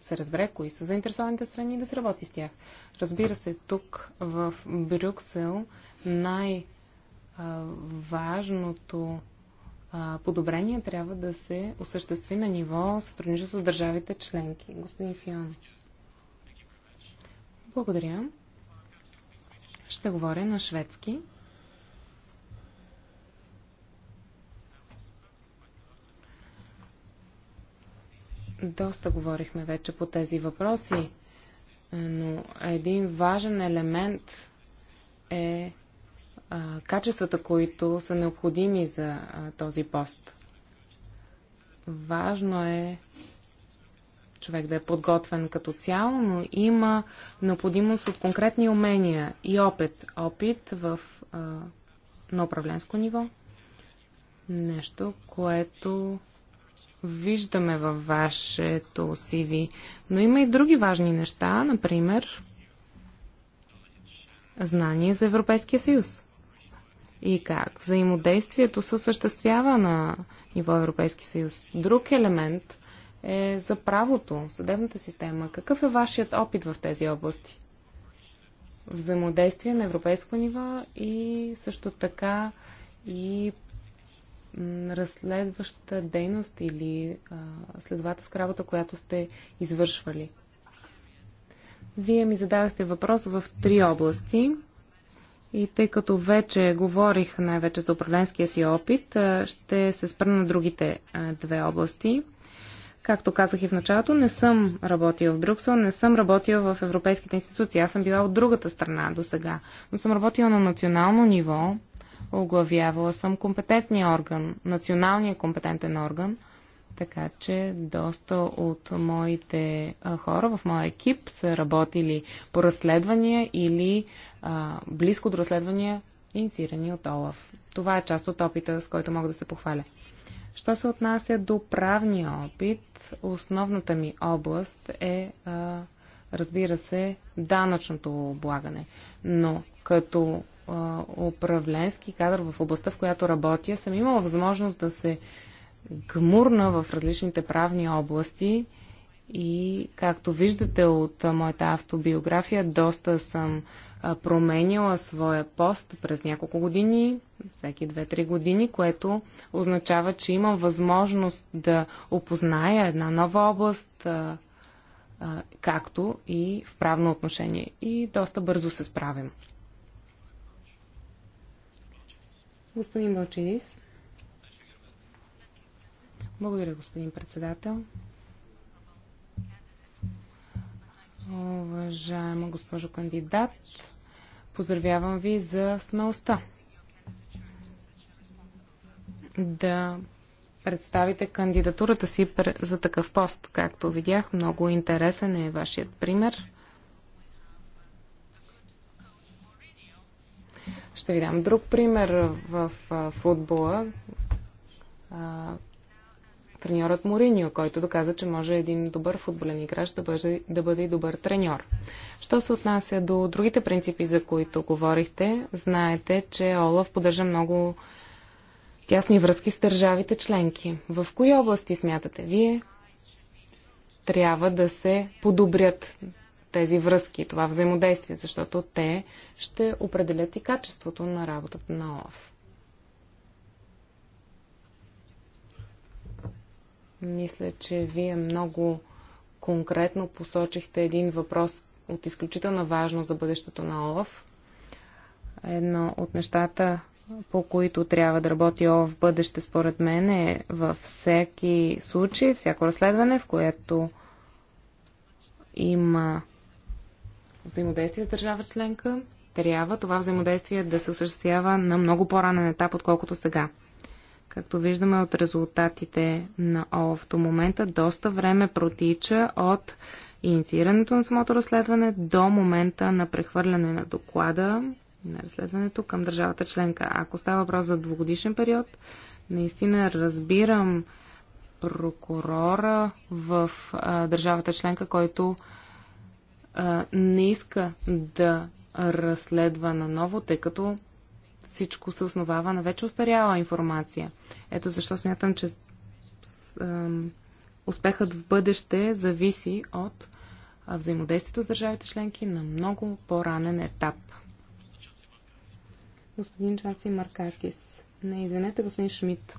се разбере кои са заинтересованите страни и да се работи с тях. Разбира се, тук в Брюксел най-важното подобрение трябва да се осъществи на ниво сътрудничество с държавите членки. Господин Фион. Благодаря. Ще говоря на шведски. Доста говорихме вече по тези въпроси, но един важен елемент е а, качествата, които са необходими за а, този пост. Важно е човек да е подготвен като цяло, но има необходимост от конкретни умения и опит. Опит в, а, на управленско ниво. Нещо, което виждаме във вашето CV. Но има и други важни неща, например знание за Европейския съюз и как взаимодействието се осъществява на ниво Европейски съюз. Друг елемент е за правото, съдебната система. Какъв е вашият опит в тези области? Взаимодействие на европейско ниво и също така и разследваща дейност или а, следователска работа, която сте извършвали. Вие ми задавахте въпрос в три области. И тъй като вече говорих най-вече за управленския си опит, ще се спра на другите две области. Както казах и в началото, не съм работила в Брюксел, не съм работила в европейските институции. Аз съм била от другата страна до сега. Но съм работила на национално ниво, оглавявала съм компетентния орган, националния компетентен орган, така че доста от моите а, хора в моя екип са работили по разследвания или а, близко до разследвания, инсирани от Олав. Това е част от опита, с който мога да се похваля. Що се отнася до правния опит, основната ми област е, а, разбира се, данъчното облагане. Но като управленски кадър в областта, в която работя, съм имала възможност да се гмурна в различните правни области и, както виждате от моята автобиография, доста съм променяла своя пост през няколко години, всеки 2-3 години, което означава, че имам възможност да опозная една нова област, както и в правно отношение. И доста бързо се справим. Господин Балчидис. Благодаря, господин председател. Уважаема госпожо кандидат, поздравявам ви за смелостта да представите кандидатурата си за такъв пост. Както видях, много интересен е вашият пример. Ще ви дам друг пример в футбола. Треньорът Мориньо, който доказа, че може един добър футболен играч да бъде, да бъде и добър треньор. Що се отнася до другите принципи, за които говорихте, знаете, че Олаф поддържа много тясни връзки с държавите членки. В кои области смятате вие трябва да се подобрят тези връзки, това взаимодействие, защото те ще определят и качеството на работата на ОАФ. Мисля, че вие много конкретно посочихте един въпрос от изключителна важност за бъдещето на ОЛАФ. Едно от нещата, по които трябва да работи ОЛАФ в бъдеще, според мен, е във всеки случай, всяко разследване, в което има взаимодействие с държава членка, трябва това взаимодействие да се осъществява на много по-ранен етап, отколкото сега. Както виждаме от резултатите на ОЛАФ до момента, доста време протича от инициирането на самото разследване до момента на прехвърляне на доклада на разследването към държавата членка. Ако става въпрос за двугодишен период, наистина разбирам прокурора в а, държавата членка, който не иска да разследва наново, тъй като всичко се основава на вече устаряла информация. Ето защо смятам, че успехът в бъдеще зависи от взаимодействието с държавите членки на много по-ранен етап. Господин Чаци Маркакис. Не, извинете, господин Шмидт.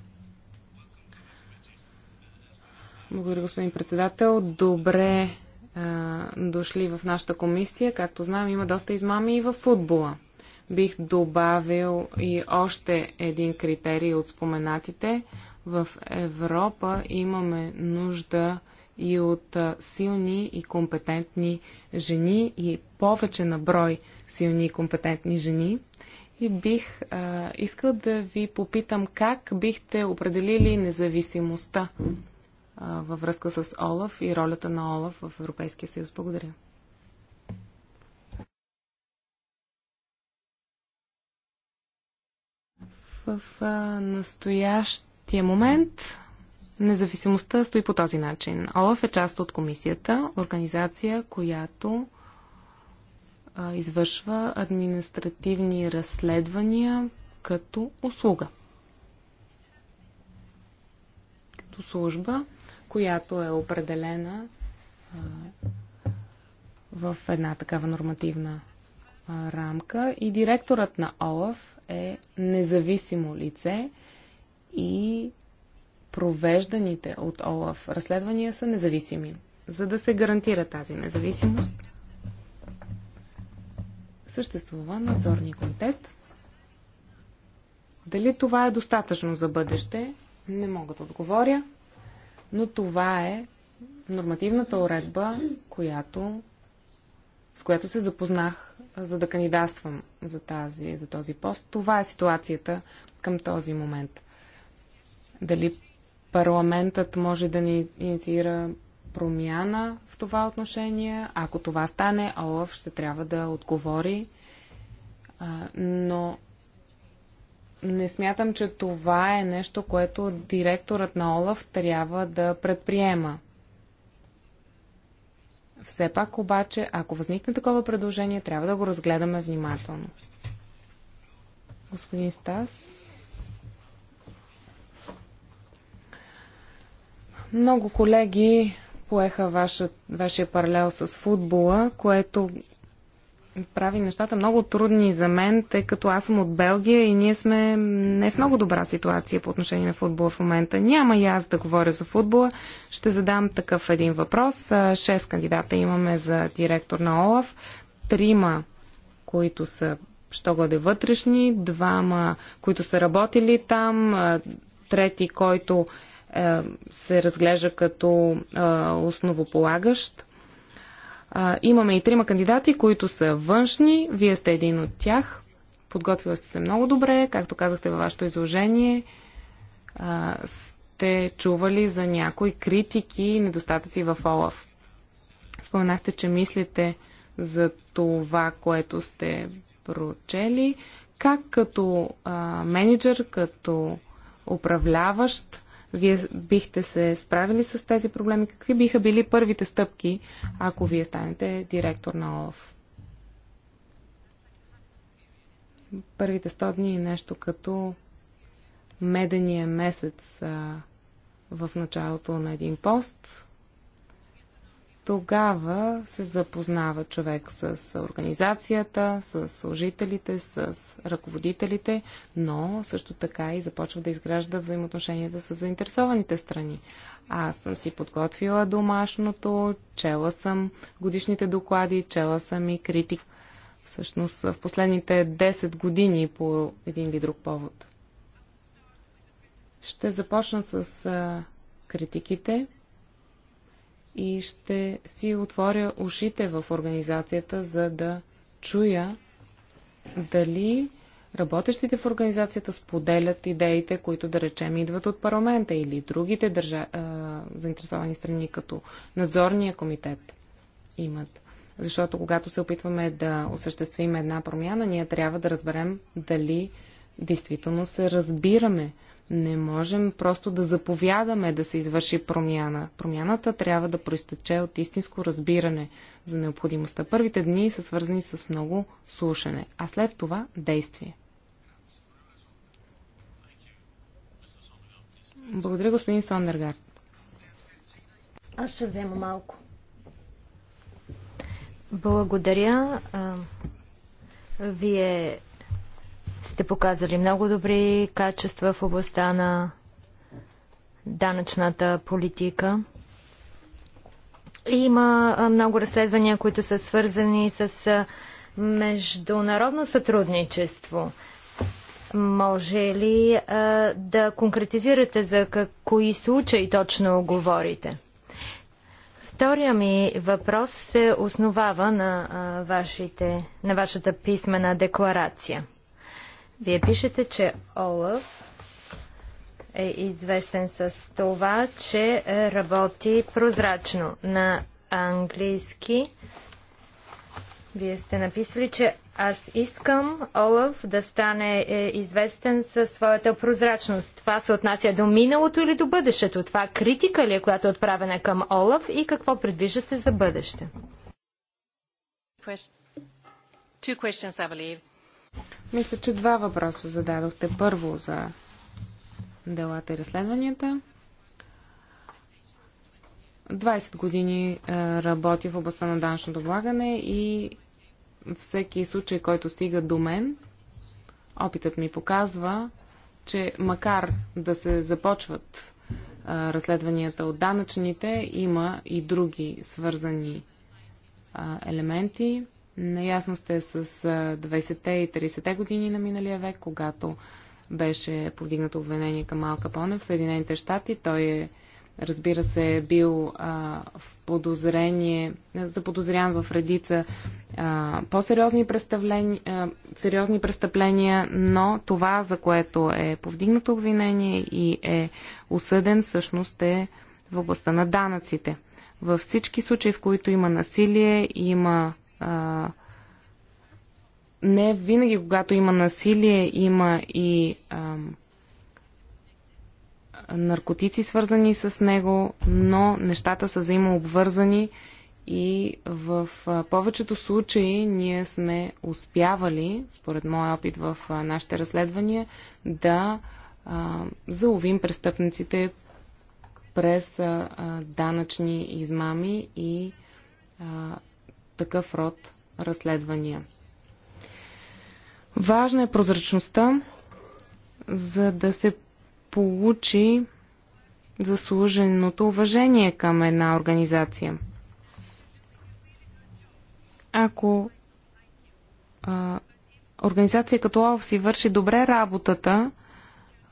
Благодаря, господин председател. Добре дошли в нашата комисия. Както знаем, има доста измами и в футбола. Бих добавил и още един критерий от споменатите. В Европа имаме нужда и от силни и компетентни жени и повече на брой силни и компетентни жени. И бих а, искал да ви попитам как бихте определили независимостта във връзка с Олаф и ролята на Олаф в Европейския съюз. Благодаря. В настоящия момент независимостта стои по този начин. Олаф е част от комисията, организация, която извършва административни разследвания като услуга. Като служба която е определена в една такава нормативна рамка. И директорът на ОЛАФ е независимо лице и провежданите от ОЛАФ разследвания са независими. За да се гарантира тази независимост, съществува надзорния комитет. Дали това е достатъчно за бъдеще, не мога да отговоря но това е нормативната уредба, която, с която се запознах, за да кандидатствам за, тази, за този пост. Това е ситуацията към този момент. Дали парламентът може да ни инициира промяна в това отношение. Ако това стане, Олаф ще трябва да отговори. Но не смятам, че това е нещо, което директорът на Олаф трябва да предприема. Все пак обаче, ако възникне такова предложение, трябва да го разгледаме внимателно. Господин Стас. Много колеги поеха ваша, вашия паралел с футбола, което прави нещата много трудни за мен, тъй като аз съм от Белгия и ние сме не в много добра ситуация по отношение на футбола в момента. Няма и аз да говоря за футбола. Ще задам такъв един въпрос. Шест кандидата имаме за директор на ОЛАФ. Трима, които са що е, вътрешни, двама, които са работили там, трети, който е, се разглежда като основополагащ а, имаме и трима кандидати, които са външни. Вие сте един от тях. Подготвила сте се много добре, както казахте във вашето изложение. А, сте чували за някои критики и недостатъци в ОЛАФ. Споменахте, че мислите за това, което сте прочели. Как като а, менеджер, като управляващ, вие бихте се справили с тези проблеми? Какви биха били първите стъпки, ако вие станете директор на ОЛАФ? Първите 100 дни е нещо като медения месец а, в началото на един пост тогава се запознава човек с организацията, с служителите, с ръководителите, но също така и започва да изгражда взаимоотношенията с заинтересованите страни. Аз съм си подготвила домашното, чела съм годишните доклади, чела съм и критик. Всъщност в последните 10 години по един или друг повод. Ще започна с критиките и ще си отворя ушите в организацията, за да чуя дали работещите в организацията споделят идеите, които да речем идват от парламента или другите държа... заинтересовани страни, като надзорния комитет имат. Защото когато се опитваме да осъществим една промяна, ние трябва да разберем дали действително се разбираме не можем просто да заповядаме да се извърши промяна. Промяната трябва да проистече от истинско разбиране за необходимостта. Първите дни са свързани с много слушане, а след това действие. Благодаря, господин Сондергард. Аз ще взема малко. Благодаря. Вие сте показали много добри качества в областта на данъчната политика. Има много разследвания, които са свързани с международно сътрудничество. Може ли а, да конкретизирате за как, кои случаи точно говорите? Втория ми въпрос се основава на, а, вашите, на вашата писмена декларация. Вие пишете, че Олаф е известен с това, че работи прозрачно на английски. Вие сте написали, че аз искам Олаф да стане е, известен със своята прозрачност. Това се отнася до миналото или до бъдещето? Това критика ли е, която е отправена към Олаф и какво предвиждате за бъдеще? Two questions, I believe. Мисля, че два въпроса зададохте. Първо за делата и разследванията. 20 години е, работя в областта на данъчното облагане и всеки случай, който стига до мен, опитът ми показва, че макар да се започват е, разследванията от данъчните, има и други свързани е, елементи. Наясно сте с 20-те и 30-те години на миналия век, когато беше повдигнато обвинение към малка Капоне в Съединените щати. Той е, разбира се, е бил а, в подозрение, заподозрян в редица по-сериозни сериозни престъпления, но това, за което е повдигнато обвинение и е осъден, всъщност е в областта на данъците. Във всички случаи, в които има насилие, има а, не винаги, когато има насилие, има и а, наркотици свързани с него, но нещата са взаимообвързани и в а, повечето случаи ние сме успявали, според моя опит в а, нашите разследвания, да а, заловим престъпниците през а, а, данъчни измами и такъв род разследвания. Важна е прозрачността, за да се получи заслуженото уважение към една организация. Ако а, организация като ОВ си върши добре работата,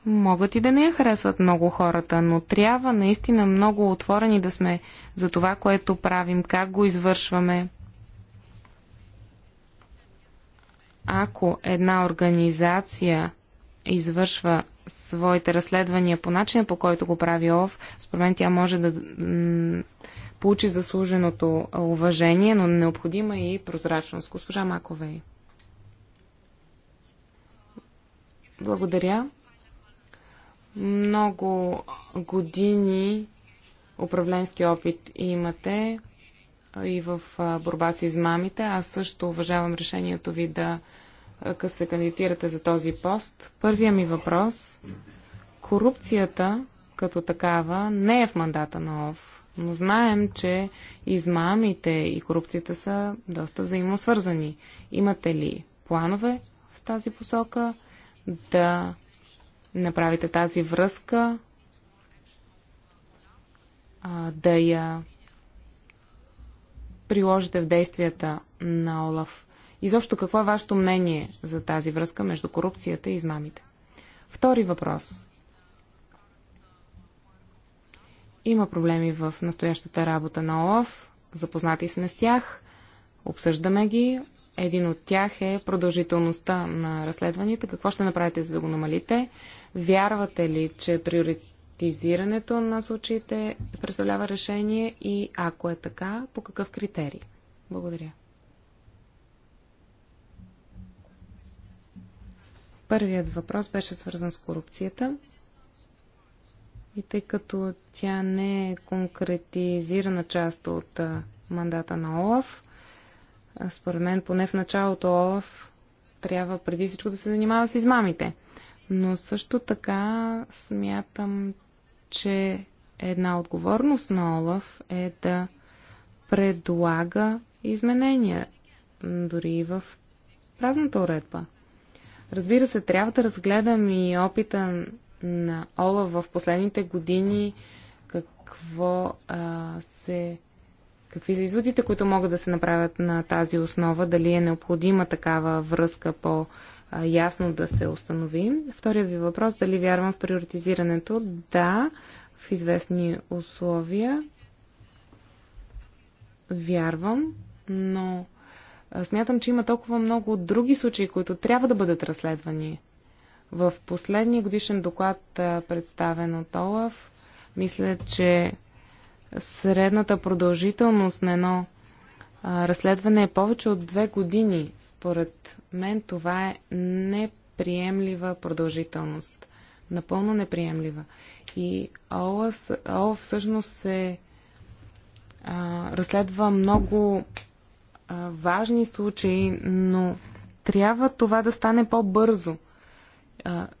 могат и да не я харесват много хората, но трябва наистина много отворени да сме за това, което правим, как го извършваме ако една организация извършва своите разследвания по начина, по който го прави ОВ, според мен тя може да получи заслуженото уважение, но необходима е и прозрачност. Госпожа Маковей. Благодаря. Много години управленски опит имате и в борба с измамите. Аз също уважавам решението ви да се кандидирате за този пост. Първия ми въпрос. Корупцията като такава не е в мандата на ОВ, но знаем, че измамите и корупцията са доста взаимосвързани. Имате ли планове в тази посока да направите тази връзка, да я приложите в действията на Олаф? Изобщо какво е вашето мнение за тази връзка между корупцията и измамите? Втори въпрос. Има проблеми в настоящата работа на ОЛАФ. Запознати сме с тях. Обсъждаме ги. Един от тях е продължителността на разследванията. Какво ще направите, за да го намалите? Вярвате ли, че приоритизирането на случаите представлява решение и ако е така, по какъв критерий? Благодаря. Първият въпрос беше свързан с корупцията. И тъй като тя не е конкретизирана част от мандата на ОЛАФ, според мен поне в началото ОЛАФ трябва преди всичко да се занимава с измамите. Но също така смятам, че една отговорност на Олаф е да предлага изменения дори и в правната уредба. Разбира се, трябва да разгледам и опита на Ола в последните години, какво а, се. Какви са изводите, които могат да се направят на тази основа? Дали е необходима такава връзка по-ясно да се установи? Вторият ви въпрос, дали вярвам в приоритизирането? Да, в известни условия вярвам, но смятам, че има толкова много други случаи, които трябва да бъдат разследвани. В последния годишен доклад, представен от Олаф, мисля, че средната продължителност на едно разследване е повече от две години. Според мен това е неприемлива продължителност. Напълно неприемлива. И Олаф всъщност се а, разследва много важни случаи, но трябва това да стане по-бързо.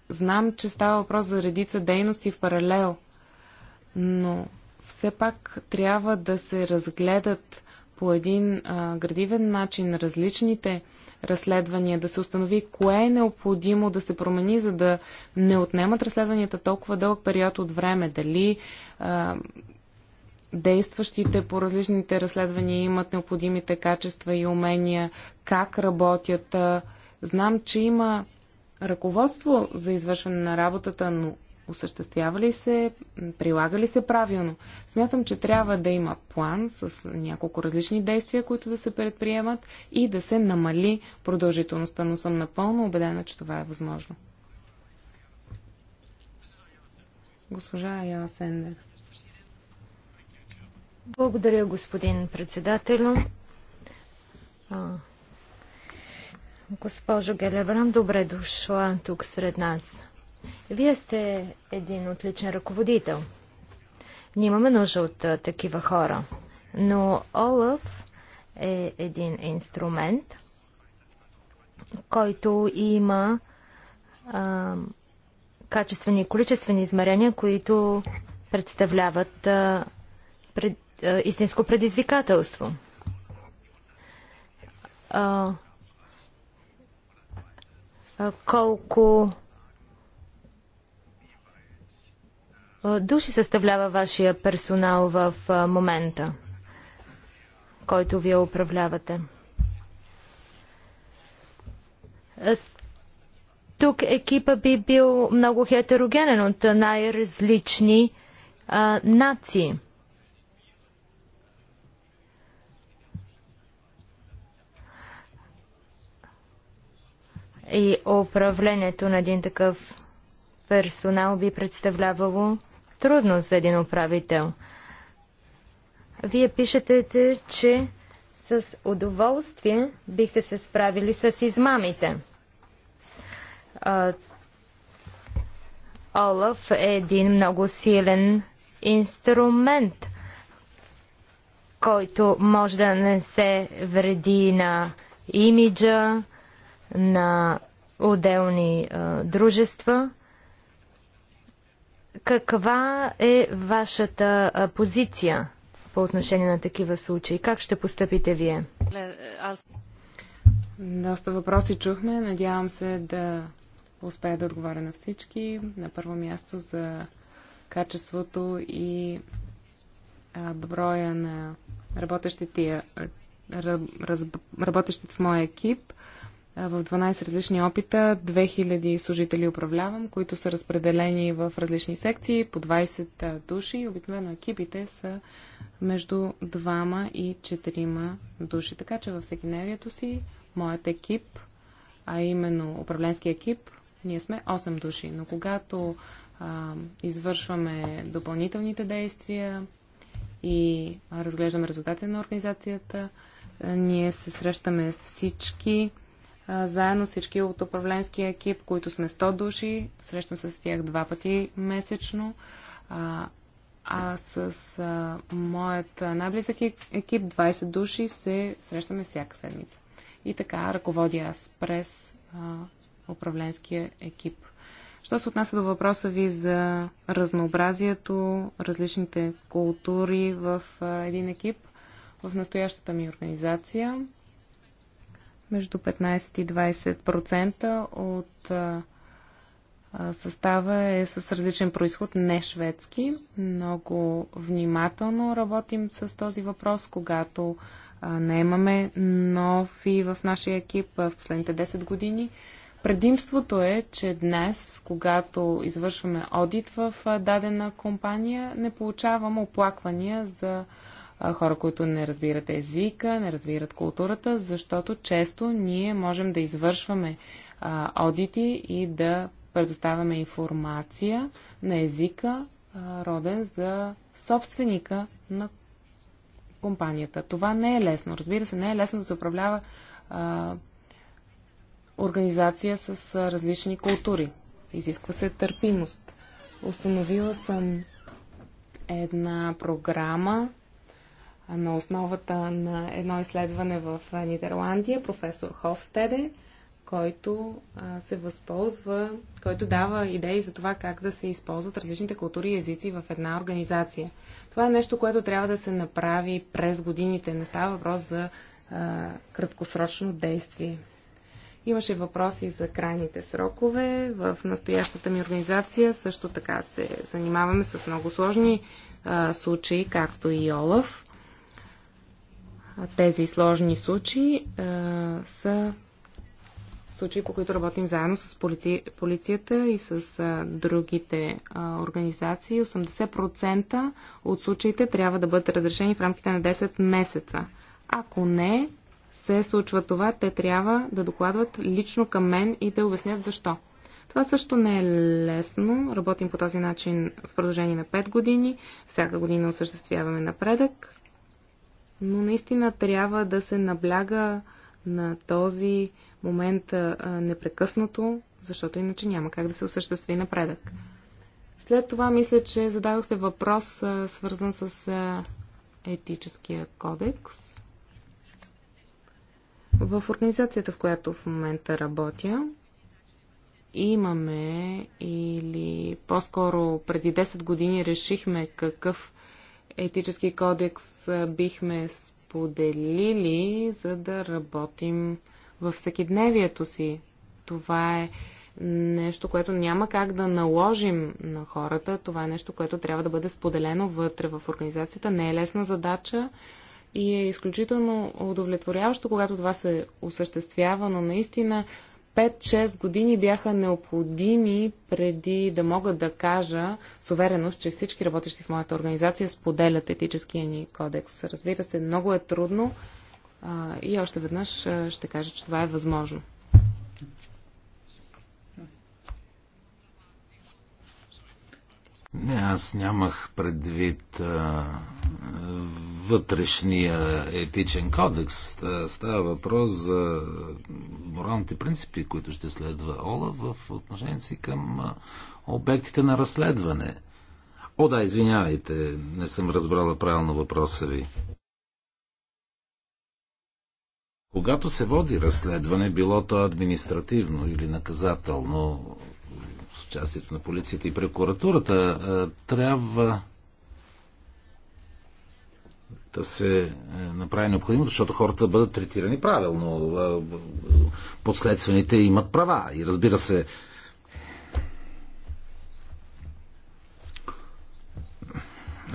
Знам, че става въпрос за редица дейности в паралел, но все пак трябва да се разгледат по един а, градивен начин различните разследвания, да се установи кое е необходимо да се промени, за да не отнемат разследванията толкова дълъг период от време. Дали а, действащите по различните разследвания имат необходимите качества и умения, как работят. Знам, че има ръководство за извършване на работата, но осъществява ли се, прилага ли се правилно. Смятам, че трябва да има план с няколко различни действия, които да се предприемат и да се намали продължителността, но съм напълно убедена, че това е възможно. Госпожа Яна Сендер. Благодаря, господин председател. Госпожо Гелебран, добре дошла тук сред нас. Вие сте един отличен ръководител. Ние имаме нужда от а, такива хора. Но Олаф е един инструмент, който има а, качествени и количествени измерения, които представляват а, пред, е, истинско предизвикателство. А, а колко души съставлява вашия персонал в момента, който вие управлявате? Тук екипа би бил много хетерогенен от най-различни нации. и управлението на един такъв персонал би представлявало трудност за един управител. Вие пишете, че с удоволствие бихте се справили с измамите. Олаф е един много силен инструмент, който може да не се вреди на имиджа, на отделни а, дружества. Каква е вашата а, позиция по отношение на такива случаи? Как ще постъпите вие? Доста въпроси чухме. Надявам се да успея да отговоря на всички. На първо място за качеството и а, броя на работещите, раз, работещите в моя екип – в 12 различни опита, 2000 служители управлявам, които са разпределени в различни секции, по 20 души. Обикновено екипите са между двама и 4 души. Така че във всекидневието си моят екип, а именно управленски екип, ние сме 8 души. Но когато а, извършваме допълнителните действия и разглеждаме резултатите на организацията, ние се срещаме всички заедно всички от управленския екип, които сме 100 души. Срещам се с тях два пъти месечно. А, а с а, моят най-близък екип, 20 души, се срещаме всяка седмица. И така ръководя аз през а, управленския екип. Що се отнася до въпроса ви за разнообразието, различните култури в а, един екип, в настоящата ми организация между 15 и 20% от а, състава е с различен происход, не шведски. Много внимателно работим с този въпрос, когато не имаме нови в нашия екип в последните 10 години. Предимството е, че днес, когато извършваме одит в дадена компания, не получаваме оплаквания за хора, които не разбират езика, не разбират културата, защото често ние можем да извършваме а, одити и да предоставяме информация на езика, а, роден за собственика на компанията. Това не е лесно. Разбира се, не е лесно да се управлява а, организация с а, различни култури. Изисква се търпимост. Установила съм една програма на основата на едно изследване в Нидерландия, професор Хофстеде, който се възползва, който дава идеи за това как да се използват различните култури и езици в една организация. Това е нещо, което трябва да се направи през годините. Не става въпрос за а, краткосрочно действие. Имаше въпроси за крайните срокове. В настоящата ми организация също така се занимаваме с много сложни а, случаи, както и Олаф тези сложни случаи а, е, са случаи, по които работим заедно с полици... полицията и с а, е, другите а, е, организации. 80% от случаите трябва да бъдат разрешени в рамките на 10 месеца. Ако не се случва това, те трябва да докладват лично към мен и да обяснят защо. Това също не е лесно. Работим по този начин в продължение на 5 години. Всяка година осъществяваме напредък но наистина трябва да се набляга на този момент а, непрекъснато, защото иначе няма как да се осъществи напредък. След това мисля, че зададохте въпрос, а, свързан с а, етическия кодекс. В организацията, в която в момента работя, имаме или по-скоро преди 10 години решихме какъв етически кодекс бихме споделили, за да работим във всекидневието си. Това е нещо, което няма как да наложим на хората. Това е нещо, което трябва да бъде споделено вътре в организацията. Не е лесна задача и е изключително удовлетворяващо, когато това се осъществява, но наистина 5-6 години бяха необходими преди да мога да кажа с увереност, че всички работещи в моята организация споделят етическия ни кодекс. Разбира се, много е трудно и още веднъж ще кажа, че това е възможно. Не Аз нямах предвид а, вътрешния етичен кодекс. Става въпрос за моралните принципи, които ще следва Ола в отношение си към обектите на разследване. О, да, извинявайте, не съм разбрала правилно въпроса ви. Когато се води разследване, било то административно или наказателно, участието на полицията и прокуратурата, трябва да се е, направи необходимо, защото хората бъдат третирани правилно. Подследствените имат права и разбира се,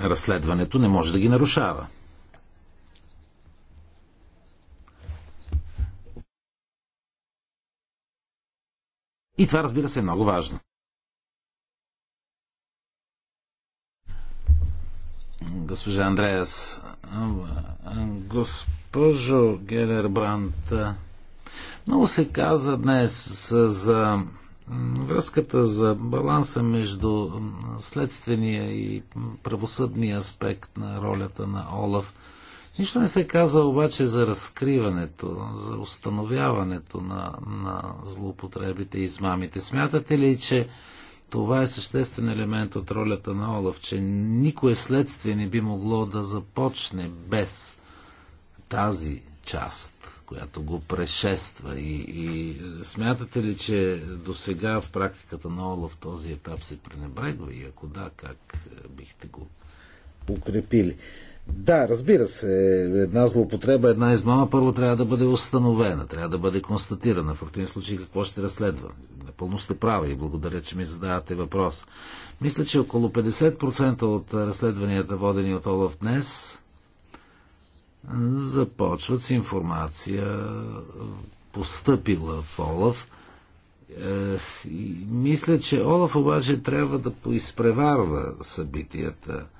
разследването не може да ги нарушава. И това, разбира се, е много важно. госпожа Андреас. Госпожо Гелербрант, много се каза днес за връзката за баланса между следствения и правосъдния аспект на ролята на Олаф. Нищо не се каза обаче за разкриването, за установяването на, на злоупотребите и измамите. Смятате ли, че това е съществен елемент от ролята на Олаф, че никое следствие не би могло да започне без тази част, която го прешества. И, и смятате ли, че до сега в практиката на Олаф този етап се пренебрегва? И ако да, как е, бихте го укрепили? Да, разбира се, една злоупотреба, една измама първо трябва да бъде установена, трябва да бъде констатирана. В противен случай какво ще разследва? Напълно сте прави и благодаря, че ми задавате въпрос. Мисля, че около 50% от разследванията, водени от Олаф днес, започват с информация постъпила в Олаф. Мисля, че Олаф обаче трябва да поизпреварва събитията –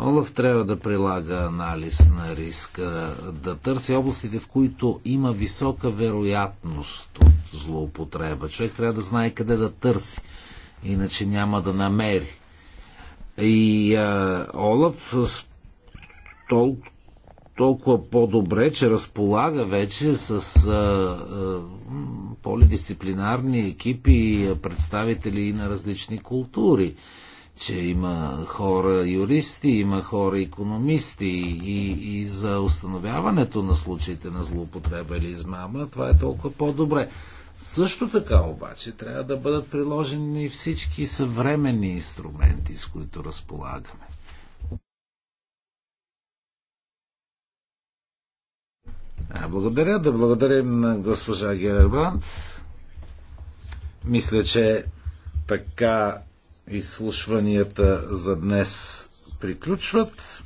Олаф трябва да прилага анализ на риска, да търси областите, в които има висока вероятност от злоупотреба. Човек трябва да знае къде да търси, иначе няма да намери. И а, Олаф тол, толкова по-добре, че разполага вече с а, а, полидисциплинарни екипи, и представители и на различни култури че има хора юристи, има хора економисти и, и за установяването на случаите на злоупотреба или измама, това е толкова по-добре. Също така обаче трябва да бъдат приложени всички съвременни инструменти, с които разполагаме. Благодаря. Да благодарим на госпожа Герербранд. Мисля, че така Изслушванията за днес приключват.